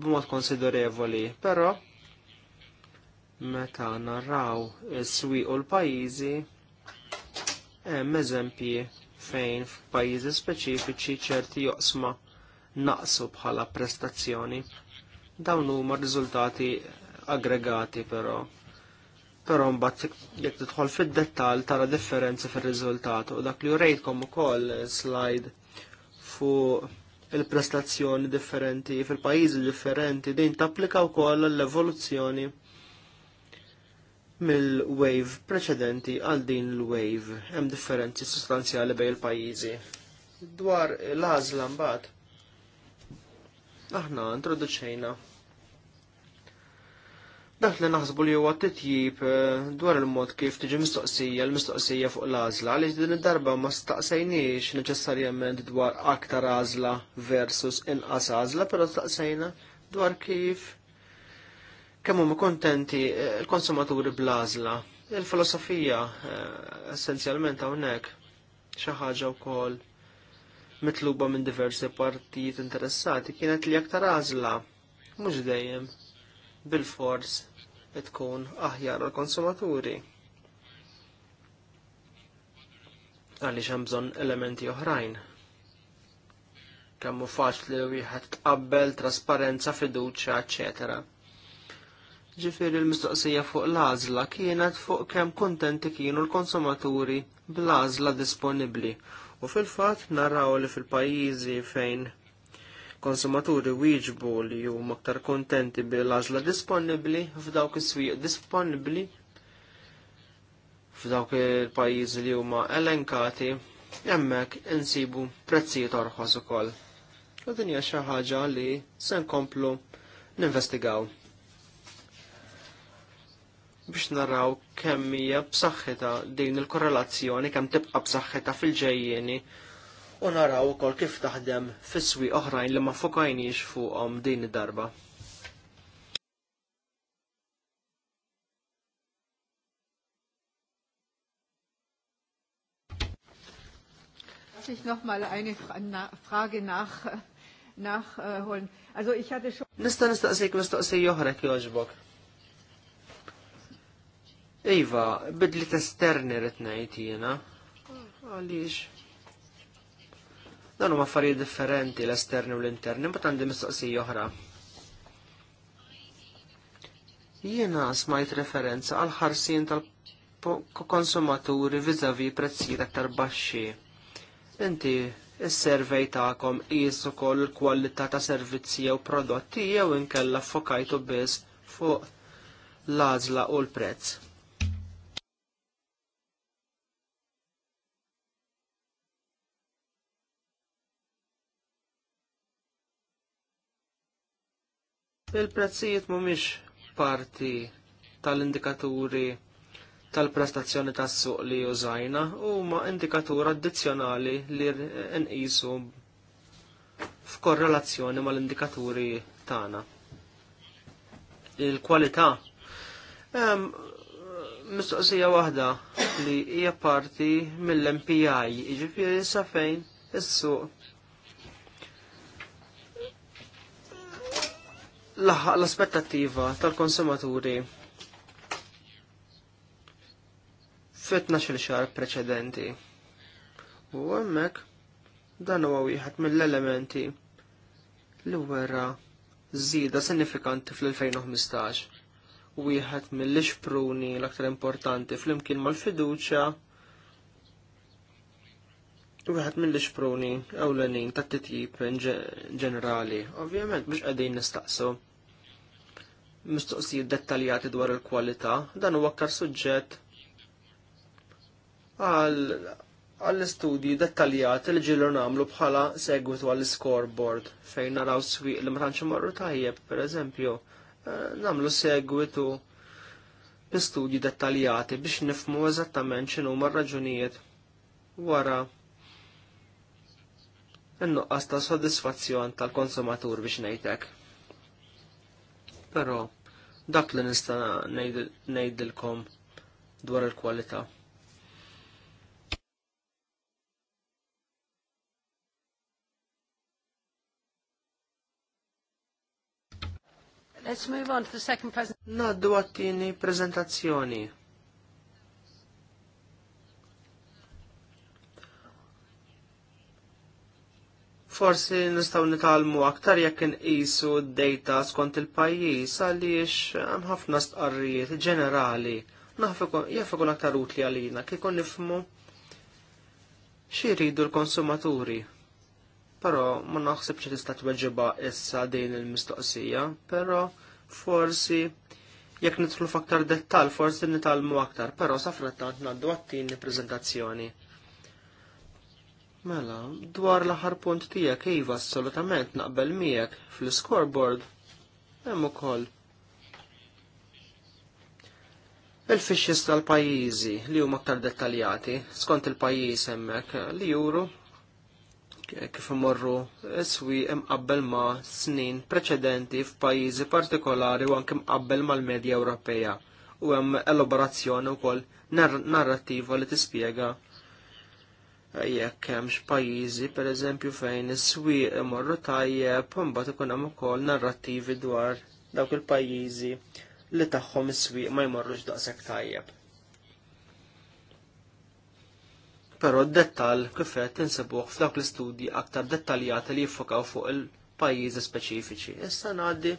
b'mod konsiderevoli, però Meta narraw is-swieq u l-pajjiżi hemm eżempji fejn f'pajjiżi speċifiċi ċerti joqsma naqsu bħala prestazzjoni. Dawn huma riżultati aggregati però. Però mbagħad jekk tidħol fid-dettall tara differenzi fir-riżultat u dak li jurejtkom ukoll slide fuq il-prestazzjoni differenti fil-pajjiżi differenti din tapplika wkoll l-evoluzzjoni mill-wave preċedenti għal din l-wave hemm differenzi sostanzjali bejn il-pajjiżi. Dwar l-għażla mbagħad aħna introduċejna dak li naħsbu li huwa titjib eh, dwar il-mod kif tiġi mistoqsija l-mistoqsija fuq l-għażla għaliex din id-darba ma staqsejniex neċessarjament dwar aktar għażla versus inqas għażla, però staqsejna dwar kif kemm mu kontenti eh, l-konsumaturi blazla. Il-filosofija eh, essenzjalment hawnhekk xi ħaġa wkoll mitluba minn diversi partijiet interessati kienet li aktar għażla mhux dejjem bil-fors tkun aħjar għal-konsumaturi. Għaliex hemm bżonn elementi oħrajn kemm hu faċli wieħed tqabbel trasparenza, fiduċja, eccetera. Ġifiri l-mistoqsija fuq l-għażla kienet fuq kemm kontenti kienu l-konsumaturi bl-għażla disponibbli. U fil-fatt naraw li fil-pajjiżi fejn konsumaturi wieġbu li huma aktar kontenti bil-għażla disponibbli f'dawk is-swieq disponibbli f'dawk il-pajjiżi li huma elenkati hemmhekk insibu prezzijiet orħos ukoll. U din hija xi ħaġa li se nkomplu ninvestigaw biex naraw kemm hija b'saħħitha din il-korrelazzjoni kemm tibqa' b'saħħitha fil-ġejjieni u naraw ukoll kif taħdem fis-swieq oħrajn li ma fokajniex fuqhom din id-darba. Nista nistaqsik mistoqsija joħrek jogħġbok. Iva, bidli esterni rrit ngħid jiena. Għaliex. Dan huma affarijiet differenti l-esterni u l-interni, ma għandi mistoqsija oħra. Jiena smajt referenza għal ħarsien tal-konsumaturi vizavi prezzijiet aktar baxxi. Inti s servej tagħkom qis ukoll il-kwalità ta' servizzi jew prodotti jew inkella fokajtu biss fuq l-għażla u l-prezz. Il-prezzijiet mhumiex parti tal-indikaturi tal-prestazzjoni tas-suq li użajna huma indikatur addizzjonali li nqisu f'korrelazzjoni mal-indikaturi tagħna. Il-kwalità mistoqsija waħda li hija parti mill-MPI, jiġifieri sa fejn is-suq laħaq l-aspettattiva tal-konsumaturi fitna xil xar preċedenti. U għemmek, dan huwa wieħed mill-elementi li wera żieda sinifikanti fl-2015. Wieħed mill-ixpruni l-aktar importanti fl-imkien mal-fiduċa Wieħed mill-ixpruni ewlenin tat titjib ġenerali. Ovvjament biex qegħdin nistaqsu mistoqsijiet dettaljati dwar il-kwalità, dan huwa aktar suġġett għall-istudji dettaljati li ġillu nagħmlu bħala segwitu għall-scoreboard fejn naraw swieq li ma tantx marru tajjeb, pereżempju, eh, nagħmlu segwitu bl-istudji dettaljati biex nifmu eżattament x'inhu huma raġunijiet wara in-nuqqas ta' sodisfazzjon tal-konsumatur biex ngħidlek. Però Dak li nista ngħidilkom dwar il-kwalità. Let's move on to the second presentation. Naddu għattini prezentazzjoni. Forsi nistgħu nitalmu aktar jekk inqisu d-data skont il-pajjiż għaliex hemm ħafna stqarrijiet ġenerali. Jaf ikun aktar utli għalina kif ikun nifhmu xiridu l-konsumaturi. Però ma naħsibx li tista' tweġiba issa din il-mistoqsija, però forsi jekk nidħlu f'aktar dettall forsi nitalmu aktar, però sa frattant ngħaddu għattini prezentazzjoni. Mela, dwar l-aħħar punt tiegħek iva assolutament naqbel miegħek fl-scoreboard hemm ukoll. il fixis tal-pajjiżi li huma aktar dettaljati skont il-pajjiż hemmhekk li juru kif imorru s-swi imqabbel ma' snin preċedenti f'pajjiżi partikolari u anke imqabbel mal-medja Ewropea u hemm elaborazzjoni wkoll narrattiva li tispjega jekk hemmx pajjiżi pereżempju fejn is-swieq imorru tajjeb imbagħad ikun hemm ukoll narrattivi dwar dawk il-pajjiżi li tagħhom is-swieq ma jmorrux daqshekk tajjeb. Però d-dettall kif qed insibuh f'dawk l-istudji aktar dettaljati li jiffokaw fuq il-pajjiżi speċifiċi. Issa ngħaddi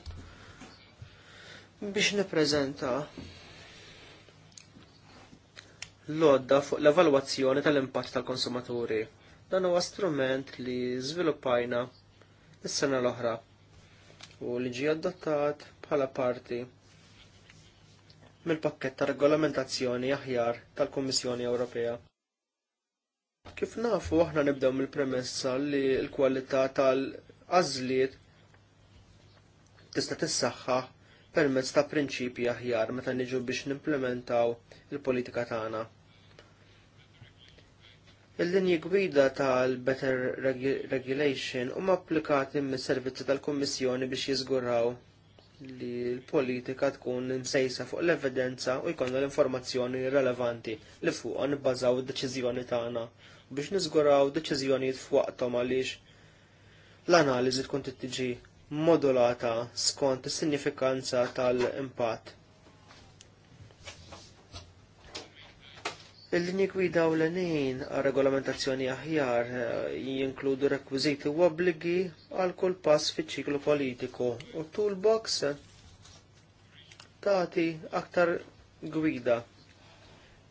biex nippreżenta l-odda fuq l-evalwazzjoni tal-impatt tal-konsumaturi. Dan huwa strument li żviluppajna is-sena l-oħra u li ġie adottat bħala parti mill-pakket ta' regolamentazzjoni aħjar tal-Kummissjoni Ewropea. Kif nafu aħna nibdew mill-premessa li l-kwalità tal-għażliet tista' tissaħħa permezz ta' prinċipji aħjar meta niġu biex nimplementaw il-politika tagħna. Il-linji gwida tal-Better Regulation huma applikati mis servizzi tal-Kummissjoni biex jiżguraw li l-politika tkun msejsa fuq l-evidenza u jkollna l-informazzjoni relevanti li fuqha nibbażaw id-deċiżjoni tagħna biex niżguraw deċiżjonijiet f'waqthom għaliex l-analiżi tkun tittiġi modulata skont is-sinifikanza tal-impatt Il-linji gwida u l-enin regolamentazzjoni aħjar jinkludu rekwiziti u obbligi għal kull pass fiċ ċiklu politiku u toolbox tati aktar gwida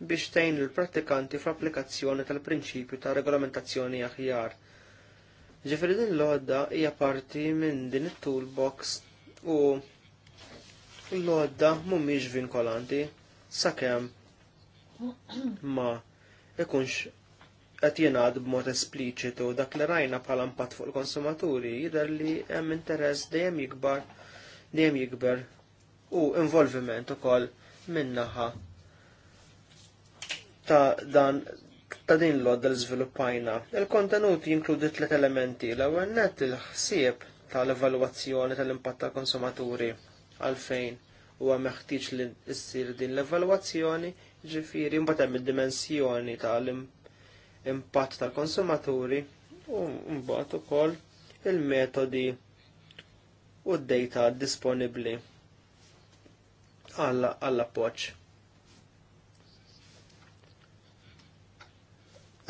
biex tgħin l-prattikanti fl-applikazzjoni tal-prinċipju ta' regolamentazzjoni aħjar. Ġifri din l-odda hija parti minn din it-toolbox u l-odda mhumiex vinkolanti sakemm ma ikunx qed jingħad b'mod espliċitu dak li rajna bħala impatt fuq il-konsumaturi jidher li hemm interess dejjem jikbar dejjem jikber u involviment ukoll min-naħa ta' dan ta' din l-odda l żviluppajna. Il-kontenut jinkludi tliet elementi l-ewwel net il-ħsieb tal-evalwazzjoni tal-impatt tal-konsumaturi għalfejn huwa meħtieġ li ssir din l-evalwazzjoni Ġifiri, mbagħad hemm id-dimensjoni tal-impatt tal-konsumaturi u mbagħad ukoll il-metodi u d-data disponibbli għall-appoġġ.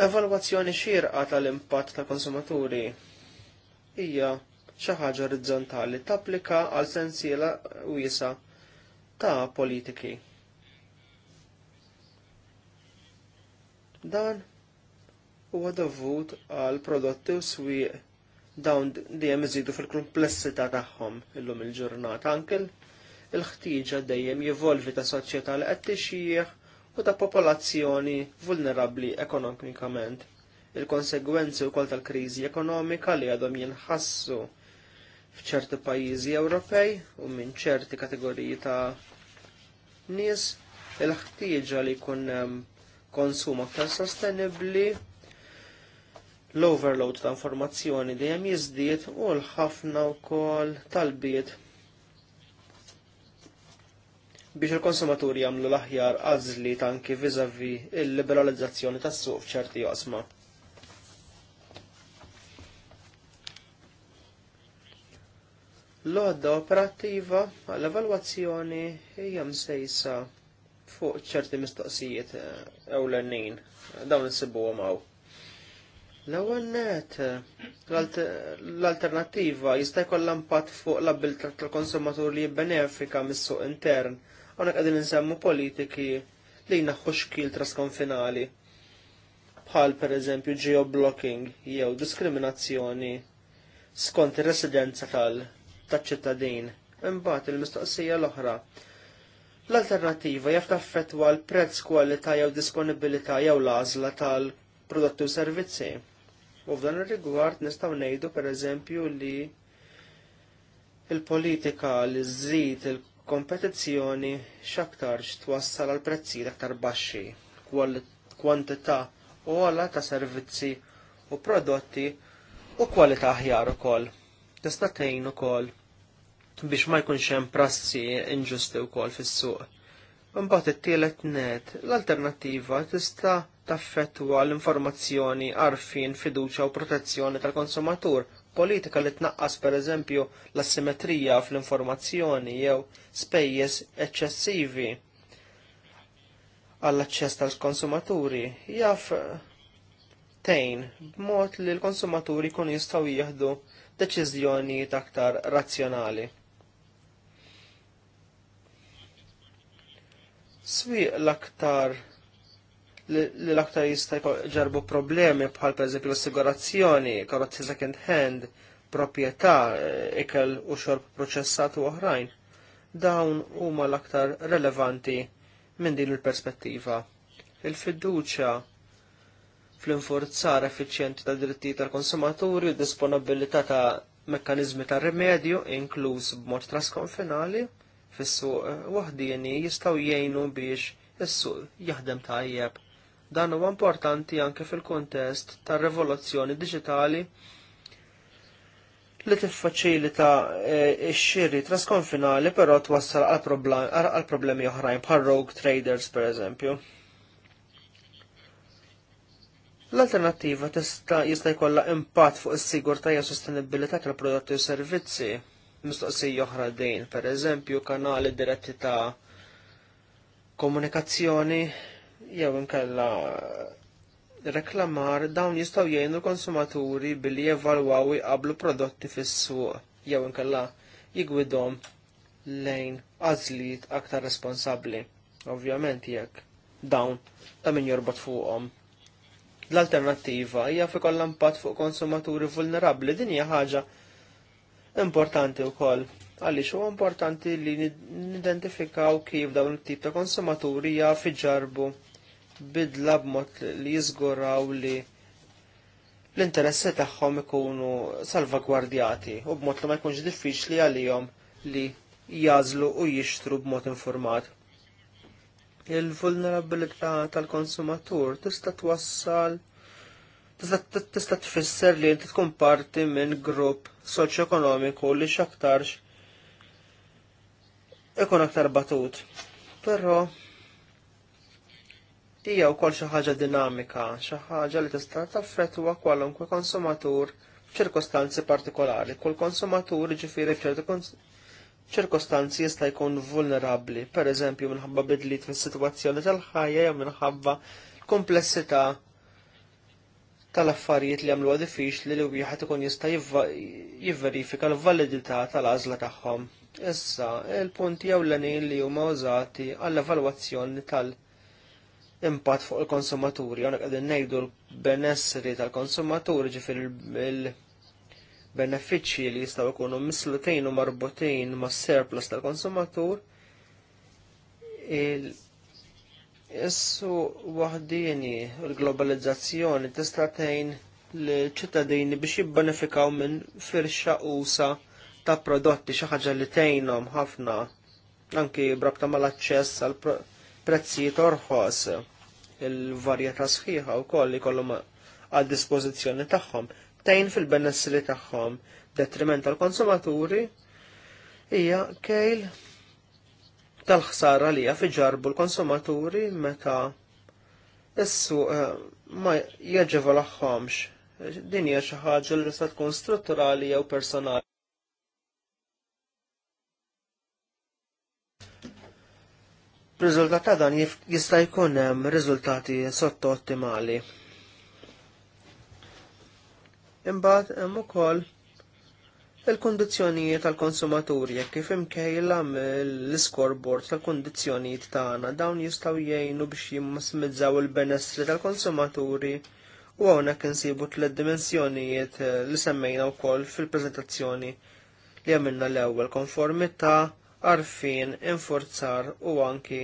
Evalwazzjoni xirqa tal-impatt tal konsumaturi hija xi ħaġa orizzontali tapplika għal sensiela wiesa ta' politiki. Dan huwa dovut għal prodotti u swieq dawn dejjem iżidu fil-komplessità tagħhom illum il-ġurnata anke il-ħtieġa dejjem jivolvi ta' soċjetà li qed tixjih u ta' popolazzjoni vulnerabbli ekonomikament. Il-konsegwenzi wkoll tal-kriżi ekonomika li għadhom jinħassu f'ċerti pajjiżi Ewropej u minn ċerti kategoriji ta' nies il-ħtieġa li jkun hemm konsum aktar sostenibbli, l-overload ta' informazzjoni dejjem jiżdied u l-ħafna wkoll talbiet biex il-konsumaturi jagħmlu l-aħjar għażli tanki viżavi il-liberalizzazzjoni tas-suq f'ċerti joqsma. L-għodda operattiva għall-evalwazzjoni hija msejsa fuq ċerti mistoqsijiet eh, ewlenin dawn insibuhom hawn. L-ewwel net eh, l-alternattiva jista' jkollha impatt fuq l-abilità tal-konsumatur li jibbenefika mis-suq intern hawnhekk qegħdin insemmu politiki li jnaħħu xkil trasconfinali bħal pereżempju geoblocking jew diskriminazzjoni skont ir-residenza tal-ċittadin. Imbagħad il-mistoqsija l-oħra L-alternativa jaf taffetwa l-prezz kwalità jew disponibilità jew l-għażla tal-prodotti u servizzi. U f'dan ir-rigward nistgħu ngħidu pereżempju li il-politika li żżid il-kompetizzjoni x'aktar twassal għal prezzijiet aktar baxxi, kwantità għala ta' servizzi u prodotti u kwalità aħjar ukoll. Tista' tgħin ukoll biex ma jkunx hemm prassi inġusti wkoll fis-suq. Imbagħad it-tielet net, l-alternattiva tista' taffettwa l-informazzjoni għarfien fiduċja u protezzjoni tal-konsumatur, politika li tnaqqas pereżempju l-assimetrija fl-informazzjoni jew spejjeż eċċessivi għall-aċċess tal-konsumaturi jaf tejn b'mod li l-konsumaturi kun jistgħu jieħdu deċiżjoni aktar razzjonali. Swieq l-aktar li l-aktar jista' ġarbu problemi bħal pereżempju l-assigurazzjoni, karozzi second hand, proprjetà, eh, ikel u xorb proċessat u oħrajn, dawn huma l-aktar relevanti minn din il-perspettiva. Il-fiduċja fl-infurzar effiċjenti ta' dritti tal-konsumaturi, disponibilità ta' mekkanizmi ta' rimedju, inkluż b'mod trasconfinali, fis-suq eh, waħdieni jistgħu jgħinu biex is-suq jaħdem tajjeb. Dan huwa importanti anke fil-kuntest tar-rivoluzzjoni diġitali li tiffaċilita eh, x-xiri trasconfinali però twassal għal problemi oħrajn bħal rogue traders pereżempju. L-alternattiva tista' jista' jkollha impatt fuq is-sigurtà u sostenibilità tal-prodotti u servizzi mistoqsija joħra dejn, per eżempju kanali diretti ta' komunikazzjoni jew inkella reklamar dawn jistgħu jgħinu konsumaturi billi jevalwaw jqablu prodotti fis-suq jew inkella jigwidhom lejn għażliet aktar responsabbli. Ovvjament jekk dawn ta' min jorbot fuqhom. L-alternattiva hija fi kollha impatt fuq konsumaturi vulnerabbli din hija ħaġa importanti wkoll għaliex huwa importanti li nidentifikaw kif dawn it-tip ta' konsumaturi jaf ġarbu bidla b'mod li jiżguraw li l-interessi tagħhom ikunu salvagwardjati u b'mod li ma jkunx diffiċli għalihom li jażlu u jixtru b'mod informat. Il-vulnerabilità tal-konsumatur tista' twassal tista' tfisser li inti tkun parti minn grupp soċjoekonomiku li x'aktarx ikun aktar batut. Però hija wkoll xi ħaġa dinamika, xi ħaġa li tista' taffettwa kwalunkwe konsumatur f'ċirkostanzi partikolari. Kull konsumatur ġifieri f'ċerti ċirkostanzi jista' jkun vulnerabbli, pereżempju minħabba bidliet fis-sitwazzjoni tal-ħajja jew minħabba komplessità tal-affarijiet li għamluha diffiċli li wieħed ikun jista' jivverifika l-validità tal-għażla tagħhom. Issa, il-punti ewlenin li huma użati għall-evalwazzjoni tal-impatt fuq il-konsumaturi, għonek qegħdin nejdu l-benessri tal-konsumaturi ġifir il-benefiċċji li jistgħu jkunu mislutejn u marbutin mas-surplus tal-konsumatur, Issu wahdini u l-globalizzazzjoni tista' tgħin l-ċittadini biex jibbenefikaw minn firxa usa ta' prodotti xi ħaġa li tgħinhom ħafna anki brabta mal-aċċess għal prezzijiet orħos il-varjetà sħiħa wkoll ikollhom għad dispożizzjoni tagħhom tgħin fil-benessri tagħhom detriment tal-konsumaturi hija kejl tal-ħsara li jaf l-konsumaturi meta essu eh, ma jaġevolaħħomx. Eh, din hija xi ħaġa li se tkun strutturali jew personali. Riżultat ta' dan jista' jkun hemm riżultati sotto ottimali. Imbagħad hemm ukoll il-kondizjonijiet tal-konsumaturi jekk kif imkejla l-scoreboard tal-kondizjonijiet tagħna dawn jistgħu jgħinu biex jimmassimizzaw il-benessri tal-konsumaturi u hawnhekk insibu tliet dimensjonijiet eh, li semmejna wkoll fil-preżentazzjoni li għamilna l-ewwel konformità, arfin, infurzar u anki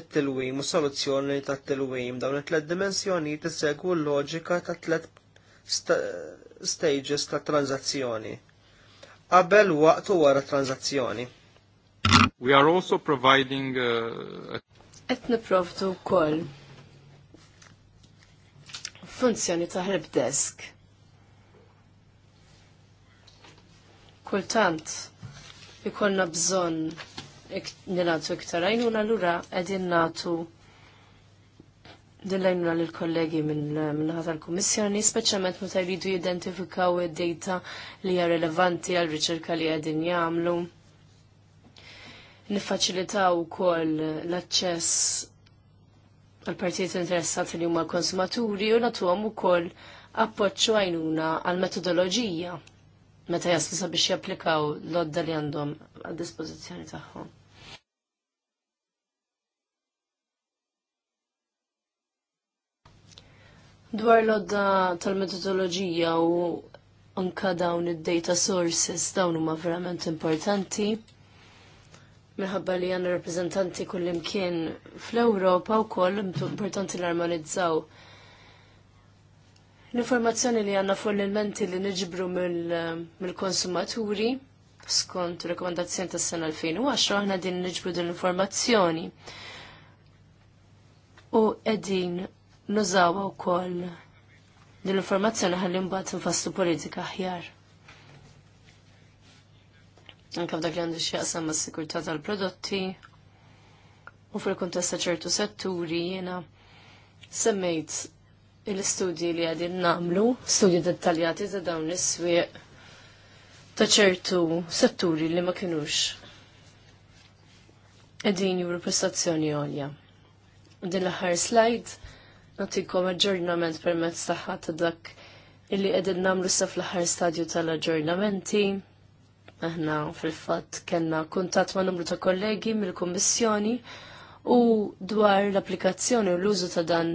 it-tilwim u soluzzjoni tat tilwim dawn it-tlet dimensjonijiet isegwu l-loġika ta' tlet stages ta' tranzazzjoni qabel waqt u wara tranzazzjoni. We are also providing qed uh, niprovdu wkoll funzjoni ta' help desk. Kultant ikonna bżonn nilatu iktar għajnuna l-ura qegħdin natu dillajnuna l-kollegi minn ħata l-Komissjoni, speċjalment meta jridu jidentifikaw id-data li hija relevanti għal riċerka li qegħdin jagħmlu. Niffaċilitaw ukoll l-aċċess għal partijiet interessati li huma l-konsumaturi u nagħtuhom ukoll appoġġu għajnuna għal metodoloġija meta jaslu sabiex japplikaw l-odda li għandhom għad dispożizzjoni tagħhom. Dwar l-odda tal-metodoloġija u anka dawn id-data sources dawn huma verament importanti. Minħabba li għanna rappresentanti kullimkien fl-Ewropa u koll importanti l-armonizzaw. L-informazzjoni li għanna fuq li nġibru mill-konsumaturi skont rekomendazzjoni tas sena 2010 aħna din nġibru din l-informazzjoni. U edin nużawa wkoll din l-informazzjoni ħalli mbagħad nfassu politika aħjar. Anke f'dak li għandu x'jaqsam mas-sikurtà tal-prodotti u fil kuntesta ċertu setturi jiena semmejt il-studji li għadin namlu, studji dettaljati ta' dawn is-swieq ta' ċertu setturi li ma kinux edin juru prestazzjoni għolja. Din l-ħar slide natikom aġġornament permezz taħħa ta' dak illi qegħdin nagħmlu sa fl-aħħar stadju tal-aġġornamenti. Aħna fil-fatt kellna kuntatt ma' numru ta' kollegi mill-Kummissjoni u dwar l-applikazzjoni u l-użu ta' dan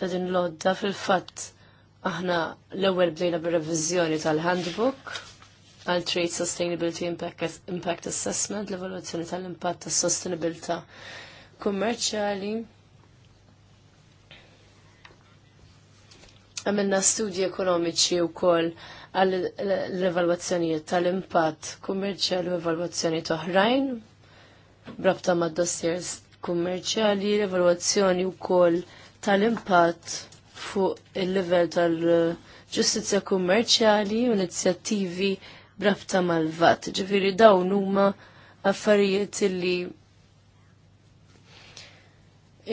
ta' din lodda fil-fatt aħna l-ewwel bdejna bir-reviżjoni tal-handbook għal Trade Sustainability Impact, Impact Assessment, l-evaluazzjoni tal-impatt tas sostenibilità kummerċjali. Għamilna studji ekonomiċi wkoll għall evalwazzjoni evalwazzjonijiet tal-impatt kummerċjali u evalwazzjonijiet oħrajn brabta ma' dossiers kummerċjali, l-evalwazzjoni wkoll tal-impatt fuq il-level tal-ġustizja kummerċjali u inizjattivi brabta mal-vat. Ġifiri dawn huma affarijiet li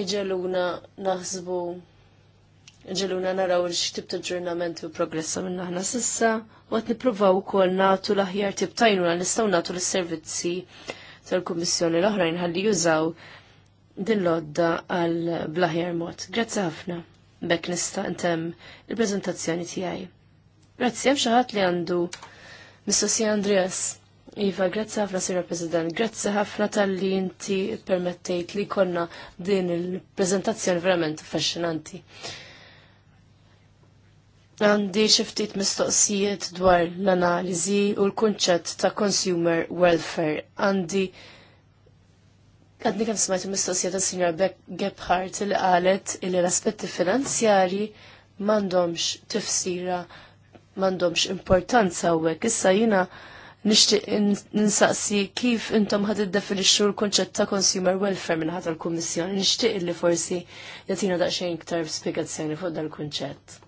iġeluna naħsbu iġeluna naraw l-xtib ta' ġurnament u progressa minna ħna sissa, u għat nipruvaw kol natu l-aħjar tib tajnu għan nistaw natu l-servizzi tal komissjoni l-oħrajn ħalli jużaw din l-odda għal blaħjar mod. Grazzi ħafna, bekk nista' intem il-prezentazzjoni tiegħi. Grazzi hemm xi ħadd li għandu Mistoqsija Andreas. Iva, grazzi ħafna, Sir President. Grazzi ħafna tal-li inti permettejt li konna din il-prezentazzjoni verament affascinanti. Għandi xiftit mistoqsijiet dwar l-analizi u l-kunċett ta' consumer welfare. Għandi għadni kem smajtu mistoqsijiet ta' Sr. Gebhardt li għalet li l-aspetti finanzjari mandomx tifsira, mandomx importanza u issa Jina nixtieq ninsaqsi kif intom ħad iddefinixxu l-konċett ta' consumer welfare minn ħadd l-Kummissjoni. Nixtieq li forsi jagħtina daqsxejn iktar spjegazzjoni fuq dal kunċett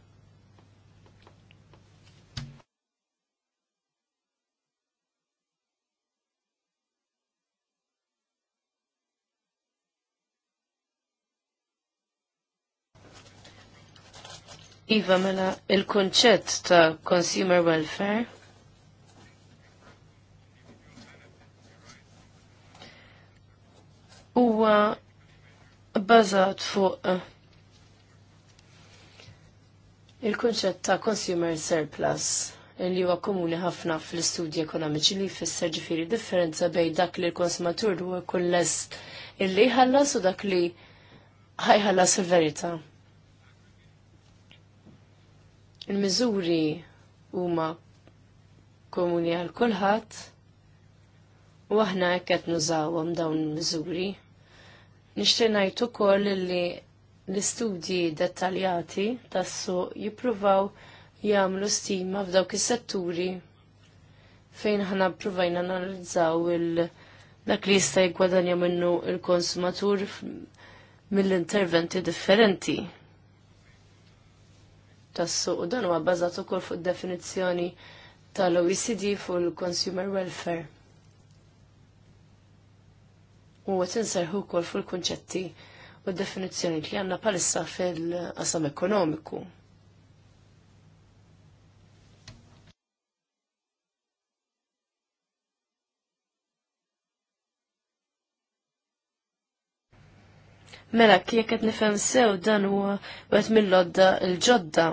Iva mela il-konċett ta' consumer welfare huwa bbażat fuq eh, il-kunċett ta' consumer surplus eh, li huwa komuni ħafna fl-istudji ekonomiċi li jfisser ġifieri differenza bejn dak li l-konsumatur huwa jkun lest illi jħallas u dak li ħajħallas fil-verità. Il-miżuri huma komuni għal kulħadd u aħna hekk qed nużawhom dawn il-miżuri. Nixtieq ngħid ukoll li l-istudji dettaljati tas-suq jippruvaw jagħmlu stima f'dawk is-setturi fejn ħana pruvajna analizzaw il- dak li jista' jiggwadanja minnu il-konsumatur mill-interventi differenti tas-suq u dan huwa bbażat ukoll fuq definizzjoni tal-OECD fuq il-consumer welfare u għet nserħu kol fil-kunċetti u d-definizjoni li għanna palissa fil-qasam ekonomiku. Mela, kiek qed nifhem sew dan huwa wieħed mill-lodda l-ġodda.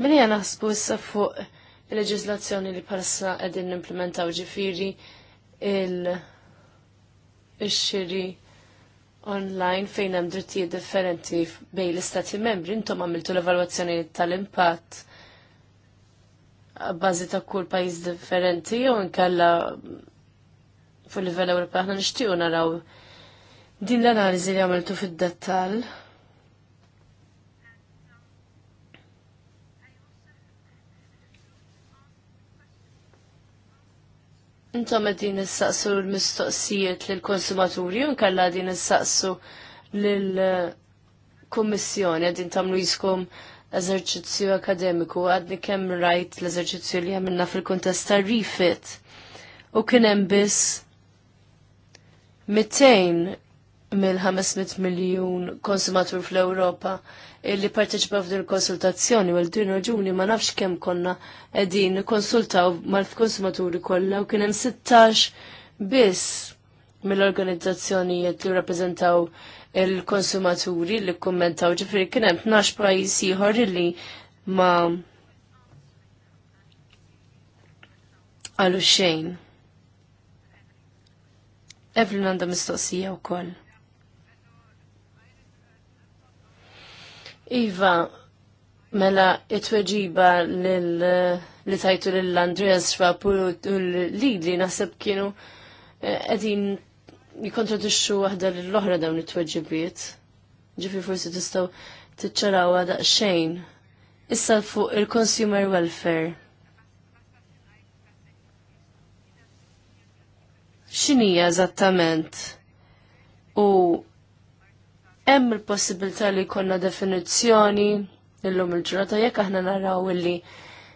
Mela naħsbu issa fuq il-leġizlazzjoni li palissa qegħdin nimplementaw ġifiri il-xiri online fejn hemm drittijiet differenti bejn l-istati membri intom għamiltu l-evalwazzjoni tal-impatt bażi ta' kull pajjiż differenti jew inkella fuq livell Ewropew aħna nixtiequ naraw din l-analiżi li għamiltu fid-dettall Intom din saqsu l-mistoqsijiet lill-konsumaturi u nkella din issaqsu lill-kummissjoni eh, għadin tagħmlu jiskom eżerċizzju akademiku għadni kemm rajt l-eżerċizzju li għamilna fil-kontest ta' rifit u kien hemm biss 200 mil 500 miljon konsumatur fl-Ewropa li parteċipaw f'din il-konsultazzjoni għal din raġuni ma nafx kemm konna qegħdin konsultaw mal-konsumaturi kollha u kien hemm 16 biss mill-organizzazzjonijiet li rappreżentaw il-konsumaturi li kummentaw ġifieri kien hemm 12 pajjiż ieħor li ma għalu xejn. Evelyn għandha mistoqsija wkoll. Iva, mela it-tweġiba li tajtu l-Andreas Schwab u l-Lidli naħseb kienu għedin eh, jikontradixxu waħda l-oħra dawn it-tweġibiet. Ġifi forsi tistaw għada daqsxejn. Issa fuq il-consumer welfare. X'inija eżattament? U hemm il-possibilità li jkollna definizzjoni illum il ġurata jekk aħna naraw illi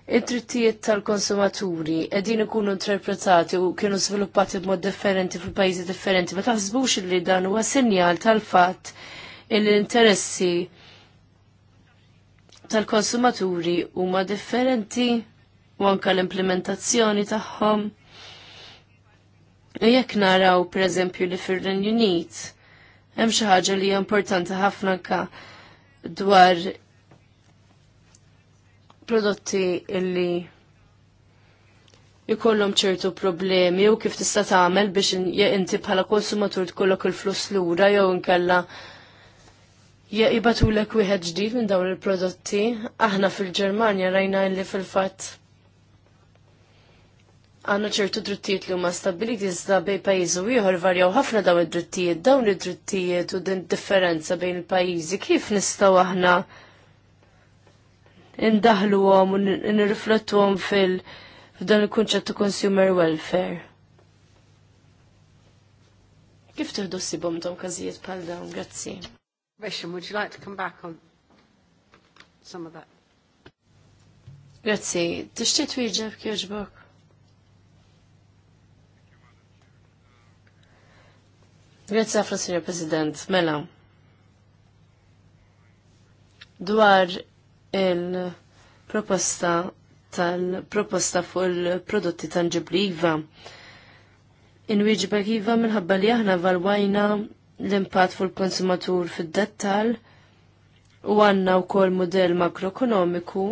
t drittijiet tal-konsumaturi qegħdin ikunu interpretati u kienu sviluppati b'mod differenti fil pajjiżi differenti, ma taħsbux li dan huwa sinjal tal-fatt illi l-interessi tal-konsumaturi huma differenti u anka l-implementazzjoni tagħhom. Jekk naraw pereżempju li fir-Renju Unit Hemm xi ħaġa li hija importanti ħafna anke dwar prodotti illi jkollhom ċertu problemi u kif tista' tagħmel biex inti bħala konsumatur tkollok il-flus lura jew inkella jibatulek wieħed ġdid minn dawn il-prodotti. Aħna fil-Ġermanja rajna li fil-fatt għanna ċertu drittijiet li huma stabiliti iżda bej pajjiż u ieħor varjaw ħafna dawn id-drittijiet, dawn id-drittijiet u din differenza bejn il-pajjiżi kif nistgħu aħna indaħluhom u nirriflettuhom fil f'dan il-kunċett ta' consumer welfare. Kif tieħdu ssibhom dawn każijiet bħal dawn? Grazzi. Risham, would you like to come back on some of that? Grazzi, tixtieq twieġeb kieġbok? Grazie għafra, Signor President. Mela, dwar il-proposta tal-proposta fuq il-prodotti tangibli IVA. Inwieġibek IVA minħabba li aħna valwajna l-impatt fuq il-konsumatur fid-dettal u għanna u kol model makroekonomiku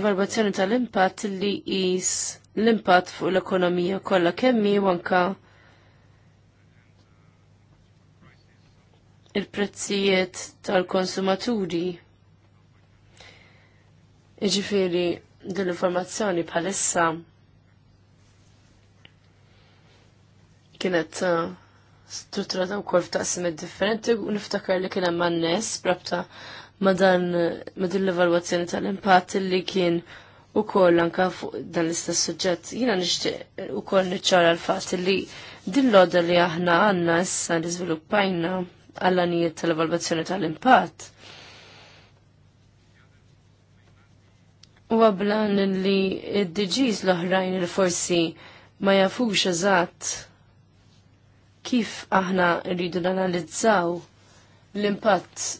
evalvazzjoni tal-impatt li jis l-impatt fuq l-ekonomija kollha kemmi u anka il-prezzijiet tal-konsumaturi. Iġifiri, din l-informazzjoni bħalissa kienet uh, strutturata wkoll f'taqsim differenti u niftakar li kien hemm n-nies brabta ma dan ma din l-evalwazzjoni tal-impatt li kien u koll anka fuq dan l-istess suġġett jina nixtieq u koll niċċara l-fatt li din l-oda li aħna għanna issa nizviluppajna għallanijiet tal-evalvazzjoni tal-impatt. U għablan li id-DGs l-oħrajn li forsi ma jafux eżatt kif aħna rridu nanalizzaw l-impatt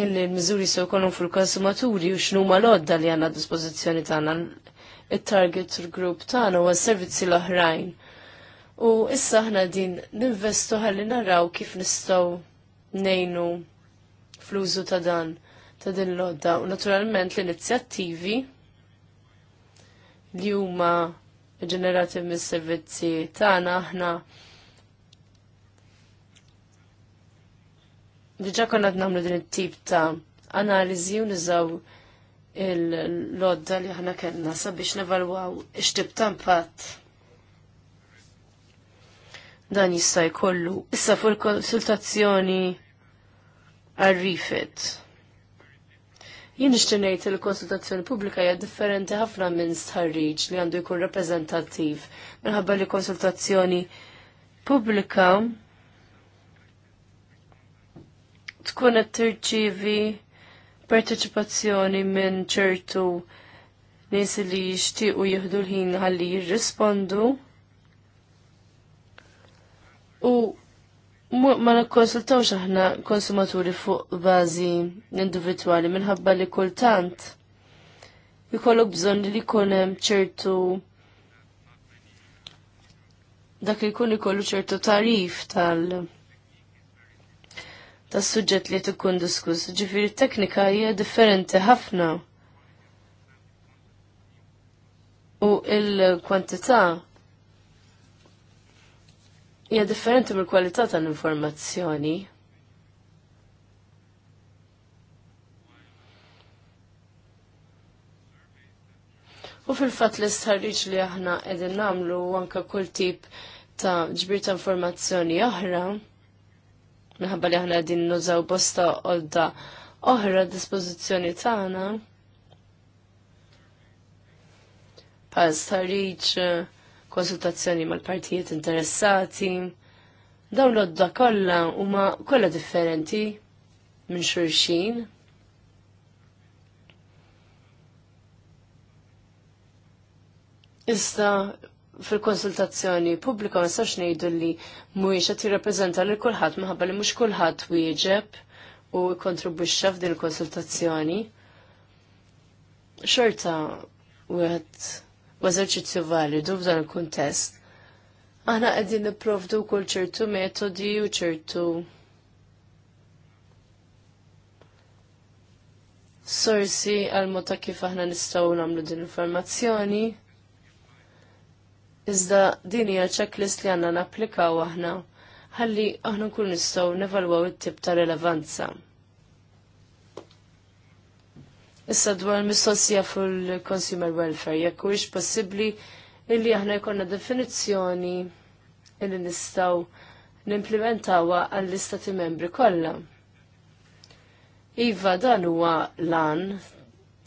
illi l-mizuri se jkunu fil-konsumaturi u x'nu l-odda li għandna dispożizzjoni tagħna it-target group tagħna u s-servizzi l-oħrajn. U issa aħna din ninvestu ħalli naraw kif nistgħu nejnu fl-użu ta' dan ta' din l-odda. U naturalment l-inizjattivi li huma ġenerati mis-servizzi tagħna aħna Diġa konna namlu din it-tip ta' analiżi u niżaw il-lodda li ħana kellna sabiex nevalwaw ix-tip ta' impatt dan jista' jkollu. Issa fuq il-konsultazzjoni għarrifet. Jien ngħid il-konsultazzjoni pubblika hija differenti ħafna minn stħarriġ li għandu jkun rappreżentattiv minħabba li konsultazzjoni pubblika tkun qed tirċievi parteċipazzjoni minn ċertu nies li jixtiequ jieħdu l-ħin ħalli jirrispondu. U ma nikkonsultawx aħna konsumaturi fuq bażi individwali minħabba li kultant jkollok bżonn li jkun hemm ċertu dak li jkun ikollu ċertu tarif tal- ta' suġġett li tkun diskuss, ġifiri teknika hija differenti ħafna. U il-kwantità hija differenti mill-kwalità tal-informazzjoni. U fil-fat li sħarriġ li aħna qegħdin namlu anke kull tip ta' ġbir ta' informazzjoni oħra, minħabba li aħna din nużaw bosta għodda oħra dispożizzjoni tagħna. Pal starriċ, konsultazzjoni mal-partijiet interessati, dawn l-odda kollha huma kollha differenti minn xulxin. Iżda fil-konsultazzjoni pubblika ma nistax ngħidu li mhuwiex qed jirrappreżenta lil kulħadd minħabba li mhux kulħadd wieġeb u kontribwixxa f'din il-konsultazzjoni. Xorta wieħed u eżerċizzju validu f'dan il-kuntest. Aħna qegħdin nipprovdu wkoll ċertu metodi u ċertu sorsi għal mod ta' kif aħna nistgħu nagħmlu din l-informazzjoni. Iżda din hija checklist li għandna napplikaw aħna ħalli aħna nkun nistgħu nevalwaw it-tip ta' rilevanza. Issa dwar mistoqsija fil-consumer welfare, jekk huwiex possibbli illi aħna jkollna definizzjoni illi nistgħu nimplementawa għall-istati membri kollha. Iva dan huwa lan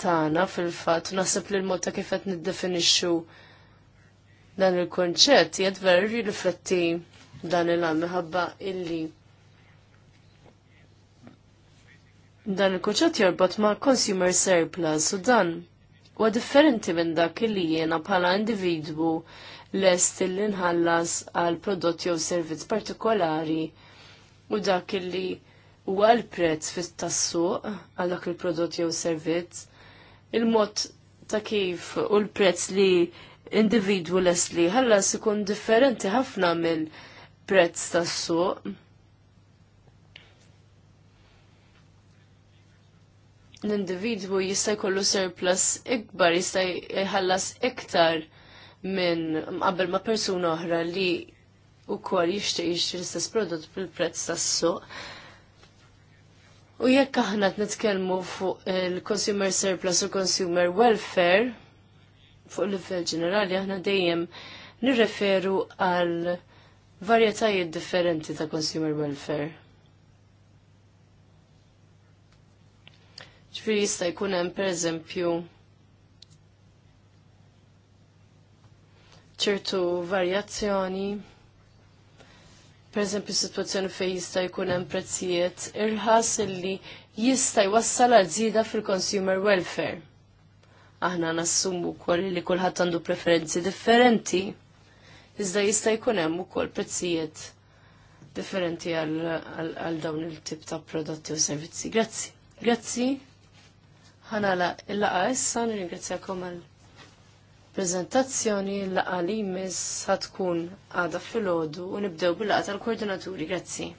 tagħna fil-fatt naħseb li l-mod ta' kif qed niddefinixxu dan il-konċett jgħad veru jirrifletti dan il-għam minħabba illi dan il-konċett jorbot ma' consumer surplus u dan huwa differenti minn dak illi jiena bħala individwu lest illi nħallas għal prodott jew servizz partikolari u dak illi huwa l-prezz fit-tassuq għal dak il-prodott jew servizz il-mod ta' kif u l-prezz li individwu lesli ħallas ikun differenti ħafna mill prezz tas-suq. L-individwu jista' jkollu surplus ikbar, jista' jħallas iktar minn qabel ma' persuna oħra li wkoll jixtieq jixtri l-istess prodott bil-prezz tas-suq. U jekk aħna nitkellmu fuq il-consumer surplus u consumer welfare, fuq livell ġenerali aħna dejjem nirreferu għal varjetajiet differenti ta' consumer welfare. Ġifieri jista' jkun hemm pereżempju ċertu varjazzjoni pereżempju situazzjoni fejn jista' jkun hemm prezzijiet irħas illi jista' jwassal għal fil-consumer welfare aħna nassumu wkoll li kulħadd għandu preferenzi differenti. Iżda jista' jkun hemm ukoll prezzijiet differenti għal dawn il-tip ta' prodotti u servizzi. Grazzi. Grazzi. Ħanala il-laqa issa nirringrazzjakom għal prezentazzjoni l-laqa li jmiss ħatkun għada fil-ħodu u nibdew bil-laqa tal-koordinaturi. Grazzi.